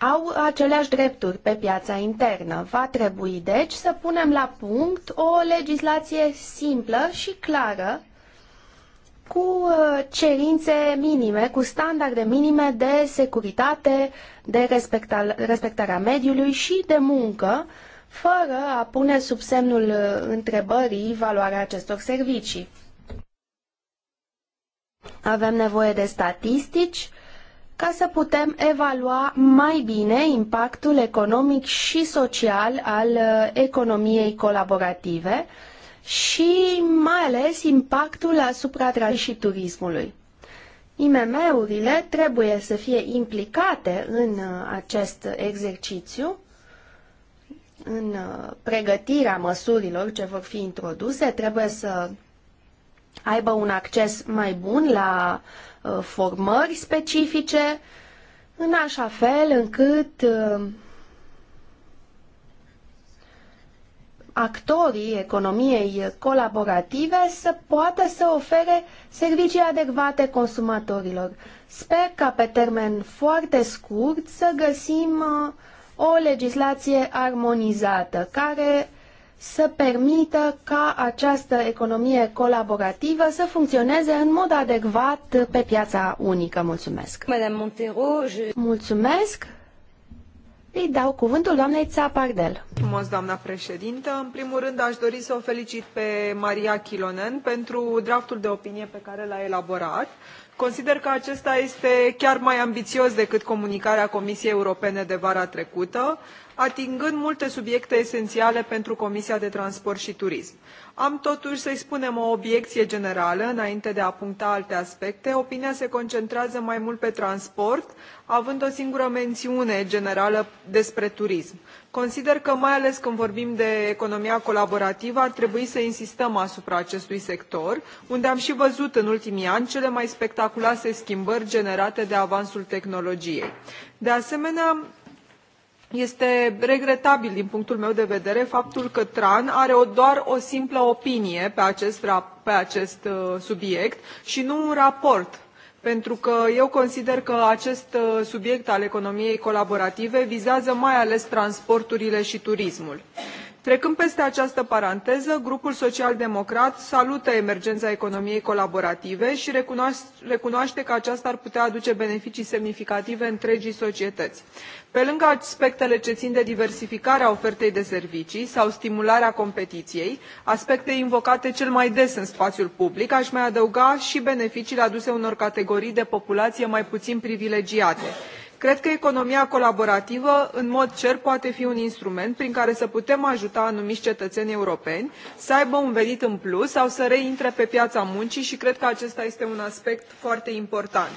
au aceleași drepturi pe piața internă. Va trebui, deci, să punem la punct o legislație simplă și clară cu uh, cerințe minime, cu standarde minime de securitate, de respectarea mediului și de muncă, fără a pune sub semnul uh, întrebării valoarea acestor servicii. Avem nevoie de statistici, ca să putem evalua mai bine impactul economic și social al uh, economiei colaborative și mai ales impactul asupra traficului și turismului. IMM-urile trebuie să fie implicate în uh, acest exercițiu, în uh, pregătirea măsurilor ce vor fi introduse, trebuie să aibă un acces mai bun la uh, formări specifice, în așa fel încât uh, actorii economiei colaborative să poată să ofere servicii adecvate consumatorilor. Sper ca pe termen foarte scurt să găsim uh, o legislație armonizată care să permită ca această economie colaborativă să funcționeze în mod adecvat pe piața unică. Mulțumesc! Montero, je... Mulțumesc! Îi dau cuvântul doamnei Țapardel. Mulțumesc, doamna președintă. În primul rând, aș dori să o felicit pe Maria Chilonen pentru draftul de opinie pe care l-a elaborat. Consider că acesta este chiar mai ambițios decât comunicarea Comisiei Europene de vara trecută, atingând multe subiecte esențiale pentru Comisia de Transport și Turism. Am totuși, să-i spunem, o obiecție generală, înainte de a puncta alte aspecte. Opinia se concentrează mai mult pe transport, având o singură mențiune generală despre turism. Consider că, mai ales când vorbim de economia colaborativă, ar trebui să insistăm asupra acestui sector, unde am și văzut în ultimii ani cele mai spectaculoase schimbări generate de avansul tehnologiei. De asemenea, este regretabil din punctul meu de vedere faptul că tran are o, doar o simplă opinie pe acest, pe acest uh, subiect și nu un raport pentru că eu consider că acest uh, subiect al economiei colaborative vizează mai ales transporturile și turismul trecând peste această paranteză grupul social democrat salută emergența economiei colaborative și recunoaște că aceasta ar putea aduce beneficii semnificative întregii societăți. pe lângă aspectele ce țin de diversificarea ofertei de servicii sau stimularea competiției aspecte invocate cel mai des în spațiul public aș mai adăuga și beneficiile aduse unor categorii de populație mai puțin privilegiate precum cred că economia colaborativă în mod cer poate fi un instrument prin care să putem ajuta anumiți cetățeni europeni să aibă un venit în plus sau să reintre pe piața muncii și cred că acesta este un aspect foarte important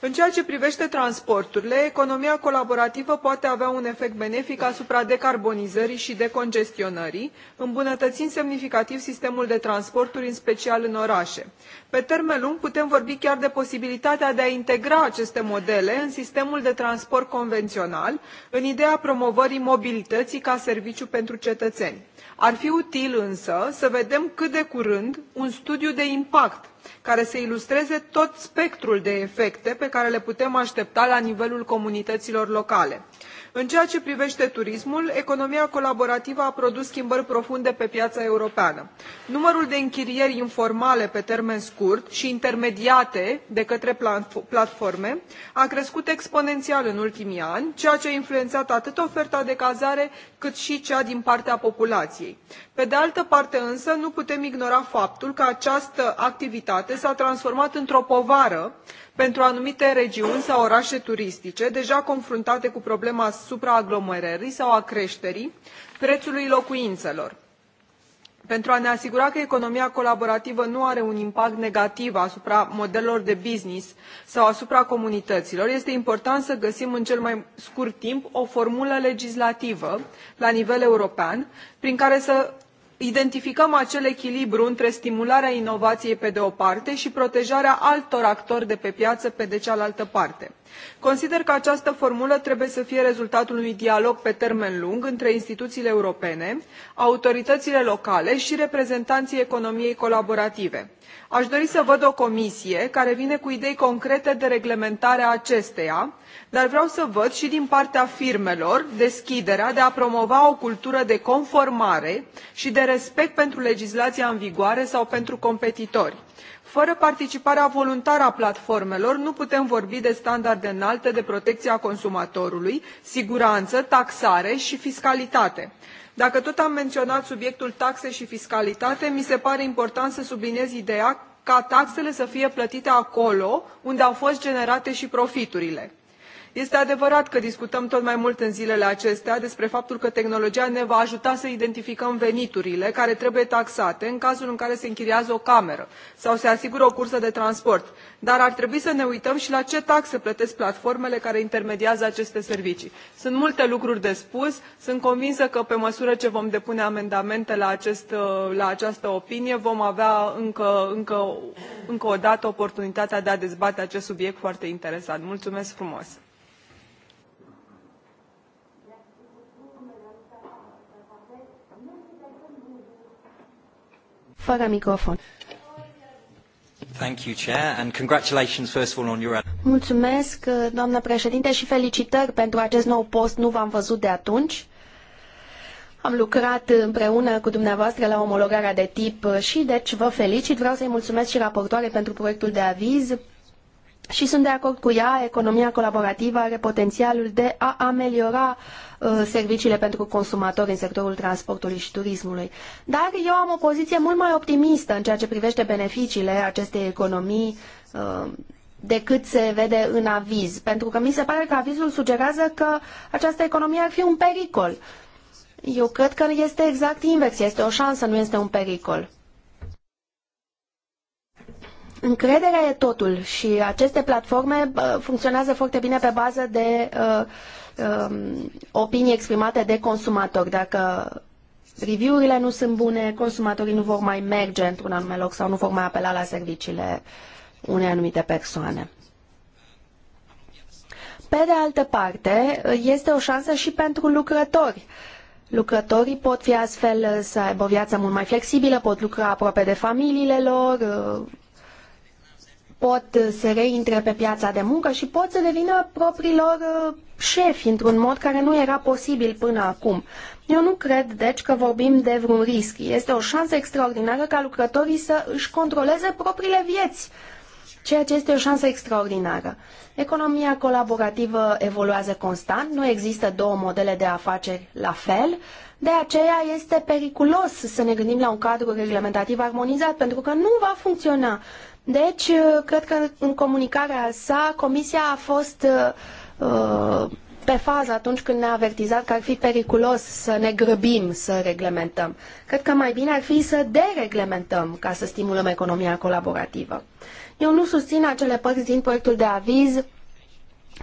în ceea ce privește transporturile economia colaborativă poate avea un efect benefic asupra decarbonizării și decongestionării îmbunătățind semnificativ sistemul de transporturi în special în orașe. pe termen lung putem vorbi chiar de posibilitatea de a integra aceste modele în sistemul de transport convențional în ideea promovării mobilității ca serviciu pentru cetățeni. ar fi util însă să vedem cât de curând un studiu de impact care să ilustreze tot spectrul de efecte pe care le putem aștepta la nivelul comunităților locale. în ceea ce privește turismul economia colaborativă a produs schimbări profunde pe piața europeană. numărul de închirieri informale pe termen scurt și intermediate de către platforme a crescut exponențial în ultimii ani ceea ce a influențat atât oferta de cazare cât și cea din partea populației. pe de altă parte însă nu putem ignora faptul că această activitate s a transformat într o povară pentru anumite regiuni sau orașe turistice deja confruntate cu problema supraaglomerării sau a creșterii prețului locuințelor pentru a ne asigura că economia colaborativă nu are un impact negativ asupra modelelor de business sau asupra comunităților este important să găsim în cel mai scurt timp o formulă legislativă la nivel european prin care să identificăm acel echilibru între stimularea inovației pe de o parte și protejarea altor actori de pe piață pe de cealaltă parte. consider că această formulă trebuie să fie rezultatul unui dialog pe termen lung între instituțiile europene autoritățile locale și reprezentanții economiei colaborative. aș dori să văd o comisie care vine cu idei concrete de reglementare a acesteia dar vreau să văd și din partea firmelor deschiderea de a promova o cultură de conformare și de respect pentru legislația în vigoare sau pentru competitori. fără participarea voluntară a platformelor nu putem vorbi de standarde înalte de protecție a consumatorului siguranță taxare și fiscalitate dacă tot am menționat subiectul taxe și fiscalitate mi se pare important să subliniez ideea ca taxele să fie plătite acolo unde au fost generate și profiturile este adevărat că discutăm tot mai mult în zilele acestea despre faptul că tehnologia ne va ajuta să identificăm veniturile care trebuie taxate în cazul în care se închiriază o cameră sau se asigură o cursă de transport dar ar trebui să ne uităm și la ce taxe plătesc platformele care intermediază aceste servicii. sunt multe lucruri de spus sunt convinsă că pe măsură ce vom depune amendamente la, acest, la această opinie vom avea încă, încă, încă o dată oportunitatea de a dezbate acest subiect foarte interesant. mulțumesc frumos! fără microfon. Thank you, Chair, and congratulations first of all on your... Mulțumesc, uh, doamnă președinte, și felicitări pentru acest nou post. Nu v-am văzut de atunci. Am lucrat împreună cu dumneavoastră la omologarea de tip și deci vă felicit. Vreau să-i mulțumesc și raportoare pentru proiectul de aviz și sunt de acord cu ea, economia colaborativă are potențialul de a ameliora uh, serviciile pentru consumatori în sectorul transportului și turismului. Dar eu am o poziție mult mai optimistă în ceea ce privește beneficiile acestei economii uh, decât se vede în aviz, pentru că mi se pare că avizul sugerează că această economie ar fi un pericol. Eu cred că este exact invers, este o șansă, nu este un pericol. Încrederea e totul și aceste platforme uh, funcționează foarte bine pe bază de uh, um, opinii exprimate de consumatori. Dacă review-urile nu sunt bune, consumatorii nu vor mai merge într-un anume loc sau nu vor mai apela la serviciile unei anumite persoane. Pe de altă parte, este o șansă și pentru lucrători. Lucrătorii pot fi astfel să aibă o viață mult mai flexibilă, pot lucra aproape de familiile lor, pot să reintre pe piața de muncă și pot să devină propriilor uh, șefi într-un mod care nu era posibil până acum. Eu nu cred, deci, că vorbim de vreun risc. Este o șansă extraordinară ca lucrătorii să își controleze propriile vieți, ceea ce este o șansă extraordinară. Economia colaborativă evoluează constant, nu există două modele de afaceri la fel, de aceea este periculos să ne gândim la un cadru reglementativ armonizat, pentru că nu va funcționa. Deci, uh, cred că în comunicarea sa, Comisia a fost uh, uh, pe fază atunci când ne-a avertizat că ar fi periculos să ne grăbim să reglementăm. Cred că mai bine ar fi să dereglementăm ca să stimulăm economia colaborativă. Eu nu susțin acele părți din proiectul de aviz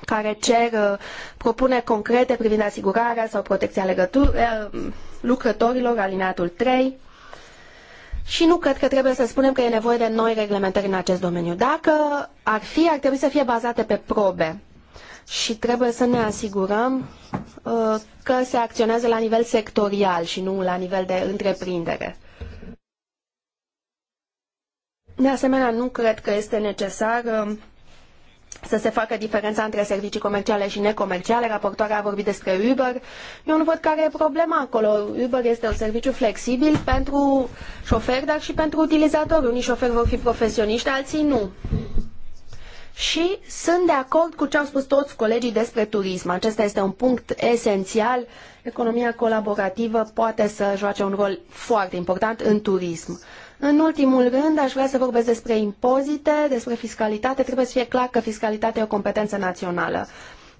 care cer uh, propuneri concrete privind asigurarea sau protecția legătur- lucrătorilor, alineatul 3, și nu cred că trebuie să spunem că e nevoie de noi reglementări în acest domeniu. Dacă ar fi, ar trebui să fie bazate pe probe și trebuie să ne asigurăm uh, că se acționează la nivel sectorial și nu la nivel de întreprindere. De asemenea, nu cred că este necesar uh, să se facă diferența între servicii comerciale și necomerciale. Raportoarea a vorbit despre Uber. Eu nu văd care e problema acolo. Uber este un serviciu flexibil pentru șoferi, dar și pentru utilizatori. Unii șoferi vor fi profesioniști, alții nu. Și sunt de acord cu ce au spus toți colegii despre turism. Acesta este un punct esențial. Economia colaborativă poate să joace un rol foarte important în turism. Uh, în ultimul rând, aș vrea să vorbesc despre impozite, despre fiscalitate. Trebuie să fie clar că fiscalitatea e o competență națională.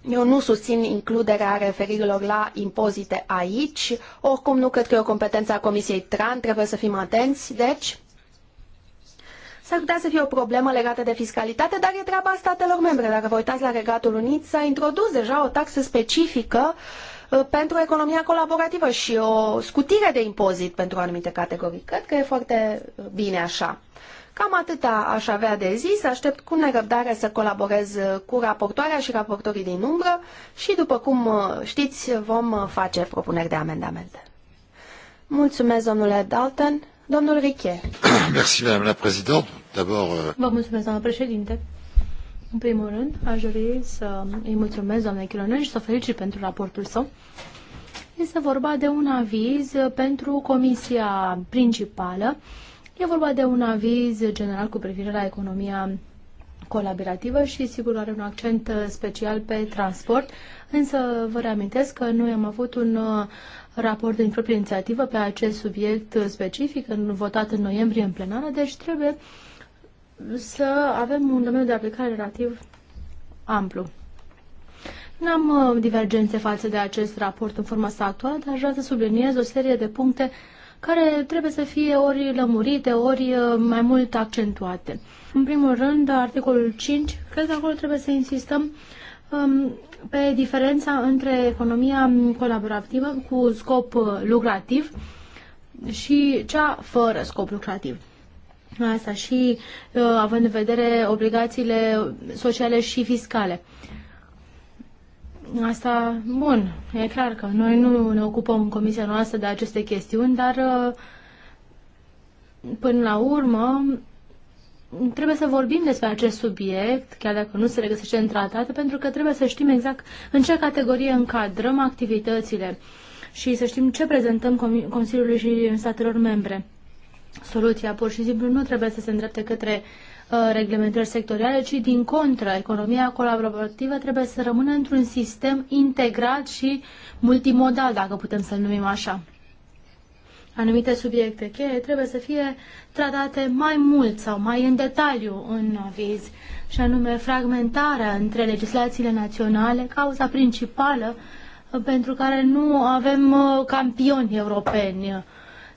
Eu nu susțin includerea referirilor la impozite aici, oricum nu cred că e o competență a Comisiei TRAN, trebuie să fim atenți, deci S-ar putea să fie o problemă legată de fiscalitate, dar e treaba statelor membre. Dacă vă uitați la Regatul Unit, s-a introdus deja o taxă specifică uh, Uh, pentru economia colaborativă și o scutire de impozit pentru anumite categorii. Cred că e foarte uh, bine așa. Cam atâta aș avea de zis, aștept cu nerăbdare să colaborez uh, cu raportoarea și raportorii din umbră și, după cum știți, vom face propuneri de amendamente. Mulțumesc, domnule Dalton. Domnul Riche. Euh, Vă mulțumesc, doamnă președinte. În primul rând, aș dori să îi mulțumesc doamnei Chilonen și să o felicit pentru raportul său. Este vorba de un aviz pentru comisia principală. E vorba de un aviz general cu privire la economia colaborativă și sigur are un accent special pe transport, însă vă reamintesc că noi am avut un uh, raport din proprie inițiativă pe acest subiect specific, votat în noiembrie în plenară, deci trebuie uh, să avem un domeniu de aplicare relativ amplu. Nu am uh, divergențe față de acest raport în forma sa actuală, dar aș vrea să subliniez o serie de puncte care trebuie să fie ori lămurite, ori uh, mai mult accentuate. În primul rând, articolul 5, cred că acolo trebuie să insistăm um, pe diferența între economia colaborativă cu scop uh, lucrativ și cea fără scop lucrativ asta și uh, având în vedere obligațiile sociale și fiscale. Asta, bun, e clar că noi nu ne ocupăm în comisia noastră de aceste chestiuni, dar uh, până la urmă trebuie să vorbim despre acest subiect, chiar dacă nu se regăsește în tratate, pentru că trebuie să știm exact în ce categorie încadrăm activitățile și să știm ce prezentăm Consiliului și statelor membre. Soluția pur și simplu nu trebuie să se îndrepte către uh, reglementări sectoriale, ci din contră, economia colaborativă trebuie să rămână într-un sistem integrat și multimodal, dacă putem să-l numim așa. Anumite subiecte cheie trebuie să fie tratate mai mult sau mai în detaliu în aviz, și anume fragmentarea între legislațiile naționale, cauza principală uh, pentru care nu avem uh, campioni europeni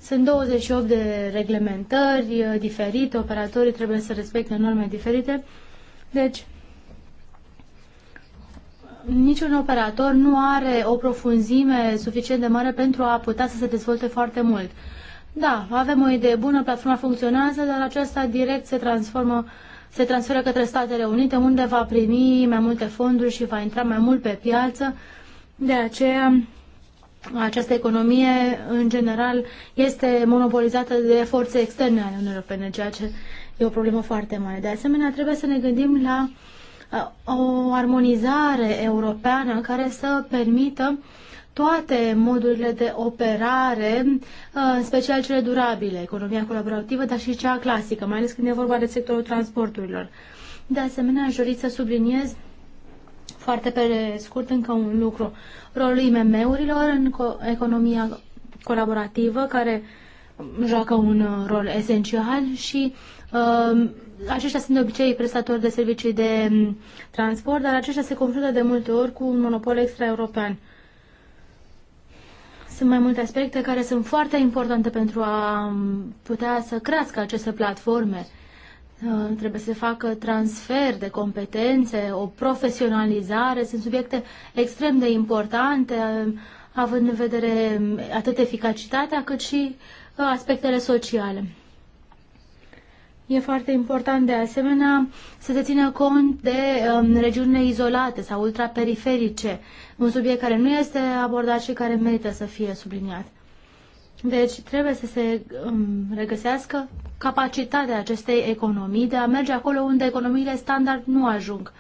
sunt 28 de reglementări diferite, operatorii trebuie să respecte norme diferite. Deci, niciun operator nu are o profunzime suficient de mare pentru a putea să se dezvolte foarte mult. Da, avem o idee bună, platforma funcționează, dar aceasta direct se transformă se transferă către Statele Unite, unde va primi mai multe fonduri și va intra mai mult pe piață. De aceea, această economie, în general, este monopolizată de forțe externe ale Uniunii Europene, ceea ce e o problemă foarte mare. De asemenea, trebuie să ne gândim la uh, o armonizare europeană care să permită toate modurile de operare, uh, în special cele durabile, economia colaborativă, dar și cea clasică, mai ales când e vorba de sectorul transporturilor. De asemenea, aș dori să subliniez foarte pe scurt, încă un lucru. Rolul IMM-urilor în co- economia colaborativă, care joacă un uh, rol esențial și uh, aceștia sunt de obicei prestatori de servicii de um, transport, dar aceștia se confruntă de multe ori cu un monopol extraeuropean. Sunt mai multe aspecte care sunt foarte importante pentru a um, putea să crească aceste platforme Uh, trebuie să se facă transfer de competențe, o profesionalizare, sunt subiecte extrem de importante, uh, având în vedere um, atât eficacitatea cât și uh, aspectele sociale. E foarte important de asemenea să se țină cont de um, regiunile izolate sau ultraperiferice, un subiect care nu este abordat și care merită să fie subliniat. Deci trebuie să se um, regăsească capacitatea acestei economii de a merge acolo unde economiile standard nu ajung.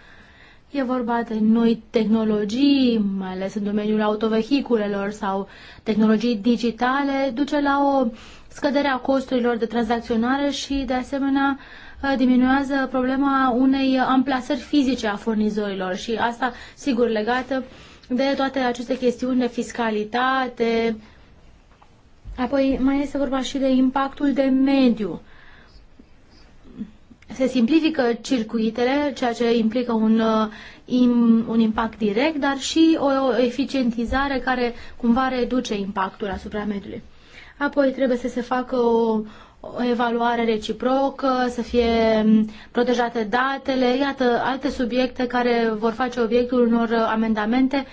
E vorba de noi tehnologii, mai ales în domeniul autovehiculelor sau tehnologii digitale, duce la o scădere a costurilor de tranzacționare și, de asemenea, ă, diminuează problema unei amplasări fizice a furnizorilor și asta, sigur, legată de toate aceste chestiuni de fiscalitate. Apoi mai este vorba și de impactul de mediu se simplifică circuitele, ceea ce implică un, uh, un impact direct, dar și o eficientizare care cumva reduce impactul asupra mediului. Apoi trebuie să se facă o, o evaluare reciprocă, să fie um, protejate datele, iată alte subiecte care vor face obiectul unor amendamente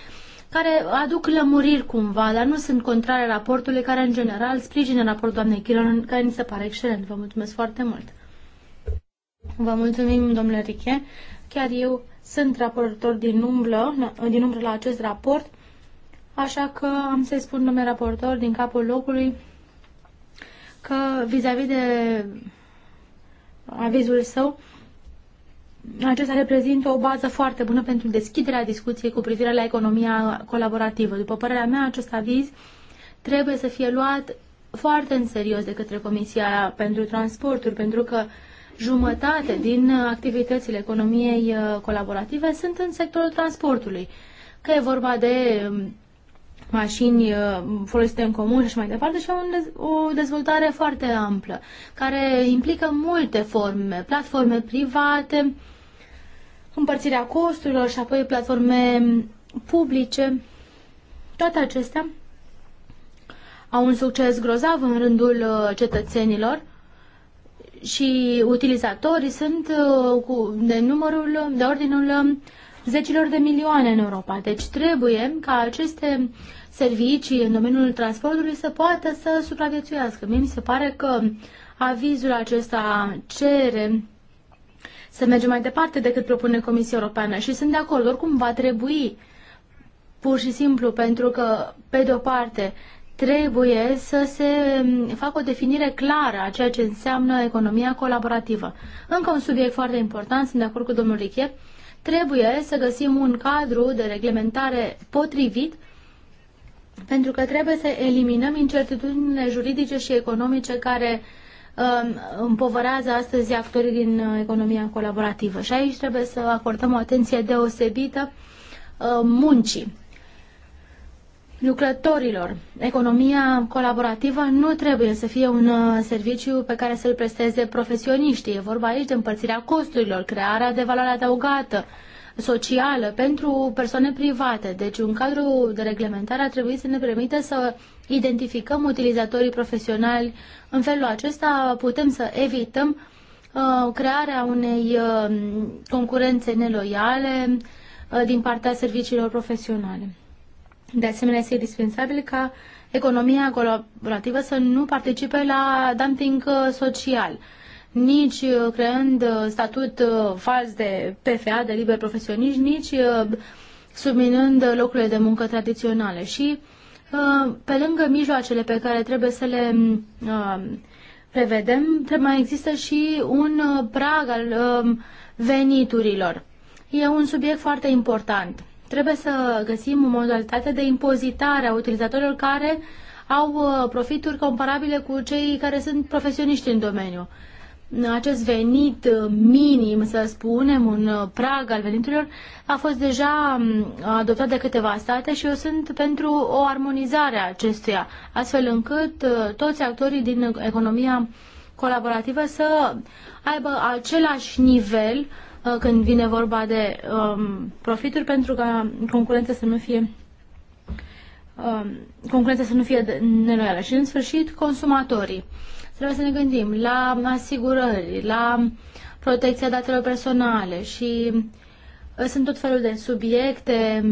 care aduc lămuriri cumva, dar nu sunt contrare raportului care în general sprijină raportul doamnei Chiron, care mi se pare excelent. Vă mulțumesc foarte mult! Vă mulțumim, domnule Riche. Chiar eu sunt raportor din umbră, din umbră la acest raport, așa că am să-i spun domnule raportor din capul locului că vis-a-vis -vis de avizul său, acesta reprezintă o bază foarte bună pentru deschiderea discuției cu privire la economia colaborativă. După părerea mea, acest aviz trebuie să fie luat foarte în serios de către Comisia pentru Transporturi, pentru că jumătate din uh, activitățile economiei uh, colaborative sunt în sectorul transportului, că e vorba de um, mașini uh, folosite în comun și mai departe și o dezvoltare foarte amplă, care implică multe forme, platforme private, împărțirea costurilor și apoi platforme publice. Toate acestea au un succes grozav în rândul cetățenilor și utilizatorii sunt uh, cu, de numărul, de ordinul uh, zecilor de milioane în Europa. Deci trebuie ca aceste servicii în domeniul transportului să poată să supraviețuiască. Mie mi se pare că avizul acesta cere să mergem mai departe decât propune Comisia Europeană și sunt de acord, oricum va trebui pur și simplu pentru că, pe de o parte, trebuie să se mm, facă o definire clară a ceea ce înseamnă economia colaborativă. Încă un subiect foarte important, sunt de acord cu domnul Riche, trebuie să găsim un cadru de reglementare potrivit pentru că trebuie să eliminăm incertitudinile juridice și economice care um, împovărează astăzi actorii din uh, economia colaborativă. Și aici trebuie să acordăm o atenție deosebită uh, muncii lucrătorilor. Economia colaborativă nu trebuie să fie un uh, serviciu pe care să-l presteze profesioniștii. E vorba aici de împărțirea costurilor, crearea de valoare adăugată socială pentru persoane private. Deci un cadru de reglementare ar trebui să ne permită să identificăm utilizatorii profesionali. În felul acesta putem să evităm uh, crearea unei uh, concurențe neloiale uh, din partea serviciilor profesionale. De asemenea, este indispensabil ca economia colaborativă să nu participe la dumping uh, social, nici uh, creând uh, statut fals de PFA, de liber profesionist, nici subminând locurile de muncă tradiționale. Și pe lângă mijloacele pe care trebuie să le mm, prevedem, trebuie mai există și un prag al veniturilor. E un subiect foarte important Trebuie să găsim o modalitate de impozitare a utilizatorilor care au uh, profituri comparabile cu cei care sunt profesioniști în domeniu. Acest venit uh, minim, să spunem, un uh, prag al veniturilor, a fost deja um, adoptat de câteva state și eu sunt pentru o armonizare a acestuia, astfel încât toți actorii din economia colaborativă să aibă același nivel Uh, când vine vorba de um, profituri pentru ca concurența să nu fie um, concurența să nu fie neloială. Și în sfârșit, consumatorii. Trebuie să ne gândim la asigurări, la protecția datelor personale și uh, sunt tot felul de subiecte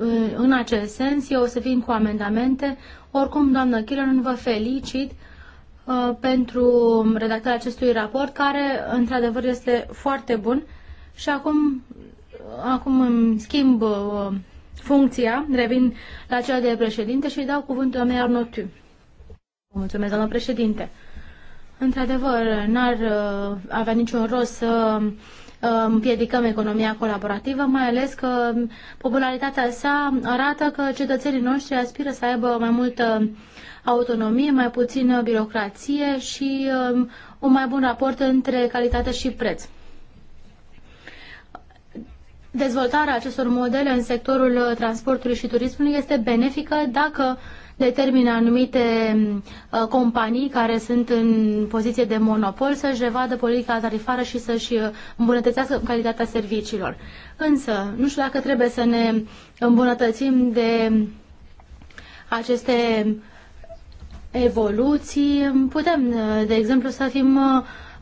uh, în acest sens. Eu o să vin cu amendamente. Oricum, doamnă nu vă felicit pentru redactarea acestui raport, care, într-adevăr, este foarte bun și acum, acum îmi schimb uh, funcția, revin la cea de președinte și îi dau cuvântul mea Arnotu. Mulțumesc, doamnă președinte. Într-adevăr, n-ar uh, avea niciun rost să uh, împiedicăm economia colaborativă, mai ales că popularitatea sa arată că cetățenii noștri aspiră să aibă mai multă autonomie, mai puțină birocrație și um, un mai bun raport între calitate și preț. Dezvoltarea acestor modele în sectorul uh, transportului și turismului este benefică dacă determină anumite uh, companii care sunt în poziție de monopol să-și revadă politica tarifară și să-și uh, îmbunătățească calitatea serviciilor. Însă, nu știu dacă trebuie să ne îmbunătățim de aceste evoluții. Putem, de exemplu, să fim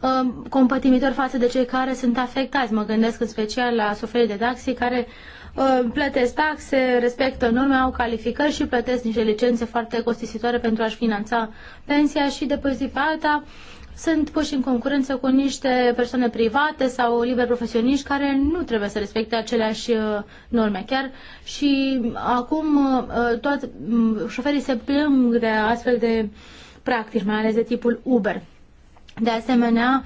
Um, compătimitori față de cei care sunt afectați. Mă gândesc în special la soferii de taxi care um, plătesc taxe, respectă norme, au calificări și plătesc niște licențe foarte costisitoare pentru a-și finanța pensia și de pe zi pe alta sunt puși în concurență cu niște persoane private sau liberi profesioniști care nu trebuie să respecte aceleași uh, norme chiar și acum uh, toți mm, șoferii se plâng de astfel de practici, mai ales de tipul Uber. De asemenea,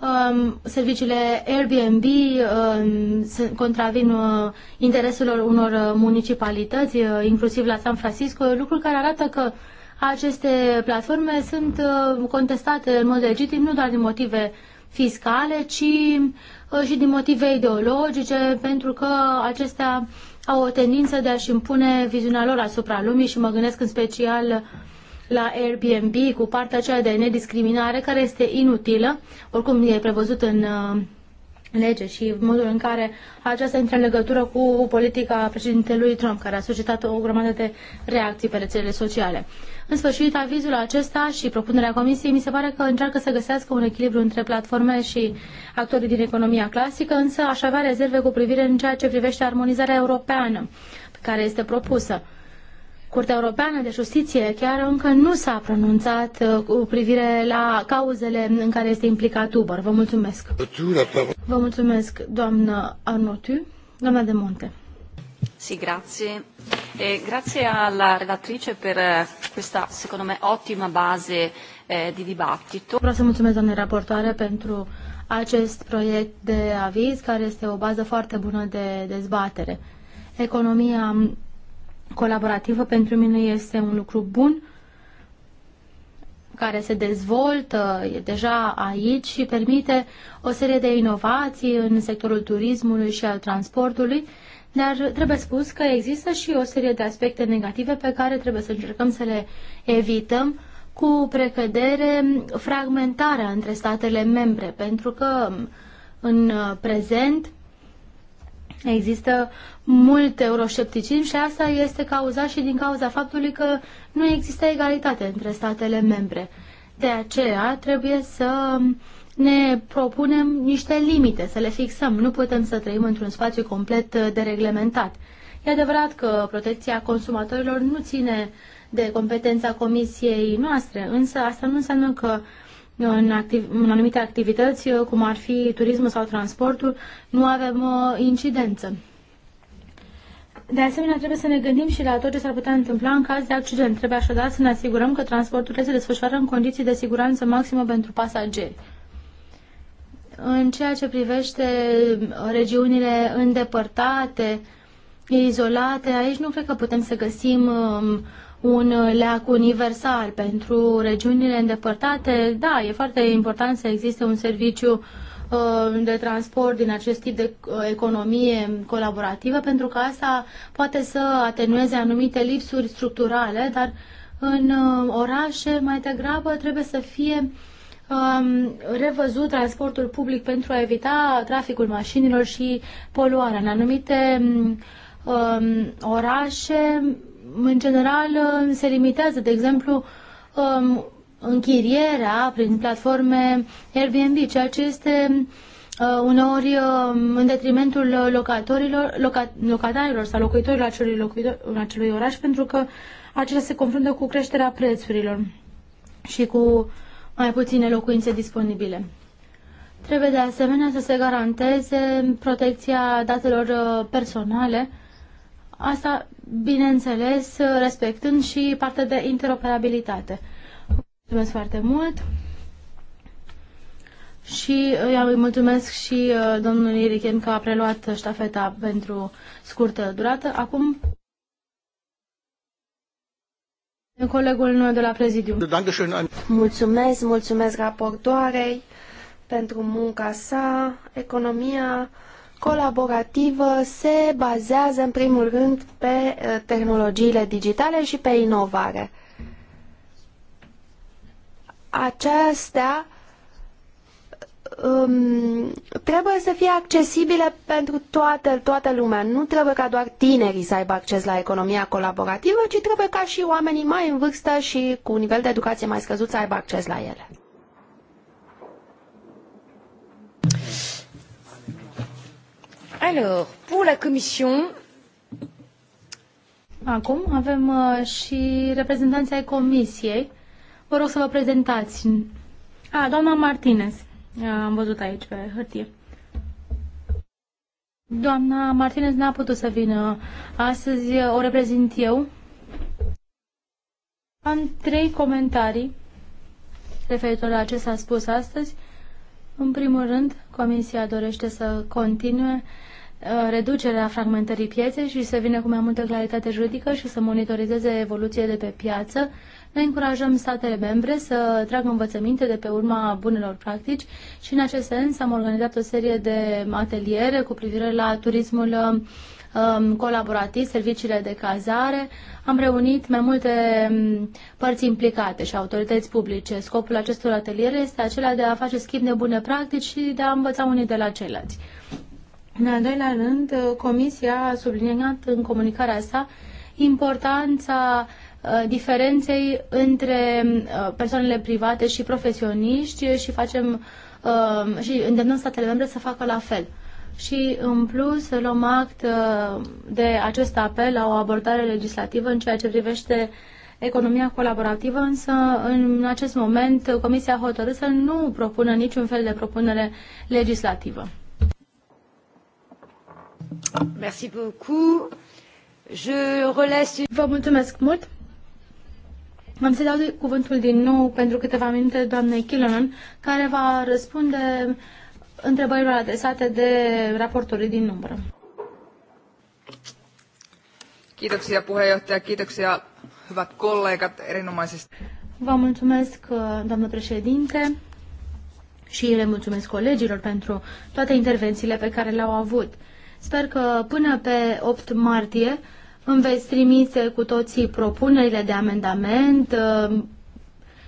um, serviciile Airbnb um, contravin uh, intereselor unor uh, municipalități, uh, inclusiv la San Francisco, lucruri care arată că aceste platforme sunt contestate în mod legitim nu doar din motive fiscale, ci și din motive ideologice, pentru că acestea au o tendință de a-și impune viziunea lor asupra lumii și mă gândesc în special uh, la Airbnb cu partea aceea de nediscriminare care este inutilă, oricum e prevăzut în uh, lege și modul în care aceasta intră în legătură cu politica președintelui Trump, care a suscitat o grămadă de reacții pe rețelele sociale. În sfârșit, avizul acesta și propunerea Comisiei mi se pare că încearcă să găsească un echilibru între platforme și actorii din economia clasică, însă aș avea rezerve cu privire în ceea ce privește armonizarea europeană care este propusă. Curtea Europeană de Justiție chiar încă nu s-a pronunțat uh, cu privire la cauzele în care este implicat Uber. Vă mulțumesc. Vă mulțumesc, doamnă Arnotu, doamna de Monte. Sì, grazie. E grazie alla relatrice per eh, questa, secondo me, ottima base eh, di dibattito. Vreau să mulțumesc, doamne raportoare, pentru acest proiect de aviz, care este o bază foarte bună de dezbatere. Economia colaborativă pentru mine este un lucru bun care se dezvoltă, e deja aici și permite o serie de inovații în sectorul turismului și al transportului, dar trebuie spus că există și o serie de aspecte negative pe care trebuie să încercăm să le evităm cu precădere fragmentarea între statele membre, pentru că în prezent Există mult euroscepticism și asta este cauzat și din cauza faptului că nu există egalitate între statele membre. De aceea trebuie să ne propunem niște limite, să le fixăm. Nu putem să trăim într-un spațiu complet dereglementat. E adevărat că protecția consumatorilor nu ține de competența comisiei noastre, însă asta nu înseamnă că în, activ, în anumite activități, cum ar fi turismul sau transportul, nu avem uh, incidență. De asemenea, trebuie să ne gândim și la tot ce s-ar putea întâmpla în caz de accident. Trebuie așadar să ne asigurăm că transporturile se desfășoară în condiții de siguranță maximă pentru pasageri. În ceea ce privește uh, regiunile îndepărtate, izolate, aici nu cred că putem să găsim um, un uh, leac universal pentru regiunile îndepărtate, da, e foarte important să existe un serviciu uh, de transport din acest tip de uh, economie colaborativă, pentru că asta poate să atenueze anumite lipsuri structurale, dar în orașe mai degrabă trebuie să fie um, revăzut transportul public pentru a evita traficul mașinilor și poluarea. În anumite um, orașe în general, uh, se limitează, de exemplu, um, închirierea prin platforme Airbnb, ceea ce este uh, uneori um, în detrimentul locatorilor, loca, locatarilor sau locuitorilor acelui, locuitor, acelui oraș, pentru că acestea se confruntă cu creșterea prețurilor și cu mai puține locuințe disponibile. Trebuie de asemenea să se garanteze protecția datelor uh, personale Asta, bineînțeles, respectând și partea de interoperabilitate. Mulțumesc foarte mult și uh, îi mulțumesc și uh, domnului Richem că a preluat ștafeta pentru scurtă durată. Acum colegul meu de la prezidiu. Mulțumesc, mulțumesc raportoarei pentru munca sa, economia colaborativă se bazează în primul rând pe uh, tehnologiile digitale și pe inovare. Acestea um, trebuie să fie accesibile pentru toată, toată lumea. Nu trebuie ca doar tinerii să aibă acces la economia colaborativă, ci trebuie ca și oamenii mai în vârstă și cu un nivel de educație mai scăzut să aibă acces la ele. pour la Commission. Acum avem uh, și reprezentanții ai Comisiei. Vă rog să vă prezentați. A, doamna Martinez. Am văzut aici pe hârtie. Doamna Martinez n-a putut să vină. Astăzi uh, o reprezint eu. Am trei comentarii referitor la ce s-a spus astăzi. În primul rând, Comisia dorește să continue uh, reducerea fragmentării pieței și să vină cu mai multă claritate juridică și să monitorizeze evoluția de pe piață. Ne încurajăm statele membre să tragă învățăminte de pe urma bunelor practici și în acest sens am organizat o serie de ateliere cu privire la turismul uh, um, colaborativ, serviciile de cazare. Am reunit mai multe um, părți implicate și autorități publice. Scopul acestor ateliere este acela de a face schimb de bune practici și de a învăța unii de la ceilalți. În al doilea rând, uh, Comisia a subliniat în comunicarea sa importanța uh, diferenței între um, uh, persoanele private și profesioniști și facem um, și îndemnăm statele membre să facă la fel și, în plus, luăm act uh, de acest apel la o abordare legislativă în ceea ce privește economia colaborativă, însă în acest moment Comisia hotărât să nu propună niciun fel de propunere legislativă. Merci beaucoup. Je relaisse... Vă mulțumesc mult. Am să dau cuvântul din nou pentru câteva minute doamnei Kilonen, care va răspunde întrebărilor adresate de raportorii din umbră. Kiitoksia puheenjohtaja, kiitoksia hyvät kollegat erinomaisesti. Vă mulțumesc, uh, doamnă președinte, și le mulțumesc colegilor pentru toate intervențiile pe care le-au avut. Sper că până pe 8 martie îmi veți trimite cu toții propunerile de amendament, uh,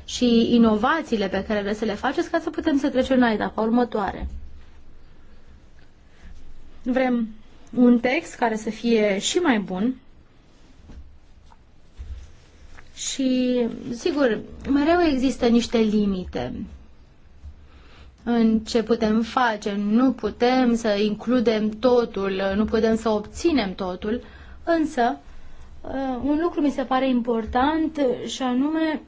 și inovațiile pe care vreți să le faceți ca să putem să trecem la etapa următoare. Vrem un text care să fie și mai bun și, sigur, mereu există niște limite în ce putem face. Nu putem să includem totul, nu putem să obținem totul, însă uh, un lucru mi se pare important și anume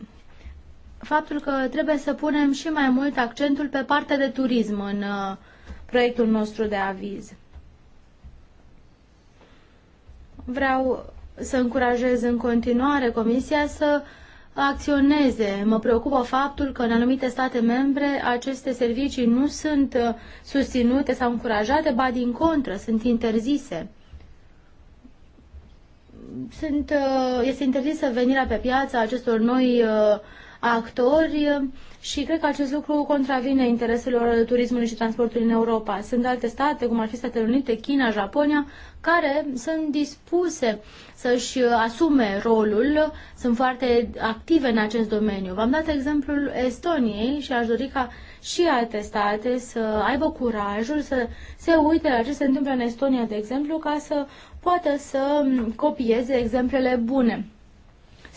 faptul că trebuie să punem și mai mult accentul pe partea de turism în uh, proiectul nostru de aviz. Vreau să încurajez în continuare Comisia să acționeze. Mă preocupă faptul că în anumite state membre aceste servicii nu sunt uh, susținute sau încurajate, ba din contră, sunt interzise. Sunt, uh, este interzisă venirea pe piață acestor noi uh, actori uh, și cred că acest lucru contravine intereselor turismului și transportului în Europa. Sunt alte state, cum ar fi Statele Unite, China, Japonia, care sunt dispuse să-și uh, asume rolul, sunt foarte active în acest domeniu. V-am dat exemplul Estoniei și aș dori ca și alte state să aibă curajul să se uite la ce se întâmplă în Estonia, de exemplu, ca să poată să copieze exemplele bune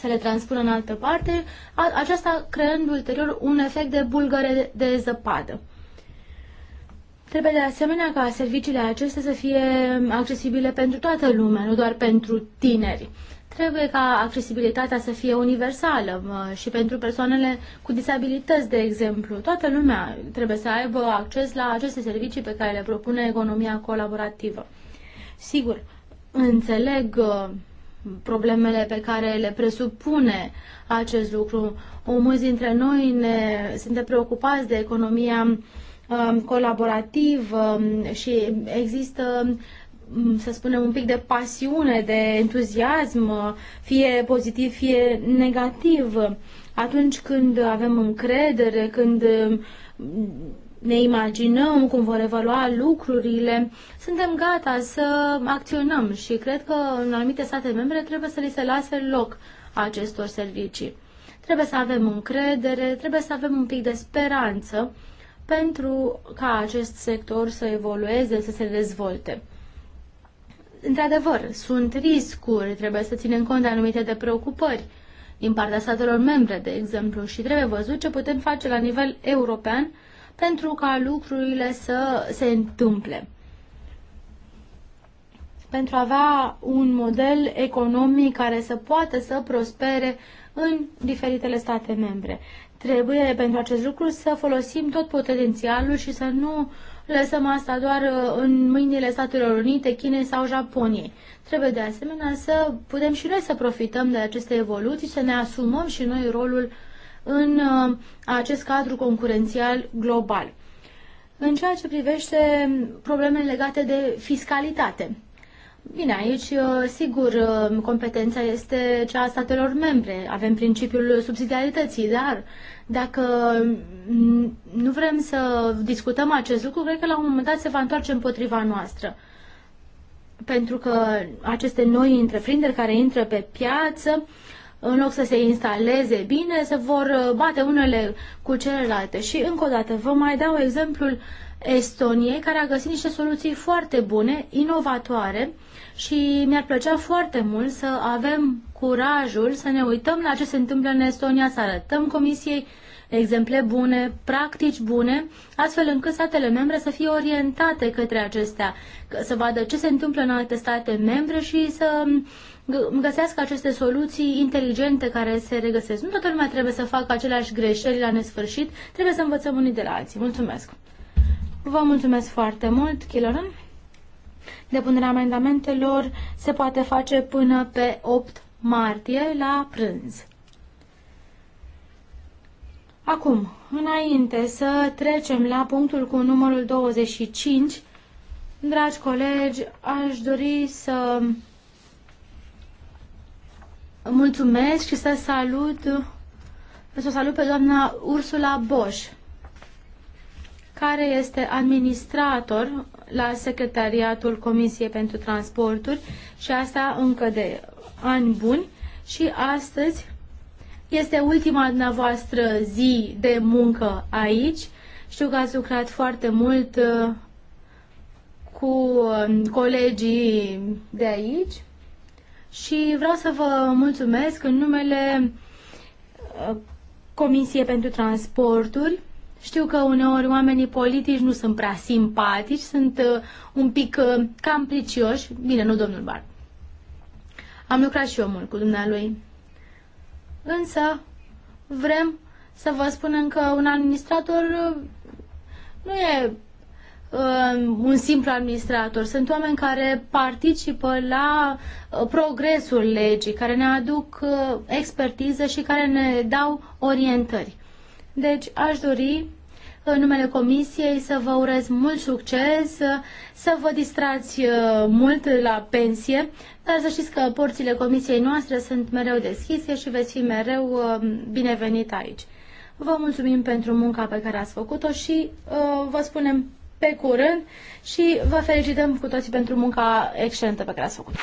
să le transpună în altă parte, aceasta creând ulterior un efect de bulgare de zăpadă. Trebuie de asemenea ca serviciile acestea să fie accesibile pentru toată lumea, nu doar pentru tineri. Trebuie ca accesibilitatea să fie universală și pentru persoanele cu disabilități, de exemplu. Toată lumea trebuie să aibă acces la aceste servicii pe care le propune economia colaborativă. Sigur, înțeleg uh, problemele pe care le presupune acest lucru. O mulți dintre noi ne suntem preocupați de economia um, colaborativă um, și există um, să spunem, un pic de pasiune, de entuziasm, fie pozitiv, fie negativ. Atunci când avem încredere, când ne imaginăm cum vor evolua lucrurile, suntem gata să acționăm și cred că în anumite state membre trebuie să li se lase loc acestor servicii. Trebuie să avem încredere, trebuie să avem un pic de speranță pentru ca acest sector să evolueze, să se dezvolte. Într-adevăr, sunt riscuri, trebuie să ținem cont de anumite de preocupări din partea statelor membre, de exemplu, și trebuie văzut ce putem face la nivel european pentru ca lucrurile să se întâmple. Pentru a avea un model economic care să poată să prospere în diferitele state membre. Trebuie pentru acest lucru să folosim tot potențialul și să nu lăsăm asta doar uh, în mâinile Statelor Unite, Chinei sau Japoniei. Trebuie de asemenea să putem și noi să profităm de aceste evoluții, să ne asumăm și noi rolul uh, în uh, acest cadru concurențial global. În ceea ce privește problemele legate de fiscalitate, Bine, aici, uh, sigur, uh, competența este cea a statelor membre. Avem principiul subsidiarității, dar dacă nu vrem să discutăm acest lucru, cred că la un moment dat se va întoarce împotriva noastră. Pentru că aceste noi întreprinderi care intră pe piață în loc să se instaleze bine, se vor uh, bate unele cu celelalte. Și încă o dată, vă mai dau exemplul Estoniei, care a găsit niște soluții foarte bune, inovatoare și mi-ar plăcea foarte mult să avem curajul să ne uităm la ce se întâmplă în Estonia, să arătăm Comisiei exemple bune, practici bune, astfel încât statele membre să fie orientate către acestea, să vadă ce se întâmplă în alte state membre și să găsească aceste soluții inteligente care se regăsesc. Nu toată lumea trebuie să facă aceleași greșeli la nesfârșit, trebuie să învățăm unii de la alții. Mulțumesc! Vă mulțumesc foarte mult, Chiloran. Depunerea amendamentelor se poate face până pe 8 martie la prânz. Acum, înainte să trecem la punctul cu numărul 25, dragi colegi, aș dori să mulțumesc și să salut, să salut pe doamna Ursula Bosch, care este administrator la Secretariatul Comisiei pentru Transporturi și asta încă de ani buni și astăzi este ultima dumneavoastră zi de muncă aici. Știu că ați lucrat foarte mult uh, cu um, colegii de aici și vreau să vă mulțumesc în numele uh, Comisiei pentru Transporturi. Știu că uneori oamenii politici nu sunt prea simpatici, sunt uh, un pic uh, cam pricioși. Bine, nu domnul Bar. Am lucrat și eu mult cu dumnealui. Însă vrem să vă spunem că un administrator nu e Uh, un simplu administrator. Sunt oameni care participă la uh, progresul legii, care ne aduc uh, expertiză și care ne dau orientări. Deci aș dori în numele comisiei să vă urez mult succes, să vă distrați mult la pensie, dar să știți că porțile comisiei noastre sunt mereu deschise și veți fi mereu binevenit aici. Vă mulțumim pentru munca pe care ați făcut-o și vă spunem pe curând și vă felicităm cu toții pentru munca excelentă pe care ați făcut.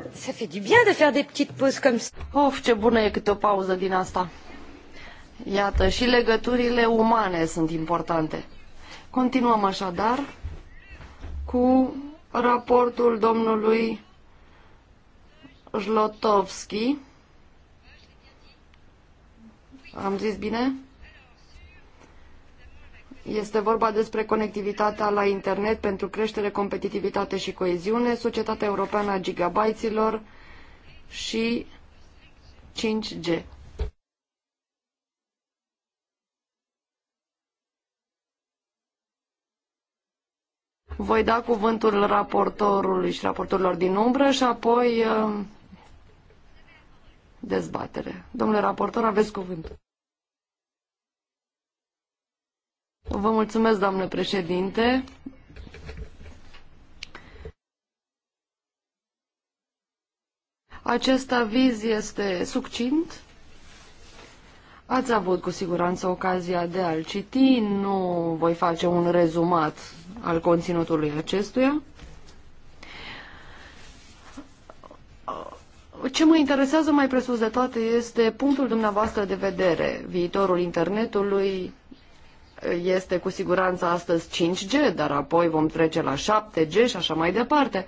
Ça fait du bien de faire des petites pauses comme ça. Of, ce bună e câte o pauză din asta. Iată, și legăturile umane sunt importante. Continuăm așadar cu raportul domnului Jlotovski am zis bine? Este vorba despre conectivitatea la internet pentru creștere, competitivitate și coeziune, Societatea Europeană a Gigabaiților și 5G. Voi da cuvântul raportorului și raportorilor din umbră și apoi uh, dezbatere. Domnule raportor, aveți cuvântul. Vă mulțumesc, doamnă președinte. Acest aviz este succint. Ați avut cu siguranță ocazia de a-l citi, nu voi face un rezumat al conținutului acestuia. Ce mă interesează mai presus de toate este punctul dumneavoastră de vedere, viitorul internetului, este cu siguranță astăzi 5G, dar apoi vom trece la 7G și așa mai departe.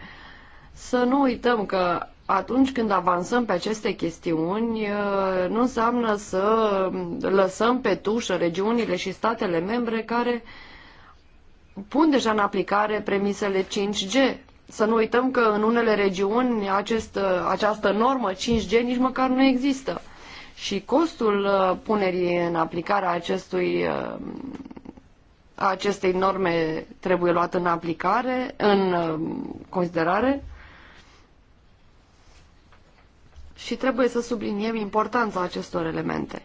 Să nu uităm că atunci când avansăm pe aceste chestiuni, uh, nu înseamnă să lăsăm pe tușă regiunile și statele membre care pun deja în aplicare premisele 5G. Să nu uităm că în unele regiuni acest, uh, această normă 5G nici măcar nu există și costul uh, punerii în aplicare a acestui uh, a acestei norme trebuie luat în aplicare, în uh, considerare și trebuie să subliniem importanța acestor elemente.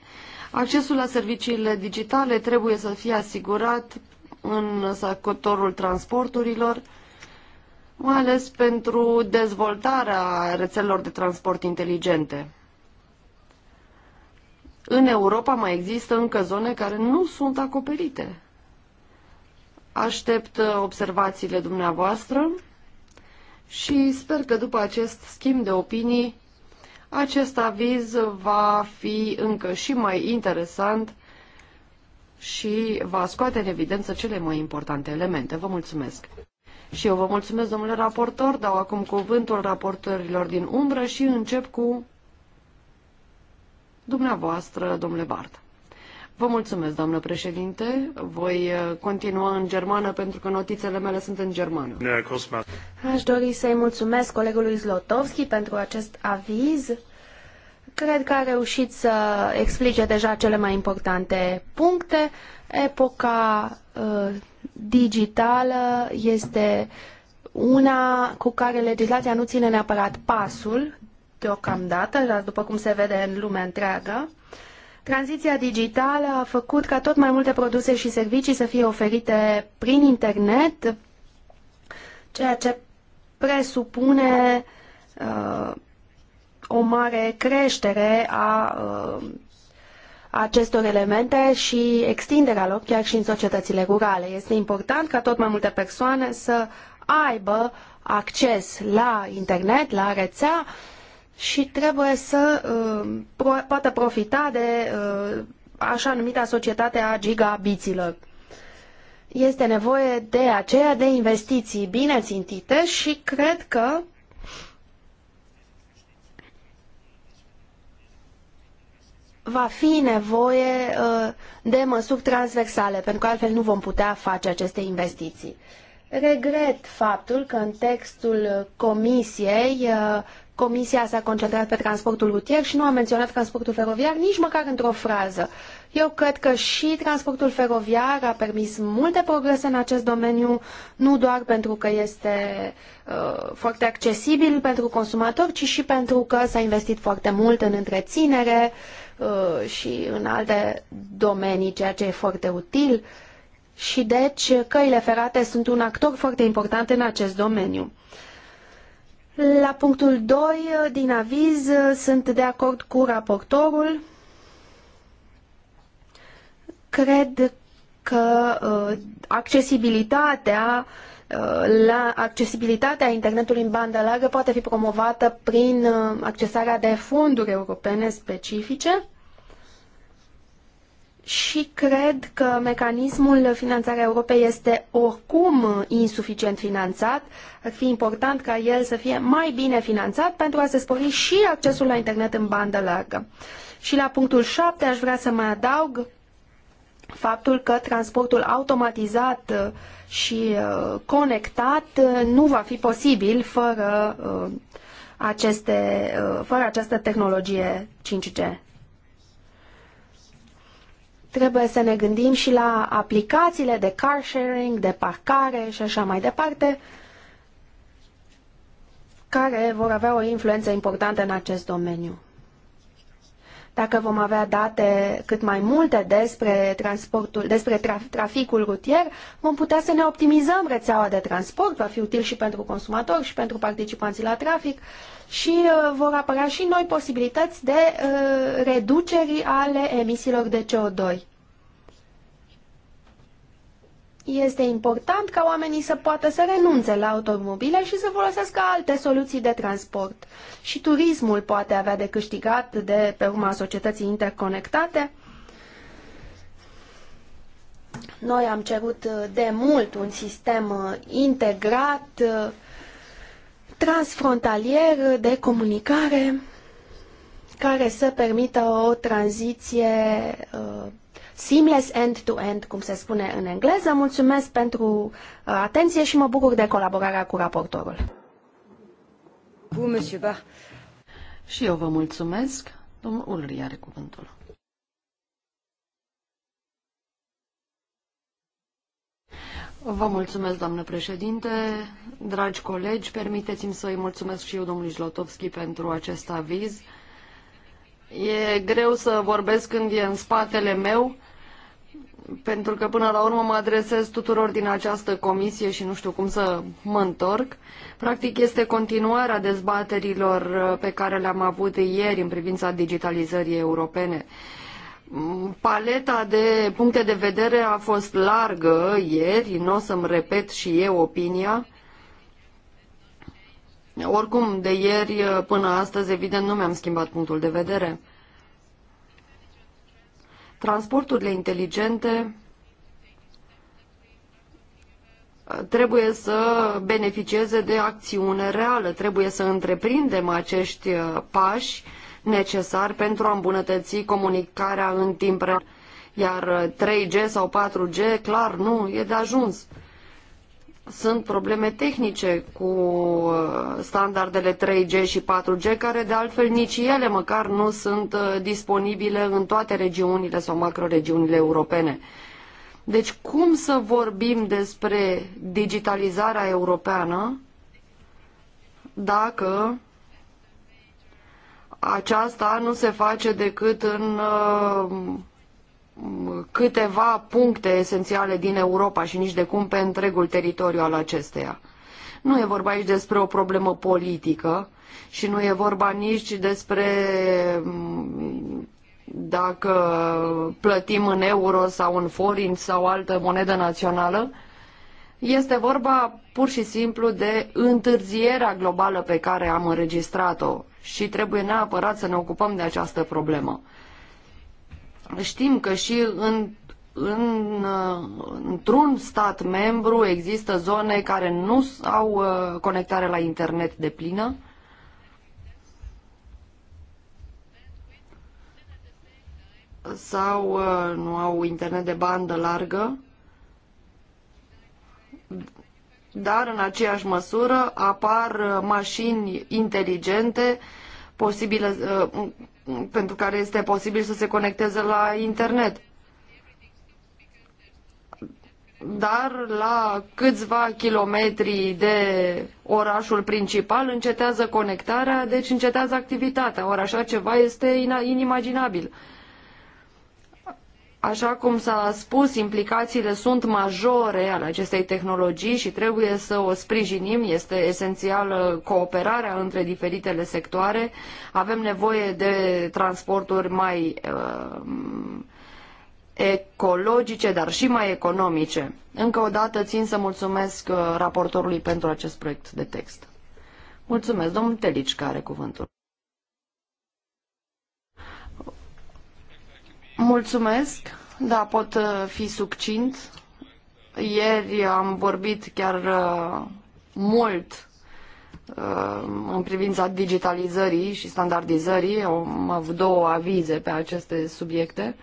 Accesul la serviciile digitale trebuie să fie asigurat în sectorul transporturilor, mai ales pentru dezvoltarea rețelelor de transport inteligente în Europa mai există încă zone care nu sunt acoperite. Aștept uh, observațiile dumneavoastră și sper că după acest schimb de opinii, acest aviz va fi încă și mai interesant și va scoate în evidență cele mai importante elemente. Vă mulțumesc! Și eu vă mulțumesc, domnule raportor, dau acum cuvântul raportorilor din umbră și încep cu dumneavoastră, domnule Bart. Vă mulțumesc, doamnă președinte. Voi uh, continua în germană pentru că notițele mele sunt în germană. Aș dori să-i mulțumesc colegului Zlotovski pentru acest aviz. Cred că a reușit să explice deja cele mai importante puncte. Epoca uh, digitală este una cu care legislația nu ține neapărat pasul, deocamdată, dar după cum se vede în lumea întreagă. Tranziția digitală a făcut ca tot mai multe produse și servicii să fie oferite prin internet, ceea ce presupune uh, o mare creștere a uh, acestor elemente și extinderea lor chiar și în societățile rurale. Este important ca tot mai multe persoane să aibă acces la internet, la rețea și trebuie să uh, pro poată profita de uh, așa numita societate a gigabiților. Este nevoie de aceea de investiții bine țintite și cred că va fi nevoie uh, de măsuri transversale, pentru că altfel nu vom putea face aceste investiții. Regret faptul că în textul comisiei uh, Comisia s-a concentrat pe transportul rutier și nu a menționat transportul feroviar nici măcar într-o frază. Eu cred că și transportul feroviar a permis multe progrese în acest domeniu, nu doar pentru că este uh, foarte accesibil pentru consumatori, ci și pentru că s-a investit foarte mult în întreținere uh, și în alte domenii, ceea ce e foarte util. Și deci căile ferate sunt un actor foarte important în acest domeniu. Uh, la punctul 2 din aviz sunt de acord cu raportorul. Cred că uh, accesibilitatea uh, la accesibilitatea internetului în bandă largă poate fi promovată prin uh, accesarea de fonduri europene specifice și cred că mecanismul finanțarea Europei este oricum insuficient finanțat. Ar fi important ca el să fie mai bine finanțat pentru a se spori și accesul la internet în bandă largă. Și la punctul 7 aș vrea să mai adaug faptul că transportul automatizat și uh, conectat nu va fi posibil fără, uh, aceste, uh, fără această tehnologie 5G. Trebuie să ne gândim și la aplicațiile de car sharing, de parcare și așa mai departe, care vor avea o influență importantă în acest domeniu. Dacă vom avea date cât mai multe despre, transportul, despre traf, traficul rutier, vom putea să ne optimizăm rețeaua de transport, va fi util și pentru consumatori și pentru participanții la trafic și uh, vor apărea și noi posibilități de uh, reduceri ale emisiilor de CO2. Este important ca oamenii să poată să renunțe la automobile și să folosească alte soluții de transport. Și turismul poate avea de câștigat de pe urma societății interconectate. Noi am cerut de mult un sistem integrat, transfrontalier de comunicare, care să permită o tranziție uh, seamless end-to-end, -end, cum se spune în engleză. Mulțumesc pentru uh, atenție și mă bucur de colaborarea cu raportorul. Bun, și eu vă mulțumesc. Domnul Ulri are cuvântul. Vă mulțumesc, doamnă președinte. Dragi colegi, permiteți-mi să îi mulțumesc și eu domnului Jlotovski pentru acest aviz. E greu să vorbesc când e în spatele meu, pentru că până la urmă mă adresez tuturor din această comisie și nu știu cum să mă întorc. Practic este continuarea dezbaterilor uh, pe care le-am avut ieri în privința digitalizării europene. Mm, paleta de puncte de vedere a fost largă ieri, nu o să-mi repet și eu opinia. Oricum, de ieri uh, până astăzi, evident, nu mi-am schimbat punctul de vedere. Transporturile inteligente trebuie să beneficieze de acțiune reală, trebuie să întreprindem acești uh, pași necesari pentru a îmbunătăți comunicarea în timp real. Iar 3G uh, sau 4G, clar, nu, e de ajuns sunt probleme tehnice cu uh, standardele 3G și 4G, care de altfel nici ele măcar nu sunt uh, disponibile în toate regiunile sau macroregiunile europene. Deci cum să vorbim despre digitalizarea europeană dacă aceasta nu se face decât în uh, câteva puncte esențiale din Europa și nici de cum pe întregul teritoriu al acesteia. Nu e vorba aici despre o problemă politică și nu e vorba nici despre mm, dacă plătim în euro sau în forin sau altă monedă națională. Este vorba pur și simplu de întârzierea globală pe care am înregistrat-o și trebuie neapărat să ne ocupăm de această problemă. Știm că și în, în, uh, într-un stat membru există zone care nu au uh, conectare la internet de plină. sau uh, nu au internet de bandă largă, dar în aceeași măsură apar mașini inteligente posibile, pentru care este posibil să se conecteze la internet. Dar la câțiva kilometri de orașul principal încetează conectarea, deci încetează activitatea. Ori așa ceva este inimaginabil. Așa cum s-a spus, implicațiile sunt majore ale acestei tehnologii și trebuie să o sprijinim. Este esențială cooperarea între diferitele sectoare. Avem nevoie de transporturi mai uh, ecologice, dar și mai economice. Încă o dată țin să mulțumesc uh, raportorului pentru acest proiect de text. Mulțumesc. Domnul Telici care cuvântul. Mulțumesc, da, pot uh, fi succint. Ieri am vorbit chiar uh, mult uh, în privința digitalizării și standardizării. Am avut două avize pe aceste subiecte.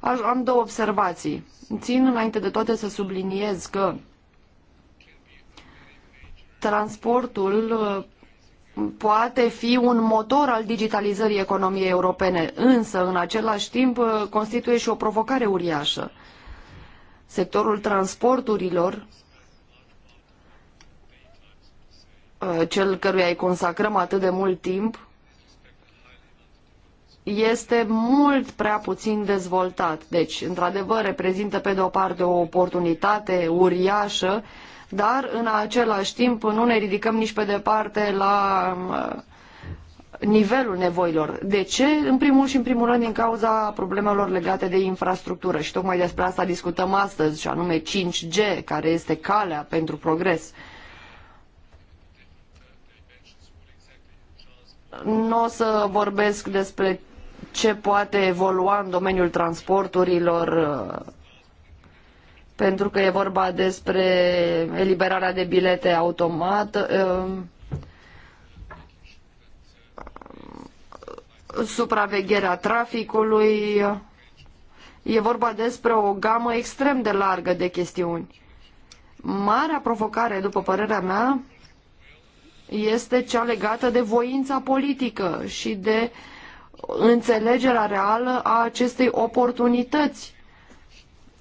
Am două observații. Țin înainte de toate să subliniez că transportul poate fi un motor al digitalizării economiei europene, însă în același timp uh, constituie și o provocare uriașă. Sectorul transporturilor, uh, cel căruia îi consacrăm atât de mult timp, este mult prea puțin dezvoltat. Deci, într-adevăr, reprezintă pe de o parte o oportunitate uriașă dar în același timp nu ne ridicăm nici pe departe la uh, nivelul nevoilor. De ce? În primul și în primul rând din cauza problemelor legate de infrastructură și tocmai despre asta discutăm astăzi și anume 5G, care este calea pentru progres. Nu o să vorbesc despre ce poate evolua în domeniul transporturilor uh, pentru că e vorba despre eliberarea de bilete automat, um, supravegherea traficului. E vorba despre o gamă extrem de largă de chestiuni. Marea provocare, după părerea mea, este cea legată de voința politică și de înțelegerea reală a acestei oportunități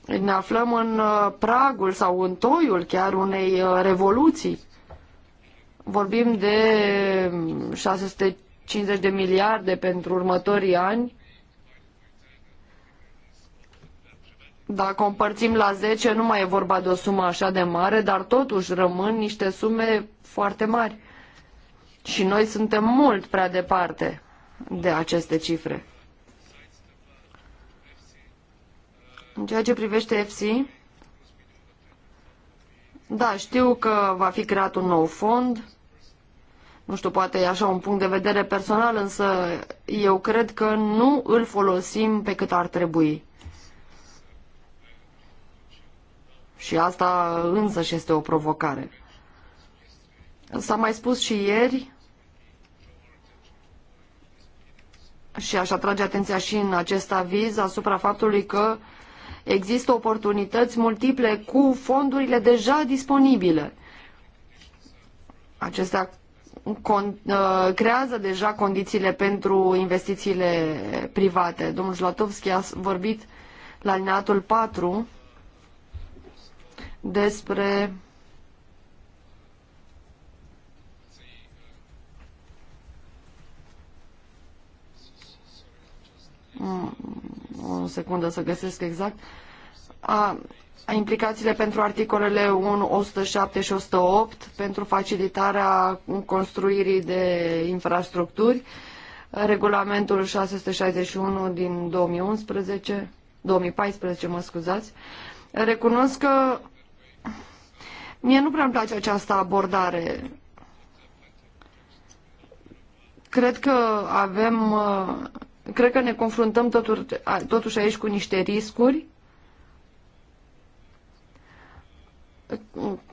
ne aflăm în uh, pragul sau în toiul chiar unei uh, revoluții. Vorbim de 650 mm, de miliarde pentru următorii ani. Dacă o împărțim la 10, nu mai e vorba de o sumă așa de mare, dar totuși rămân niște sume foarte mari. Și noi suntem mult prea departe de aceste cifre. În ceea ce privește FC. da, știu că va fi creat un nou fond, nu știu, poate e așa un punct de vedere personal, însă eu cred că nu îl folosim pe cât ar trebui. Și asta însăși este o provocare. S-a mai spus și ieri și aș atrage atenția și în acest aviz asupra faptului că Există oportunități multiple cu fondurile deja disponibile. Acestea con, uh, creează deja condițiile pentru investițiile private. Domnul Zlatovski a vorbit la alineatul 4 despre Mm, o secundă să găsesc exact, a, a implicațiile pentru articolele 1, 107 și 108 pentru facilitarea construirii de infrastructuri, regulamentul 661 din 2011, 2014, mă scuzați, recunosc că mie nu prea îmi place această abordare. Cred că avem uh, cred că ne confruntăm totuși aici cu niște riscuri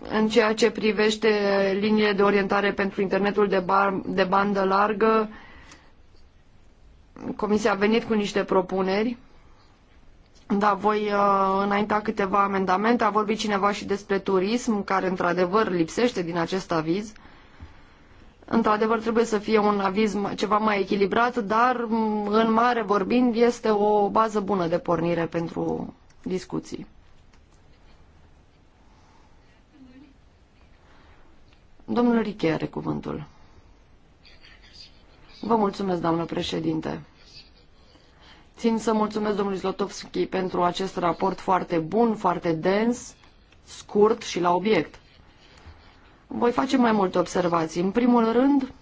în ceea ce privește liniile de orientare pentru internetul de, bar, de bandă largă. Comisia a venit cu niște propuneri, dar voi uh, înainta câteva amendamente. A vorbit cineva și despre turism, care într-adevăr lipsește din acest aviz. Uh, Într-adevăr, trebuie să fie un aviz ceva mai echilibrat, dar, mm, în mare vorbind, este o bază bună de pornire pentru discuții. Domnul Riche are cuvântul. Vă mulțumesc, doamnă președinte. Țin să mulțumesc domnului Zlotovski pentru acest raport foarte bun, foarte dens, scurt și la obiect. Voi face mai multe observații. În primul rând,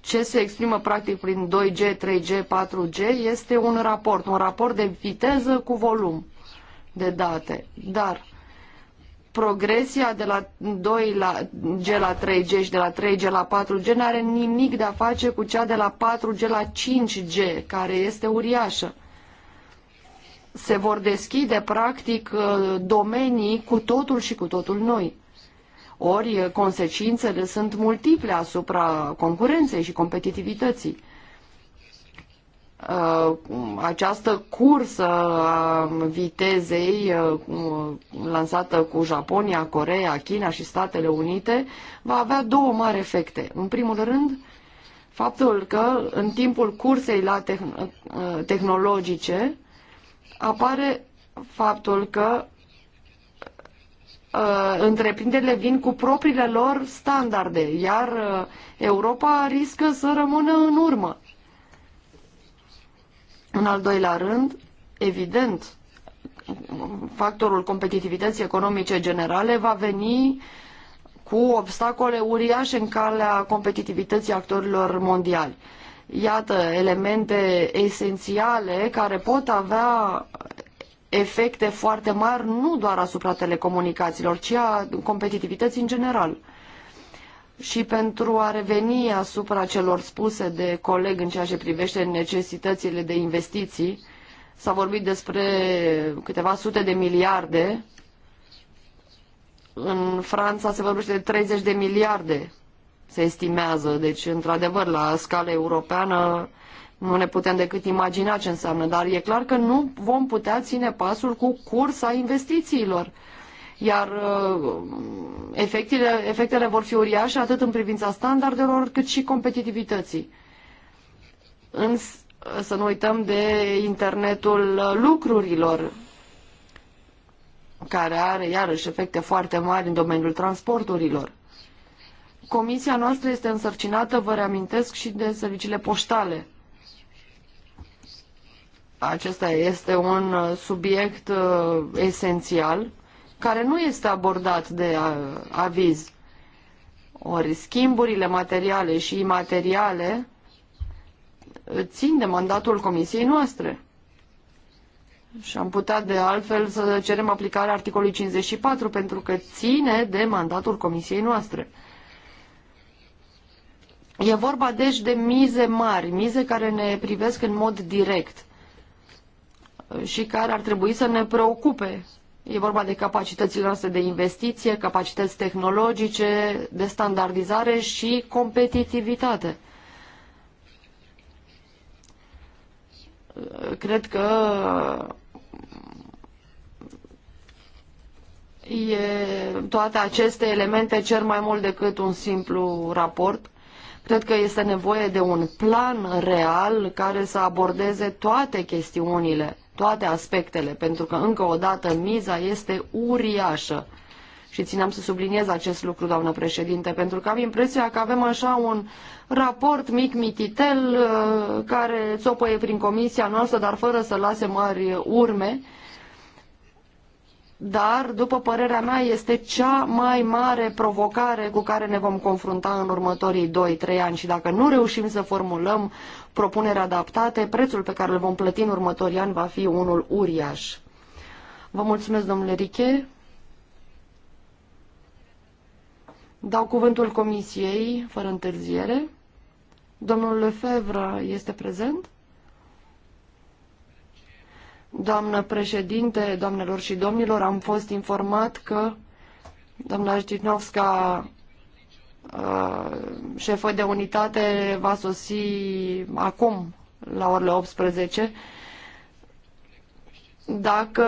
ce se exprimă practic prin 2G, 3G, 4G este un raport, un raport de viteză cu volum de date. Dar progresia de la 2 la G la 3G și de la 3G la 4G nu are nimic de a face cu cea de la 4G la 5G, care este uriașă se vor deschide, practic, uh, domenii cu totul și cu totul noi. Ori uh, consecințele sunt multiple asupra concurenței și competitivității. Uh, această cursă a vitezei lansată cu Japonia, Corea, China și Statele Unite va avea două mari efecte. În primul rând, faptul că în timpul cursei la tehn tehnologice, apare faptul că uh, întreprinderile vin cu propriile lor standarde, iar uh, Europa riscă să rămână în urmă. În al doilea rând, evident, factorul competitivității economice generale va veni cu obstacole uriașe în calea competitivității actorilor mondiali iată, elemente esențiale care pot avea efecte foarte mari nu doar asupra telecomunicațiilor, ci a competitivității în general. Și pentru a reveni asupra celor spuse de coleg în ceea ce privește necesitățile de investiții, s-a vorbit despre câteva sute de miliarde, în Franța se vorbește de 30 de miliarde se estimează. Deci, într-adevăr, la scală europeană nu ne putem decât imagina ce înseamnă, dar e clar că nu vom putea ține pasul cu cursa investițiilor. Iar uh, efectele, efectele vor fi uriașe atât în privința standardelor cât și competitivității. Însă să nu uităm de internetul uh, lucrurilor, care are iarăși efecte foarte mari în domeniul transporturilor. Comisia noastră este însărcinată, vă reamintesc, și de serviciile poștale. Acesta este un uh, subiect uh, esențial care nu este abordat de uh, aviz. Ori schimburile materiale și imateriale țin de mandatul comisiei noastre. Și am putea de altfel să cerem aplicarea articolului 54 pentru că ține de mandatul comisiei noastre. E vorba deci de mize mari, mize care ne privesc în mod direct și care ar trebui să ne preocupe. E vorba de capacitățile noastre de investiție, capacități tehnologice, de standardizare și competitivitate. Cred că e, toate aceste elemente cer mai mult decât un simplu raport Cred că este nevoie de un plan real care să abordeze toate chestiunile, toate aspectele, pentru că, încă o dată, miza este uriașă. Și țineam să subliniez acest lucru, doamnă președinte, pentru că am impresia că avem așa un raport mic mititel uh, care țopăie prin comisia noastră, dar fără să lase mari urme dar, după părerea mea, este cea mai mare provocare cu care ne vom confrunta în următorii 2-3 ani și dacă nu reușim să formulăm propuneri adaptate, prețul pe care îl vom plăti în următorii ani va fi unul uriaș. Vă mulțumesc, domnule Riche. Dau cuvântul comisiei, fără întârziere. Domnul Lefevre este prezent? Doamnă președinte, doamnelor și domnilor, am fost informat că doamna Știnovska, uh, șefă de unitate, va sosi acum, la orele 18. Dacă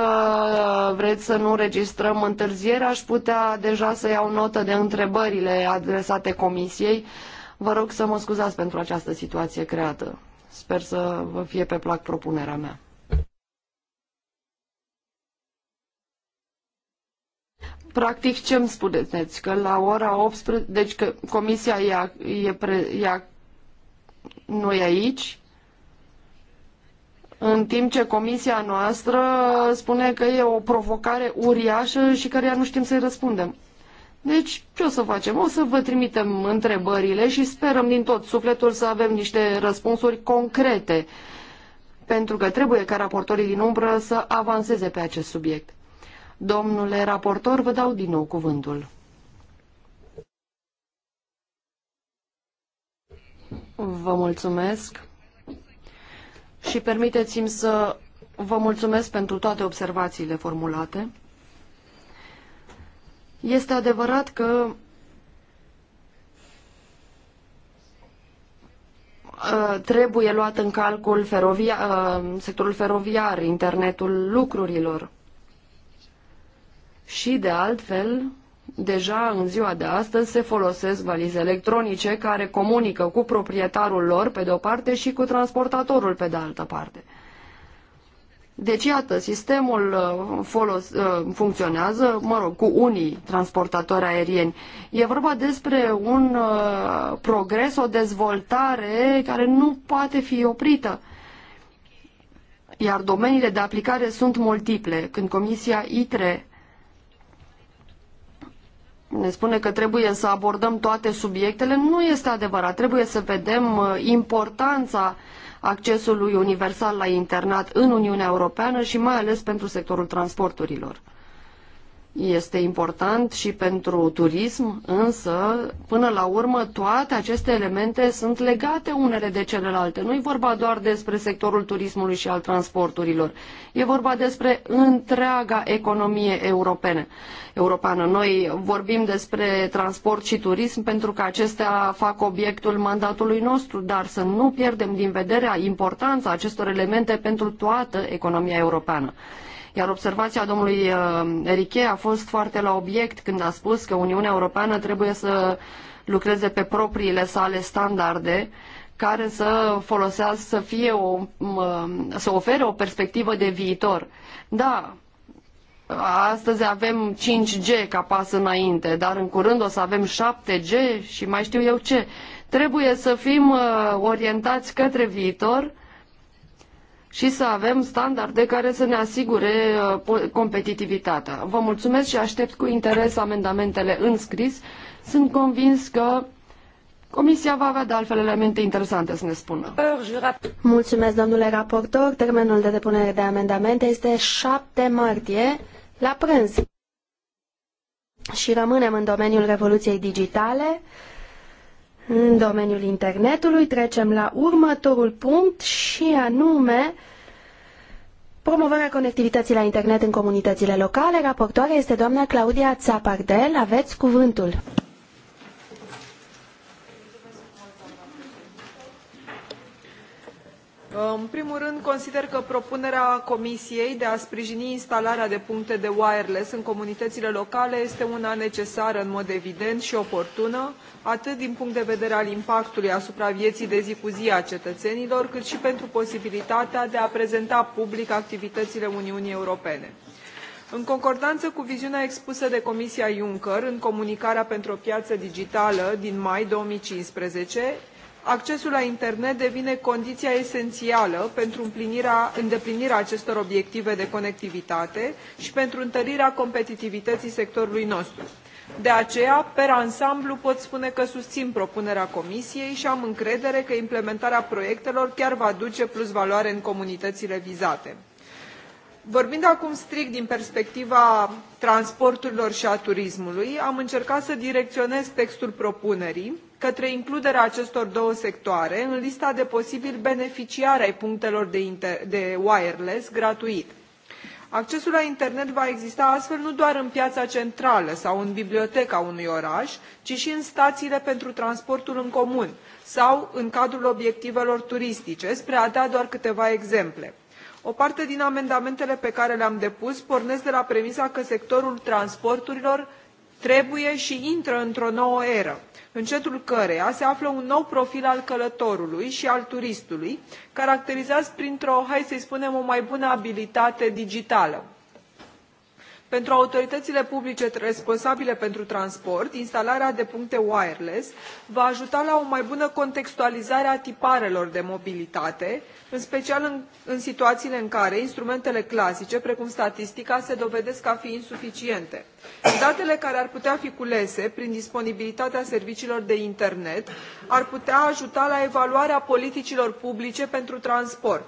vreți să nu registrăm întârziere, aș putea deja să iau notă de întrebările adresate comisiei. Vă rog să mă scuzați pentru această situație creată. Sper să vă fie pe plac propunerea mea. Practic, ce îmi spuneți? Deci că la ora 18, deci că comisia e, e, pre, nu e aici, în timp ce comisia noastră spune că e o provocare uriașă și căreia nu știm să-i răspundem. Deci, ce o să facem? O să vă trimitem întrebările și sperăm din tot sufletul să avem niște răspunsuri concrete, pentru că trebuie ca raportorii din umbră să avanseze pe acest subiect. Domnule raportor, vă dau din nou cuvântul. Vă mulțumesc și permiteți-mi să vă mulțumesc pentru toate observațiile formulate. Este adevărat că trebuie luat în calcul ferovia, sectorul feroviar, internetul lucrurilor și, de altfel, deja în ziua de astăzi se folosesc valize electronice care comunică cu proprietarul lor, pe de o parte, și cu transportatorul, pe de altă parte. Deci, iată, sistemul uh, folos, uh, funcționează, mă rog, cu unii transportatori aerieni. E vorba despre un uh, progres, o dezvoltare care nu poate fi oprită. Iar domeniile de aplicare sunt multiple. Când Comisia ITRE ne spune că trebuie să abordăm toate subiectele, nu este adevărat. Trebuie să vedem uh, importanța accesului universal la internet în Uniunea Europeană și mai ales pentru sectorul transporturilor este important și pentru turism, însă, până la urmă, toate aceste elemente sunt legate unele de celelalte. Nu e vorba doar despre sectorul turismului și al transporturilor. E vorba despre întreaga economie europene, europeană. Noi vorbim despre transport și turism pentru că acestea fac obiectul mandatului nostru, dar să nu pierdem din vedere importanța acestor elemente pentru toată economia europeană. Iar observația domnului Eriche uh, a fost foarte la obiect când a spus că Uniunea Europeană trebuie să lucreze pe propriile sale standarde care să folosească, să, fie o, um, să ofere o perspectivă de viitor. Da, astăzi avem 5G ca pas înainte, dar în curând o să avem 7G și mai știu eu ce. Trebuie să fim uh, orientați către viitor și să avem standarde care să ne asigure uh, competitivitatea. Vă mulțumesc și aștept cu interes amendamentele înscris. Sunt convins că Comisia va avea de altfel elemente interesante să ne spună. Mulțumesc, domnule raportor. Termenul de depunere de amendamente este 7 martie la prânz. Și rămânem în domeniul revoluției digitale în domeniul internetului. Trecem la următorul punct și anume promovarea conectivității la internet în comunitățile locale. Raportoarea este doamna Claudia Țapardel. Aveți cuvântul. În primul rând, consider că propunerea Comisiei de a sprijini instalarea de puncte de wireless în comunitățile locale este una necesară în mod evident și oportună, atât din punct de vedere al impactului asupra vieții de zi cu zi a cetățenilor, cât și pentru posibilitatea de a prezenta public activitățile Uniunii Europene. În concordanță cu viziunea expusă de Comisia Juncker în comunicarea pentru o piață digitală din mai 2015, accesul la internet devine condiția esențială pentru îndeplinirea acestor obiective de conectivitate și pentru întărirea competitivității sectorului nostru. De aceea, per ansamblu, pot spune că susțin propunerea Comisiei și am încredere că implementarea proiectelor chiar va aduce plus valoare în comunitățile vizate. Vorbind acum strict din perspectiva transporturilor și a turismului, am încercat să direcționez textul propunerii către includerea acestor două sectoare în lista de posibili beneficiari ai punctelor de, de wireless gratuit. Accesul la internet va exista astfel nu doar în piața centrală sau în biblioteca unui oraș, ci și în stațiile pentru transportul în comun sau în cadrul obiectivelor turistice, spre a da doar câteva exemple. O parte din amendamentele pe care le-am depus pornesc de la premisa că sectorul transporturilor trebuie și intră într-o nouă eră în centrul căreia se află un nou profil al călătorului și al turistului caracterizat printr o hai să i spunem o mai bună abilitate digitală pentru autoritățile publice responsabile pentru transport instalarea de puncte wireless va ajuta la o mai bună contextualizare a tiparelor de mobilitate în special în, în situațiile în care instrumentele clasice precum statistica se dovedesc a fi insuficiente. datele care ar putea fi culese prin disponibilitatea serviciilor de internet ar putea ajuta la evaluarea politicilor publice pentru transport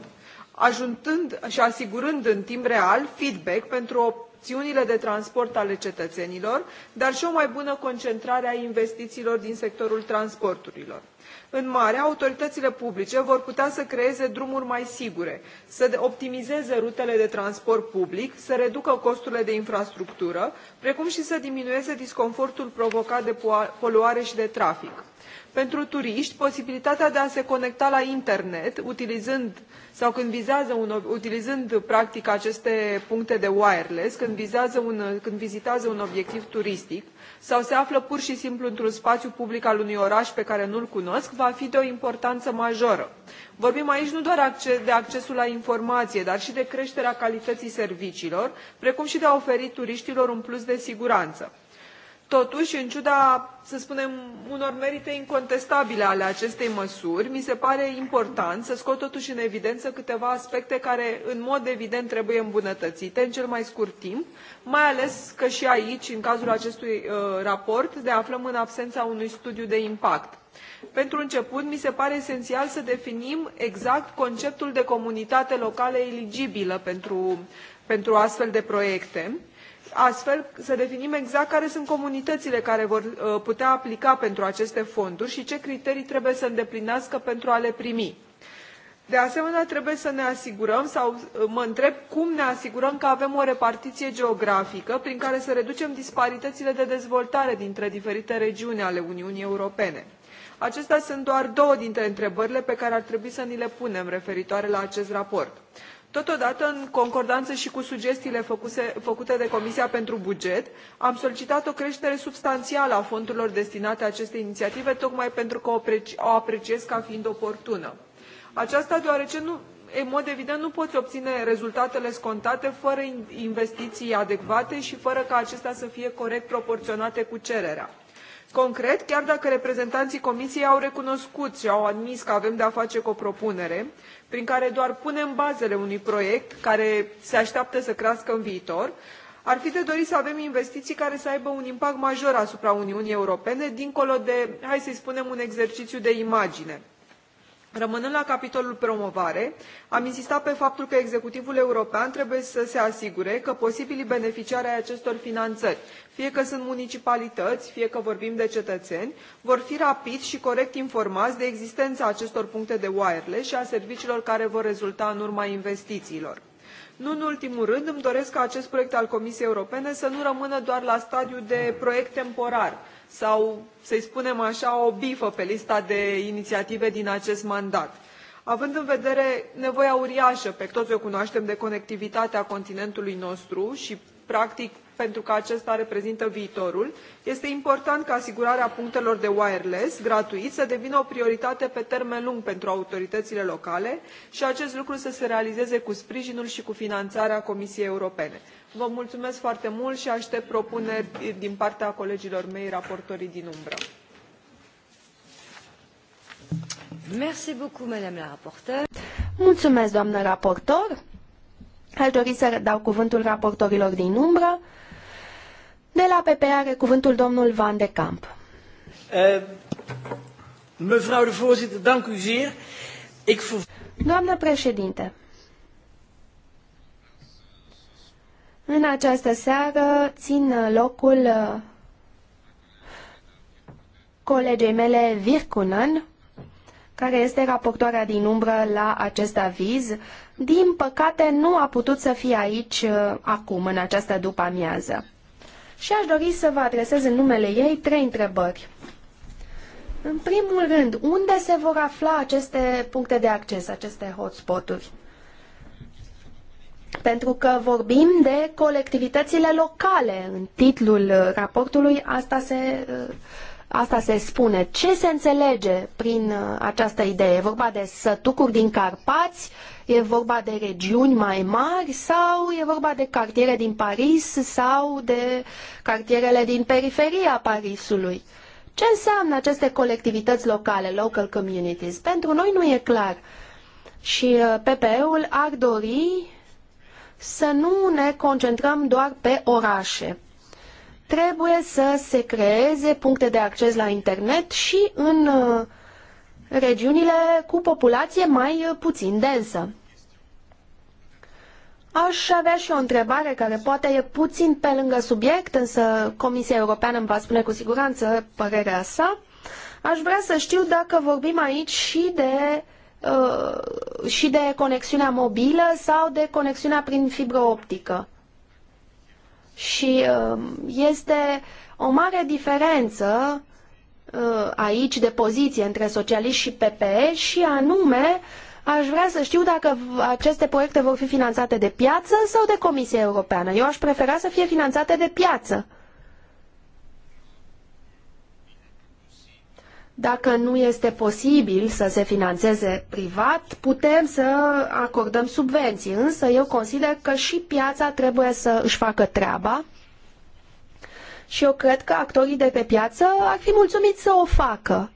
ajutând și asigurând în timp real feedback pentru o opțiunile de transport ale cetățenilor dar și o mai bună concentrare a investițiilor din sectorul transporturilor. în mare autoritățile publice vor putea să creeze drumuri mai sigure să optimizeze rutele de transport public să reducă costurile de infrastructură precum și să diminueze disconfortul provocat de poluare și de trafic. pentru turiști posibilitatea de a se conecta la internet utilizând sau când vizează un, utilizând practic aceste puncte de wireless, când, vizează un, când vizitează un obiectiv turistic sau se află pur și simplu într-un spațiu public al unui oraș pe care nu-l cunosc, va fi de o importanță majoră. Vorbim aici nu doar de accesul la informație, dar și de creșterea calității serviciilor, precum și de a oferi turiștilor un plus de siguranță Totuși, în ciuda, să spunem, unor merite incontestabile ale acestei măsuri, mi se pare important să scot totuși în evidență câteva aspecte care, în mod evident, trebuie îmbunătățite în cel mai scurt timp, mai ales că și aici, în cazul acestui uh, raport, ne aflăm în absența unui studiu de impact. Pentru început, mi se pare esențial să definim exact conceptul de comunitate locală eligibilă pentru, pentru astfel de proiecte astfel să definim exact care sunt comunitățile care vor uh, putea aplica pentru aceste fonduri și ce criterii trebuie să îndeplinească pentru a le primi. De asemenea, trebuie să ne asigurăm sau uh, mă întreb cum ne asigurăm că avem o repartiție geografică prin care să reducem disparitățile de dezvoltare dintre diferite regiuni ale Uniunii Europene. Acestea sunt doar două dintre întrebările pe care ar trebui să ni le punem referitoare la acest raport totodată în concordanță și cu sugestiile făcute de comisia pentru buget am solicitat o creștere substanțială a fondurilor destinate acestei inițiative tocmai pentru că o apreciez ca fiind oportună aceasta deoarece nu, în mod evident nu poți obține rezultatele scontate fără investiții adecvate și fără ca acestea să fie corect proporționate cu cererea Concret, chiar dacă reprezentanții Comisiei au recunoscut și au admis că avem de-a face cu o propunere prin care doar punem bazele unui proiect care se așteaptă să crească în viitor, ar fi de dorit să avem investiții care să aibă un impact major asupra Uniunii Europene, dincolo de, hai să-i spunem, un exercițiu de imagine rămânând la capitolul promovare am insistat pe faptul că executivul european trebuie să se asigure că posibilii beneficiari ai acestor finanțări fie că sunt municipalități fie că vorbim de cetățeni vor fi rapid și corect informați de existența acestor puncte de wireless și a serviciilor care vor rezulta în urma investițiilor. nu în ultimul rând îmi doresc ca acest proiect al comisiei europene să nu rămână doar la stadiul de proiect temporar sau, să-i spunem așa, o bifă pe lista de inițiative din acest mandat. Având în vedere nevoia uriașă, pe toți o cunoaștem, de conectivitatea continentului nostru și, practic, pentru că acesta reprezintă viitorul este important ca asigurarea punctelor de wireless gratuit să devină o prioritate pe termen lung pentru autoritățile locale și acest lucru să se realizeze cu sprijinul și cu finanțarea comisiei europene. vă mulțumesc foarte mult și aștept propuneri din partea colegilor mei raportorii din umbră. Mulțumesc, doamnă raportor. Aș dori să dau cuvântul raportorilor din umbră. De la PP are cuvântul domnul Van de Camp. Uh, mevrouw de voorzitter, dank u zeer. Ik Doamnă președinte, în această seară țin locul eh, colegei mele Virkunen, care este raportoarea din umbră la acest aviz. Din păcate, nu a putut să fie aici eh, acum, în această după-amiază și aș dori să vă adresez în numele ei trei întrebări. În primul rând, unde se vor afla aceste puncte de acces, aceste hotspot-uri? Pentru că vorbim de colectivitățile locale. În titlul raportului asta se, asta se spune. Ce se înțelege prin această idee? E vorba de sătucuri din Carpați, E vorba de regiuni mai mari sau e vorba de cartiere din Paris sau de cartierele din periferia Parisului? Ce înseamnă aceste colectivități locale, local communities? Pentru noi nu e clar. Și uh, PPE-ul ar dori să nu ne concentrăm doar pe orașe. Trebuie să se creeze puncte de acces la internet și în uh, regiunile cu populație mai puțin densă. Aș avea și o întrebare care poate e puțin pe lângă subiect, însă Comisia Europeană îmi va spune cu siguranță părerea sa. Aș vrea să știu dacă vorbim aici și de, uh, și de conexiunea mobilă sau de conexiunea prin fibră optică. Și uh, este o mare diferență Uh, aici de poziție între socialiști și PPE și anume aș vrea să știu dacă aceste proiecte vor fi finanțate de piață sau de Comisia Europeană. Eu aș prefera să fie finanțate de piață. Dacă nu este posibil să se finanțeze privat, putem să acordăm subvenții, însă eu consider că și piața trebuie să își facă treaba și eu cred că actorii de pe piață ar fi mulțumit să o facă.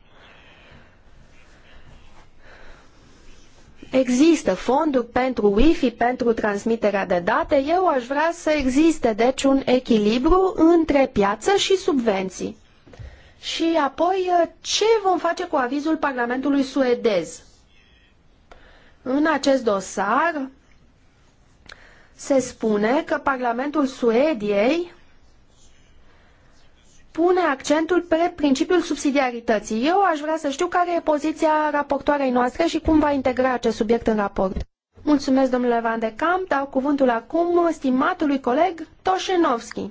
Există fonduri pentru Wi-Fi, pentru transmiterea de date. Eu aș vrea să existe, deci, un echilibru între piață și subvenții. Și apoi, ce vom face cu avizul Parlamentului suedez? În acest dosar se spune că Parlamentul Suediei pune accentul pe principiul subsidiarității. Eu aș vrea să știu care e poziția raportoarei noastre și cum va integra acest subiect în raport. Mulțumesc, domnule Van de Camp. Dau cuvântul acum stimatului coleg Toșenovski.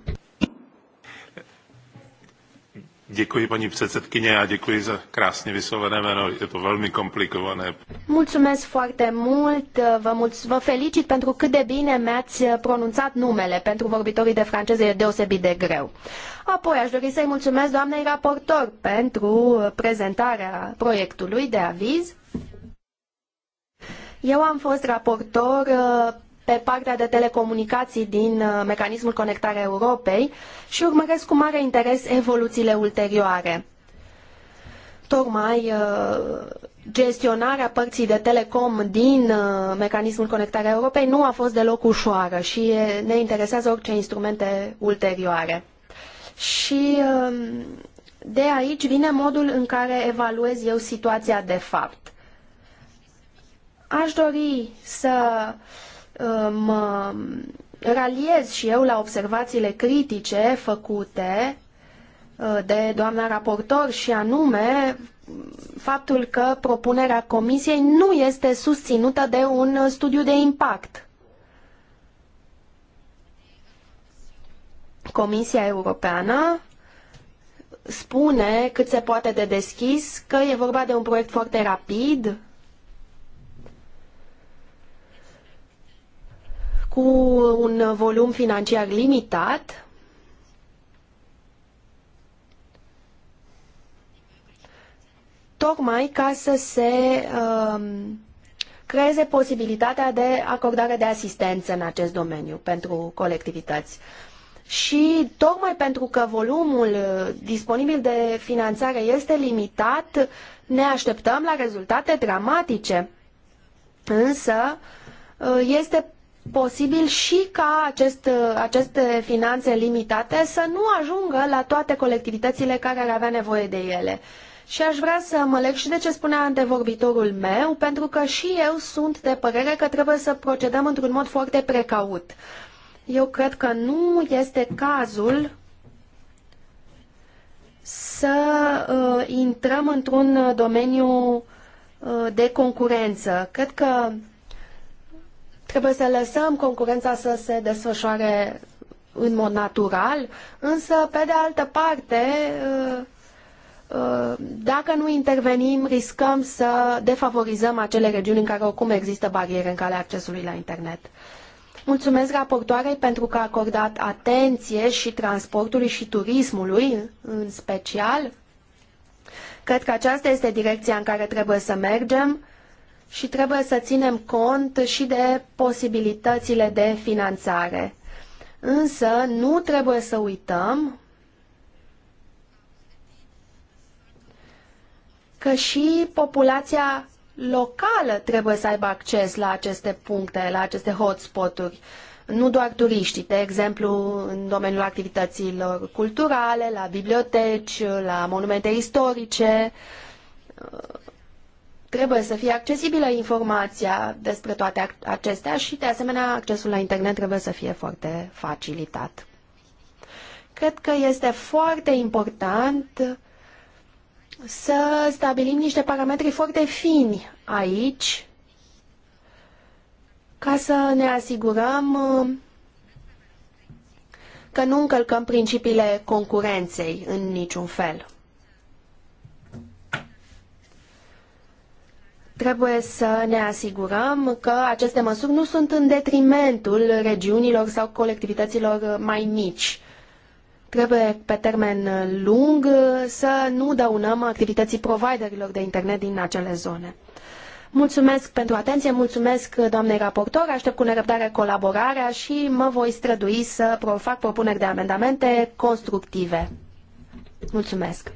Děkuji, paní předsedkyně, a děkuji za krásně vyslovené jméno. Je to velmi komplikované. Mulțumesc foarte mult. Vă, mulț- vă felicit pentru cât de bine mi-ați pronunțat numele. Pentru vorbitorii de franceză e deosebit de greu. Apoi aș dori să-i mulțumesc doamnei raportor pentru prezentarea proiectului de aviz. Eu am fost raportor uh, pe partea de telecomunicații din uh, mecanismul Conectarea Europei și urmăresc cu mare interes evoluțiile ulterioare. Tocmai uh, gestionarea părții de telecom din uh, mecanismul Conectarea Europei nu a fost deloc ușoară și ne interesează orice instrumente ulterioare. Și um, de aici vine modul în care evaluez eu situația de fapt. Aș dori să uh, mă raliez și eu la observațiile critice făcute ă, de doamna raportor și anume faptul că propunerea comisiei nu este susținută de un studiu de impact. Comisia Europeană spune cât se poate de deschis că e vorba de un proiect foarte rapid cu un volum financiar limitat. tocmai ca să se um, creeze posibilitatea de acordare de asistență în acest domeniu pentru colectivități. Și tocmai pentru că volumul disponibil de finanțare este limitat, ne așteptăm la rezultate dramatice. Însă este posibil și ca acest, aceste finanțe limitate să nu ajungă la toate colectivitățile care ar avea nevoie de ele. Și aș vrea să mă leg și de ce spunea antevorbitorul meu, pentru că și eu sunt de părere că trebuie să procedăm într-un mod foarte precaut. Eu cred că nu este cazul să uh, intrăm într-un domeniu uh, de concurență. Cred că Trebuie să lăsăm concurența să se desfășoare în mod natural, însă, pe de altă parte, ă, ă, dacă nu intervenim, riscăm să defavorizăm acele regiuni în care oricum există bariere în calea accesului la internet. Mulțumesc raportoarei pentru că a acordat atenție și transportului și turismului în special. Cred că aceasta este direcția în care trebuie să mergem și trebuie să ținem cont și de posibilitățile de finanțare. Însă nu trebuie să uităm că și populația locală trebuie să aibă acces la aceste puncte, la aceste hotspoturi. Nu doar turiștii, de exemplu, în domeniul activităților culturale, la biblioteci, la monumente istorice, Trebuie să fie accesibilă informația despre toate acestea și, de asemenea, accesul la internet trebuie să fie foarte facilitat. Cred că este foarte important să stabilim niște parametri foarte fini aici ca să ne asigurăm uh, că nu încălcăm principiile concurenței în niciun fel. Trebuie să ne asigurăm că aceste măsuri nu sunt în detrimentul regiunilor sau colectivităților mai mici. Trebuie pe termen lung să nu dăunăm activității providerilor de internet din acele zone. Mulțumesc pentru atenție, mulțumesc doamnei raportor, aștept cu nerăbdare colaborarea și mă voi strădui să fac propuneri de amendamente constructive. Mulțumesc!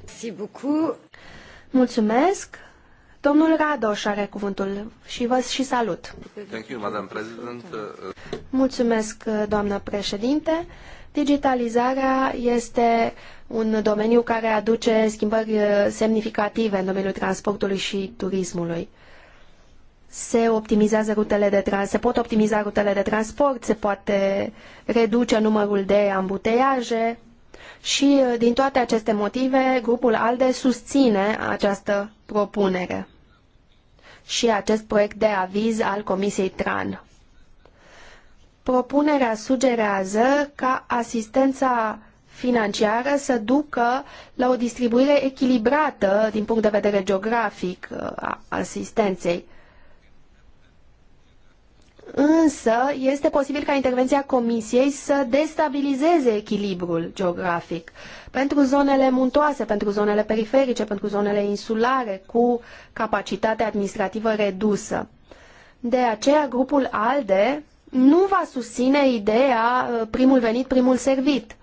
Mulțumesc! Domnul Radoș are cuvântul și vă și salut. Thank you, Madam President. Mulțumesc, doamnă președinte. Digitalizarea este un domeniu care aduce schimbări semnificative în domeniul transportului și turismului. Se optimizează rutele de trans, se pot optimiza rutele de transport, se poate reduce numărul de ambuteiaje, și uh, din toate aceste motive, grupul ALDE susține această propunere și acest proiect de aviz al Comisiei TRAN. Propunerea sugerează ca asistența financiară să ducă la o distribuire echilibrată din punct de vedere geografic uh, a asistenței Însă, este posibil ca intervenția Comisiei să destabilizeze echilibrul geografic pentru zonele muntoase, pentru zonele periferice, pentru zonele insulare cu capacitate administrativă redusă. De aceea, grupul ALDE nu va susține ideea uh, primul venit, primul servit.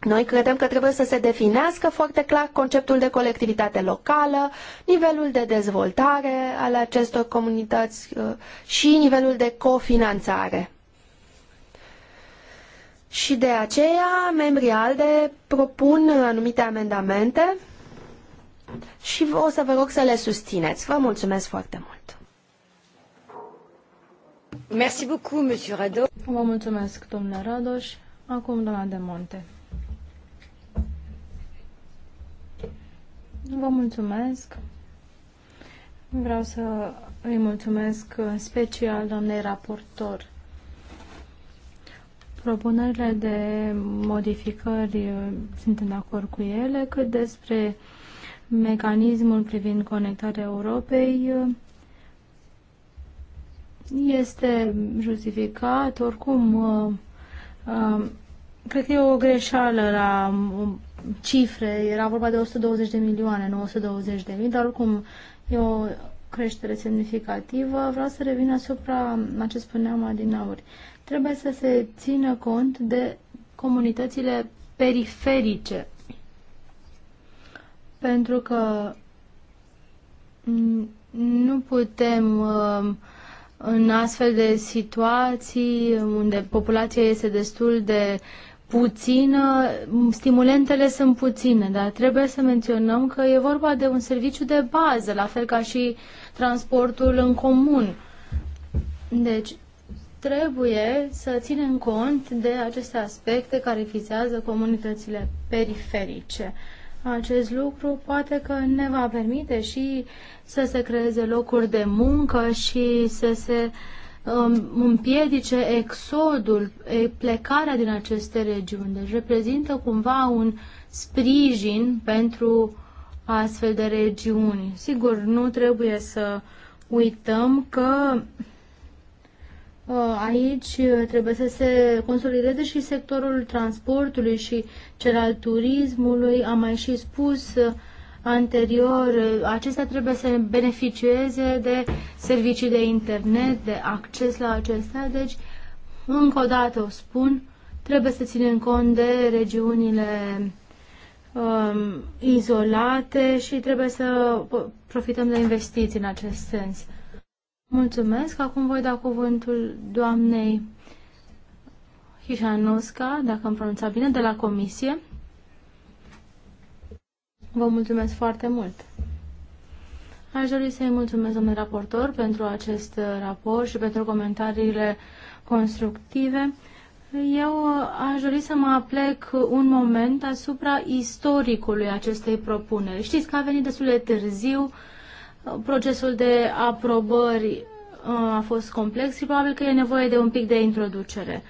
Noi credem că trebuie să se definească foarte clar conceptul de colectivitate locală, nivelul de dezvoltare al acestor comunități uh, și nivelul de cofinanțare. Și de aceea, membrii ALDE propun anumite amendamente și o să vă rog să le susțineți. Vă mulțumesc foarte mult! Merci beaucoup, Vă mulțumesc, domnule Radoș. Acum, doamna de Monte. Vă mulțumesc. Vreau să îi mulțumesc în special doamnei raportor. Propunerile de modificări uh, sunt în acord cu ele, cât despre mecanismul privind conectarea Europei uh, este justificat, oricum uh, cred că e o greșeală la cifre, era vorba de 120 de milioane, nu 120 de mii, dar oricum e o creștere semnificativă. Vreau să revin asupra a ce spuneam adinauri. Trebuie să se țină cont de comunitățile periferice, pentru că nu putem uh, în astfel de situații unde populația este destul de uh, puțină, stimulentele sunt puține, dar trebuie să menționăm că e vorba de un serviciu de bază, la fel ca și transportul în comun. Deci, trebuie să ținem cont de aceste aspecte care vizează comunitățile periferice. Acest lucru poate că ne va permite și să se creeze locuri de muncă și să se uh, Um, împiedice exodul, plecarea din aceste regiuni. Deci reprezintă cumva un sprijin pentru astfel de regiuni. Sigur, nu trebuie să uităm că uh, aici trebuie să se consolideze și sectorul transportului și cel al turismului. Am mai și spus uh, anterior, acestea trebuie să beneficieze de servicii de internet, de acces la acestea, deci, încă o dată o spun, trebuie să ținem cont de regiunile um, izolate și trebuie să profităm de investiții în acest sens. Mulțumesc. Acum voi da cuvântul doamnei Hishanuska, dacă am pronunțat bine, de la Comisie. Vă mulțumesc foarte mult! Aș dori să-i mulțumesc, domnului raportor, pentru acest uh, raport și pentru comentariile constructive. Eu uh, aș dori să mă aplec un moment asupra istoricului acestei propuneri. Știți că a venit destul de târziu, uh, procesul de aprobări a fost complex și probabil că e nevoie de un pic de introducere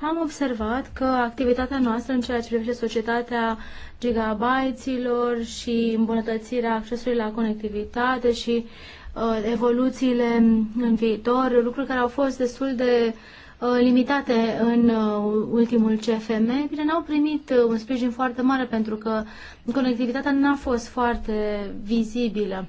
am observat că activitatea noastră în ceea ce privește societatea gigabaiților și îmbunătățirea accesului la conectivitate și uh, evoluțiile în viitor, lucruri care au fost destul de uh, limitate în uh, ultimul CFM, bine, n-au primit uh, un sprijin foarte mare pentru că conectivitatea n-a fost foarte vizibilă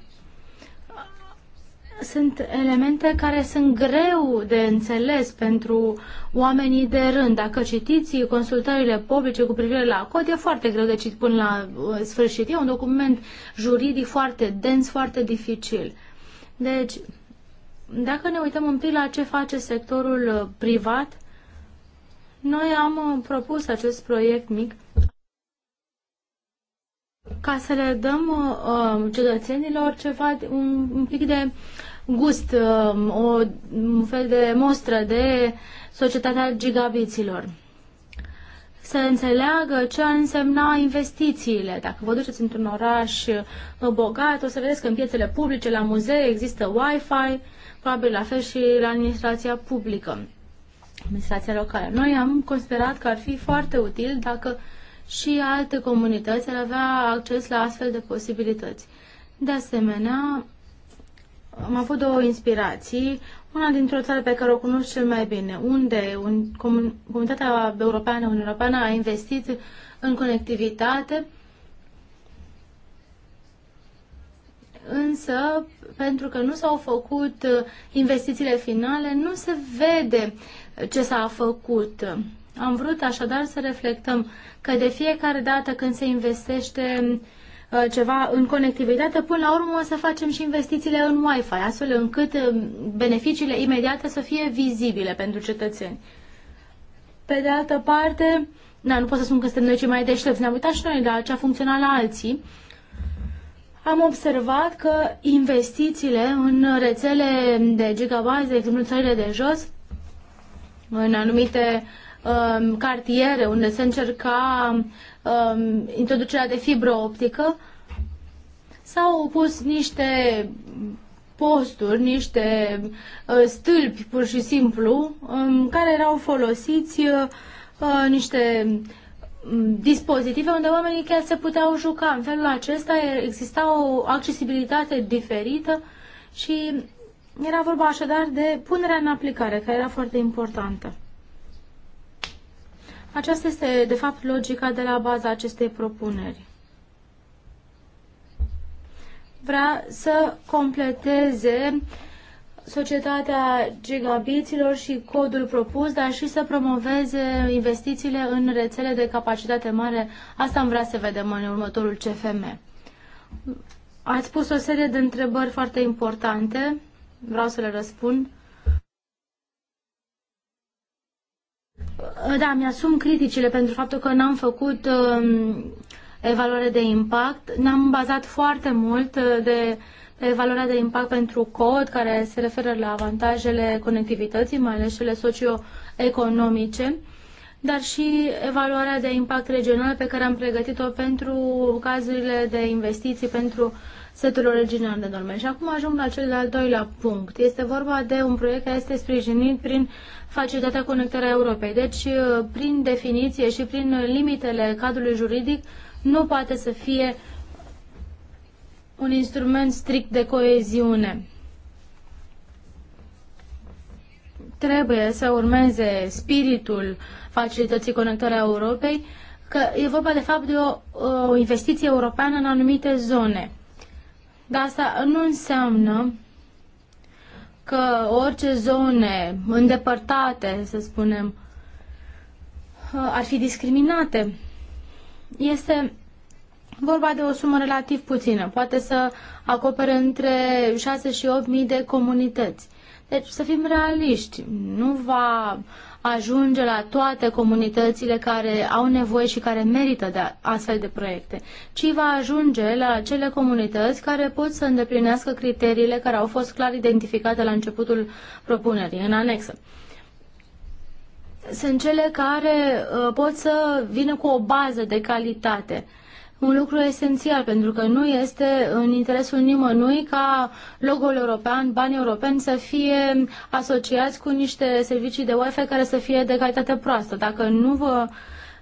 sunt elemente care sunt greu de înțeles pentru oamenii de rând. Dacă citiți consultările publice cu privire la cod, e foarte greu de citit până la uh, sfârșit. E un document juridic foarte dens, foarte dificil. Deci, dacă ne uităm un pic la ce face sectorul uh, privat, noi am uh, propus acest proiect mic ca să le dăm uh, cetățenilor ceva, un, un pic de gust, uh, o, un fel de mostră de societatea gigabiților. Să înțeleagă ce ar însemna investițiile. Dacă vă duceți într-un oraș bogat, o să vedeți că în piețele publice, la muzee, există Wi-Fi, probabil la fel și la administrația publică, administrația locală. Noi am considerat că ar fi foarte util dacă și alte comunități ar avea acces la astfel de posibilități. De asemenea, am avut două inspirații, una dintr-o țară pe care o cunosc cel mai bine, unde un, comun, Comunitatea Europeană, Uniunea Europeană a investit în conectivitate, însă pentru că nu s-au făcut uh, investițiile finale, nu se vede ce s-a făcut. Am vrut așadar să reflectăm că de fiecare dată când se investește Uh, ceva în conectivitate, până la urmă să facem și investițiile în Wi-Fi, astfel încât uh, beneficiile imediate să fie vizibile pentru cetățeni. Pe de altă parte, na, nu pot să spun că suntem noi cei mai deștepți, ne-am uitat și noi la ce a funcționat la alții, am observat că investițiile în rețele de gigabaze, de exemplu, țările de jos, în anumite um, cartiere unde se încerca um, introducerea de fibră optică, s-au pus niște posturi, niște uh, stâlpi pur și simplu, um, care erau folosiți uh, uh, niște um, dispozitive unde oamenii chiar se puteau juca. În felul acesta exista o accesibilitate diferită și era vorba așadar de punerea în aplicare, care era foarte importantă. Aceasta este, de fapt, logica de la baza acestei propuneri. Vrea să completeze societatea gigabiților și codul propus, dar și să promoveze investițiile în rețele de capacitate mare. Asta am vrea să vedem în următorul CFM. Ați pus o serie de întrebări foarte importante, vreau să le răspund. Uh, da, mi-asum criticile pentru faptul că n-am făcut uh, evaluare de impact. Ne-am bazat foarte mult uh, de evaluarea de impact pentru cod, care se referă la avantajele conectivității, mai ales cele socioeconomice, dar și evaluarea de impact regional pe care am pregătit-o pentru cazurile de investiții, pentru uh, setul original de norme. Și acum ajung la cel de-al doilea punct. Este vorba de un proiect care este sprijinit prin Facilitatea a Europei. Deci, uh, prin definiție și prin limitele cadrului juridic, nu poate să fie un instrument strict de coeziune. Trebuie să urmeze spiritul Facilității a Europei, că e vorba de fapt de o, uh, o investiție europeană în anumite zone. Dar asta nu înseamnă că orice zone îndepărtate, să spunem, uh, ar fi discriminate. Este vorba de o sumă relativ puțină, poate să acopere între 6 și 8 mii de comunități. Deci să fim realiști, nu va ajunge la toate comunitățile care au nevoie și care merită de astfel de proiecte, ci va ajunge la acele comunități care pot să îndeplinească criteriile care au fost clar identificate la începutul propunerii, în anexă. Sunt cele care uh, pot să vină cu o bază de calitate un lucru esențial, pentru că nu este în interesul nimănui ca logo-ul european, banii europeni să fie asociați cu niște servicii de Wi-Fi care să fie de calitate proastă. Dacă nu vă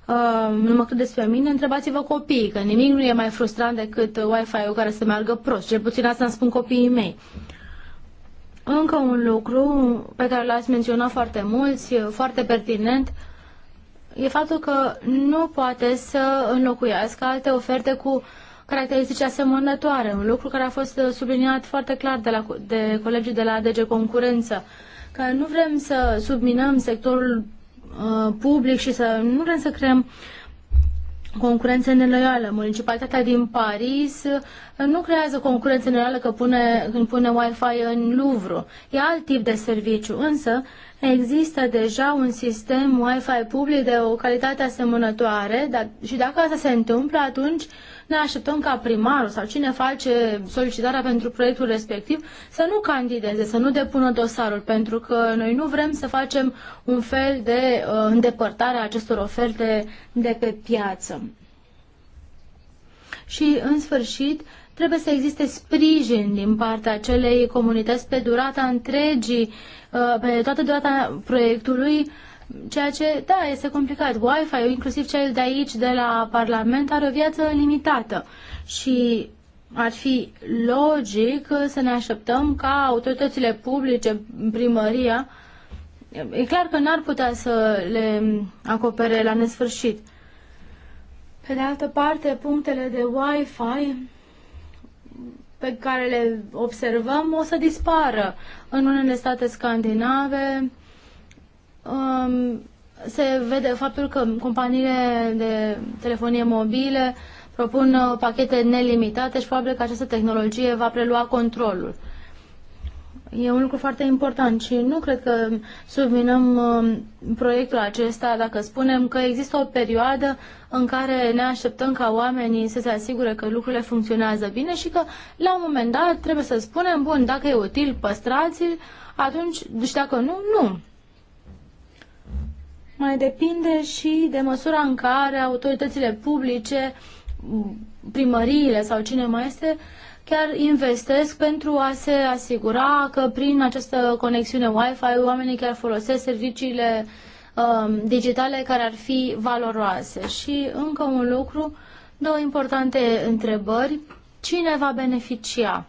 Uh, nu mă credeți pe mine, întrebați-vă copiii, că nimic nu e mai frustrant decât Wi-Fi-ul care să meargă prost. Cel puțin asta îmi spun copiii mei. Încă un lucru pe care l-ați menționat foarte mulți, foarte pertinent, uh, e faptul că nu poate să înlocuiască alte oferte cu caracteristici asemănătoare, un lucru care a fost subliniat foarte clar de, la, de colegii de la DG Concurență, că nu vrem să subminăm sectorul uh, public și să nu vrem să creăm concurență neloială. Municipalitatea din Paris uh, nu creează concurență neloială că pune, când pune Wi-Fi în Louvre. E alt tip de serviciu, însă Există deja un sistem Wi-Fi public de o calitate asemănătoare dar, și dacă asta se întâmplă, atunci ne așteptăm ca primarul sau cine face solicitarea pentru proiectul respectiv să nu candideze, să nu depună dosarul, pentru că noi nu vrem să facem un fel de uh, îndepărtare a acestor oferte de pe piață. Și, în sfârșit, uh, Trebuie să existe sprijin din partea acelei comunități pe durata întregii, uh, pe toată durata proiectului, ceea ce, da, este complicat. Wi-Fi, inclusiv cel de aici, de la Parlament, are o viață limitată și ar fi logic să ne așteptăm ca autoritățile publice, primăria, e clar că n-ar putea să le acopere la nesfârșit. Pe de altă parte, punctele de Wi-Fi pe care le observăm o să dispară. În unele state scandinave um, se vede faptul că companiile de telefonie mobile propun uh, pachete nelimitate și probabil că această tehnologie va prelua controlul. E un lucru foarte important și nu cred că subminăm um, proiectul acesta dacă spunem că există o perioadă în care ne așteptăm ca oamenii să se asigure că lucrurile funcționează bine și că la un moment dat trebuie să spunem, bun, dacă e util, păstrați-l, atunci, deci dacă nu, nu. Mai depinde și de măsura în care autoritățile publice, primăriile sau cine mai este, chiar investesc pentru a se asigura că prin această conexiune Wi-Fi oamenii chiar folosesc serviciile um, digitale care ar fi valoroase. Și încă un lucru, două importante întrebări. Cine va beneficia?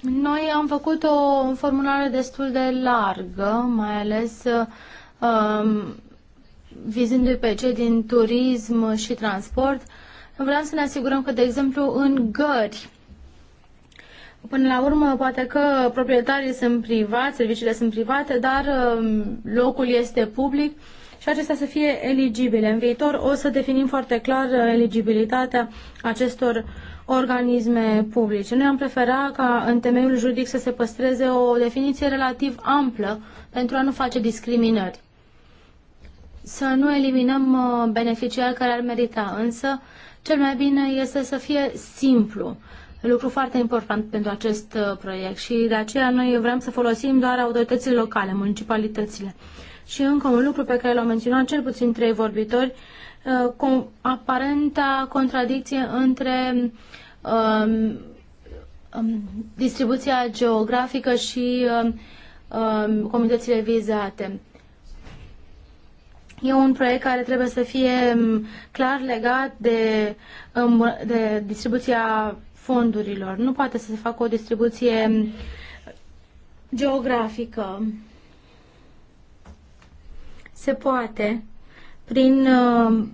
Noi am făcut o formulare destul de largă, mai ales um, vizându-i pe cei din turism și transport, Vreau să ne asigurăm că, de exemplu, în gări, Până la urmă, poate că proprietarii sunt privați, serviciile sunt private, dar um, locul este public și acestea să fie eligibile. În viitor o să definim foarte clar uh, eligibilitatea acestor organisme publice. Noi am preferat ca în temeiul juridic să se păstreze o definiție relativ amplă pentru a nu face discriminări. Să nu eliminăm uh, beneficiari care ar merita, însă cel mai bine este să fie simplu. Lucru foarte important pentru acest uh, proiect și de aceea noi vrem să folosim doar autoritățile locale, municipalitățile. Și încă un lucru pe care l-au menționat cel puțin trei vorbitori, uh, cu aparenta contradicție între um, um, distribuția geografică și um, um comunitățile vizate. E un proiect care trebuie să fie mm, clar legat de, de distribuția fondurilor. Nu poate să se facă o distribuție mm, geografică. Se poate, prin uh,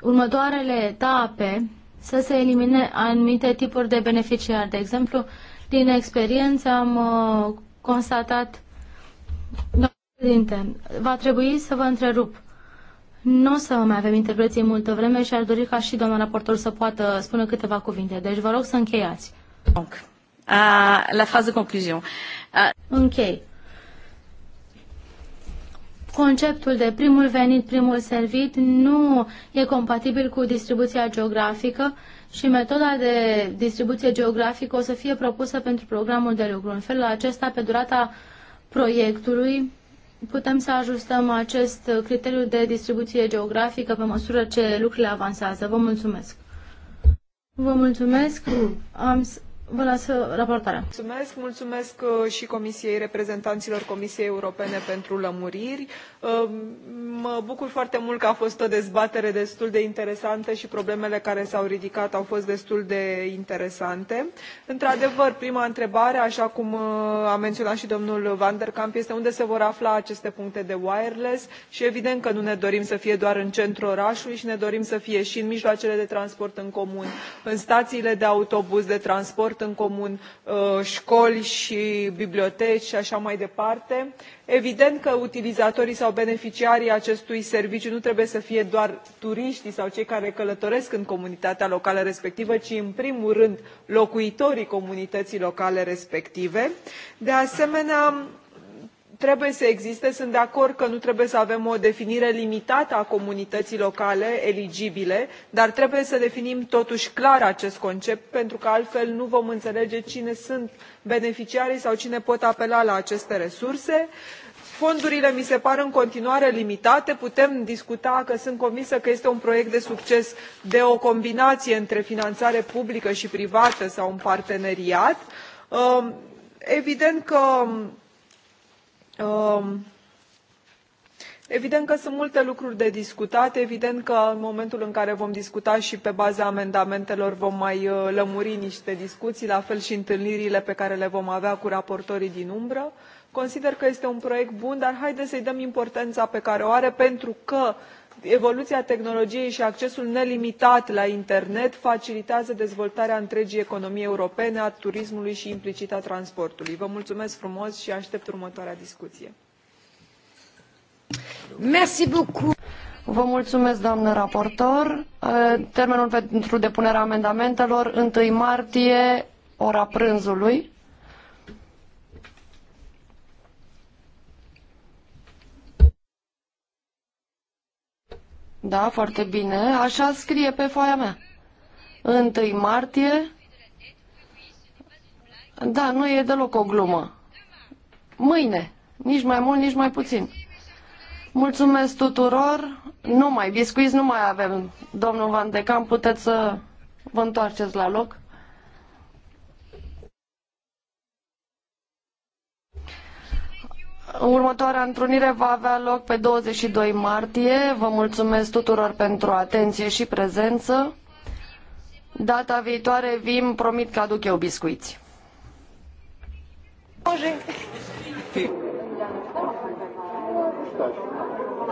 următoarele etape, să se elimine anumite tipuri de beneficiari. De exemplu, din experiență am uh, constatat Președinte, va trebui să vă întrerup. Nu o să mai avem interpreție multă vreme și ar dori ca și doamna raportor să poată spune câteva cuvinte. Deci vă rog să încheiați. Donc, uh, la fază de concluzie. Uh... Închei. Conceptul de primul venit, primul servit nu e compatibil cu distribuția geografică și metoda de distribuție geografică o să fie propusă pentru programul de lucru. În felul acesta, pe durata proiectului, putem să ajustăm acest criteriu de distribuție geografică pe măsură ce lucrurile avansează. Vă mulțumesc! Vă mulțumesc! Am, Vă las uh, raportarea. Mulțumesc, mulțumesc uh, și Comisiei, reprezentanților Comisiei Europene pentru lămuriri. Uh, mă bucur foarte mult că a fost o dezbatere destul de interesantă și problemele care s-au ridicat au fost destul de interesante. Într-adevăr, prima întrebare, așa cum a menționat și domnul Van der Kamp, este unde se vor afla aceste puncte de wireless și evident că nu ne dorim să fie doar în centrul orașului și ne dorim să fie și în mijloacele de transport în comun, în stațiile de autobuz, de transport transport în comun uh, școli și biblioteci și așa mai departe. evident că utilizatorii sau beneficiarii acestui serviciu nu trebuie să fie doar turiștii sau cei care călătoresc în comunitatea locală respectivă ci în primul rând locuitorii comunității locale respective. de asemenea trebuie să existe sunt de acord că nu trebuie să avem o definire limitată a comunității locale eligibile dar trebuie să definim totuși clar acest concept pentru că altfel nu vom înțelege cine sunt beneficiarii sau cine pot apela la aceste resurse fondurile mi se par în continuare limitate putem discuta că sunt convinsă că este un proiect de succes de o combinație între finanțare publică și privată sau un parteneriat um, evident că Um, evident că sunt multe lucruri de discutat evident că în momentul în care vom discuta și pe baza amendamentelor vom mai uh, lămuri niște discuții la fel și întâlnirile pe care le vom avea cu raportorii din umbră. consider că este un proiect bun dar haideți să i dăm importanța pe care o are pentru că evoluția tehnologiei și accesul nelimitat la internet facilitează dezvoltarea întregii economii europene a turismului și implicit a transportului. vă mulțumesc frumos și aștept următoarea discuție. Merci beaucoup. Vă mulțumesc, doamnă raportor. Eh, termenul pentru depunerea amendamentelor 1 martie, ora prânzului. Da, foarte bine. Așa scrie pe foaia mea. 1 martie. Da, nu e deloc o glumă. Mâine. Nici mai mult, nici mai puțin. Mulțumesc tuturor. Nu mai biscuiți, nu mai avem. Domnul Van de Cam, puteți să vă întoarceți la loc. Următoarea întrunire va avea loc pe 22 martie. Vă mulțumesc tuturor pentru atenție și prezență. Data viitoare vin, promit că aduc eu biscuiți.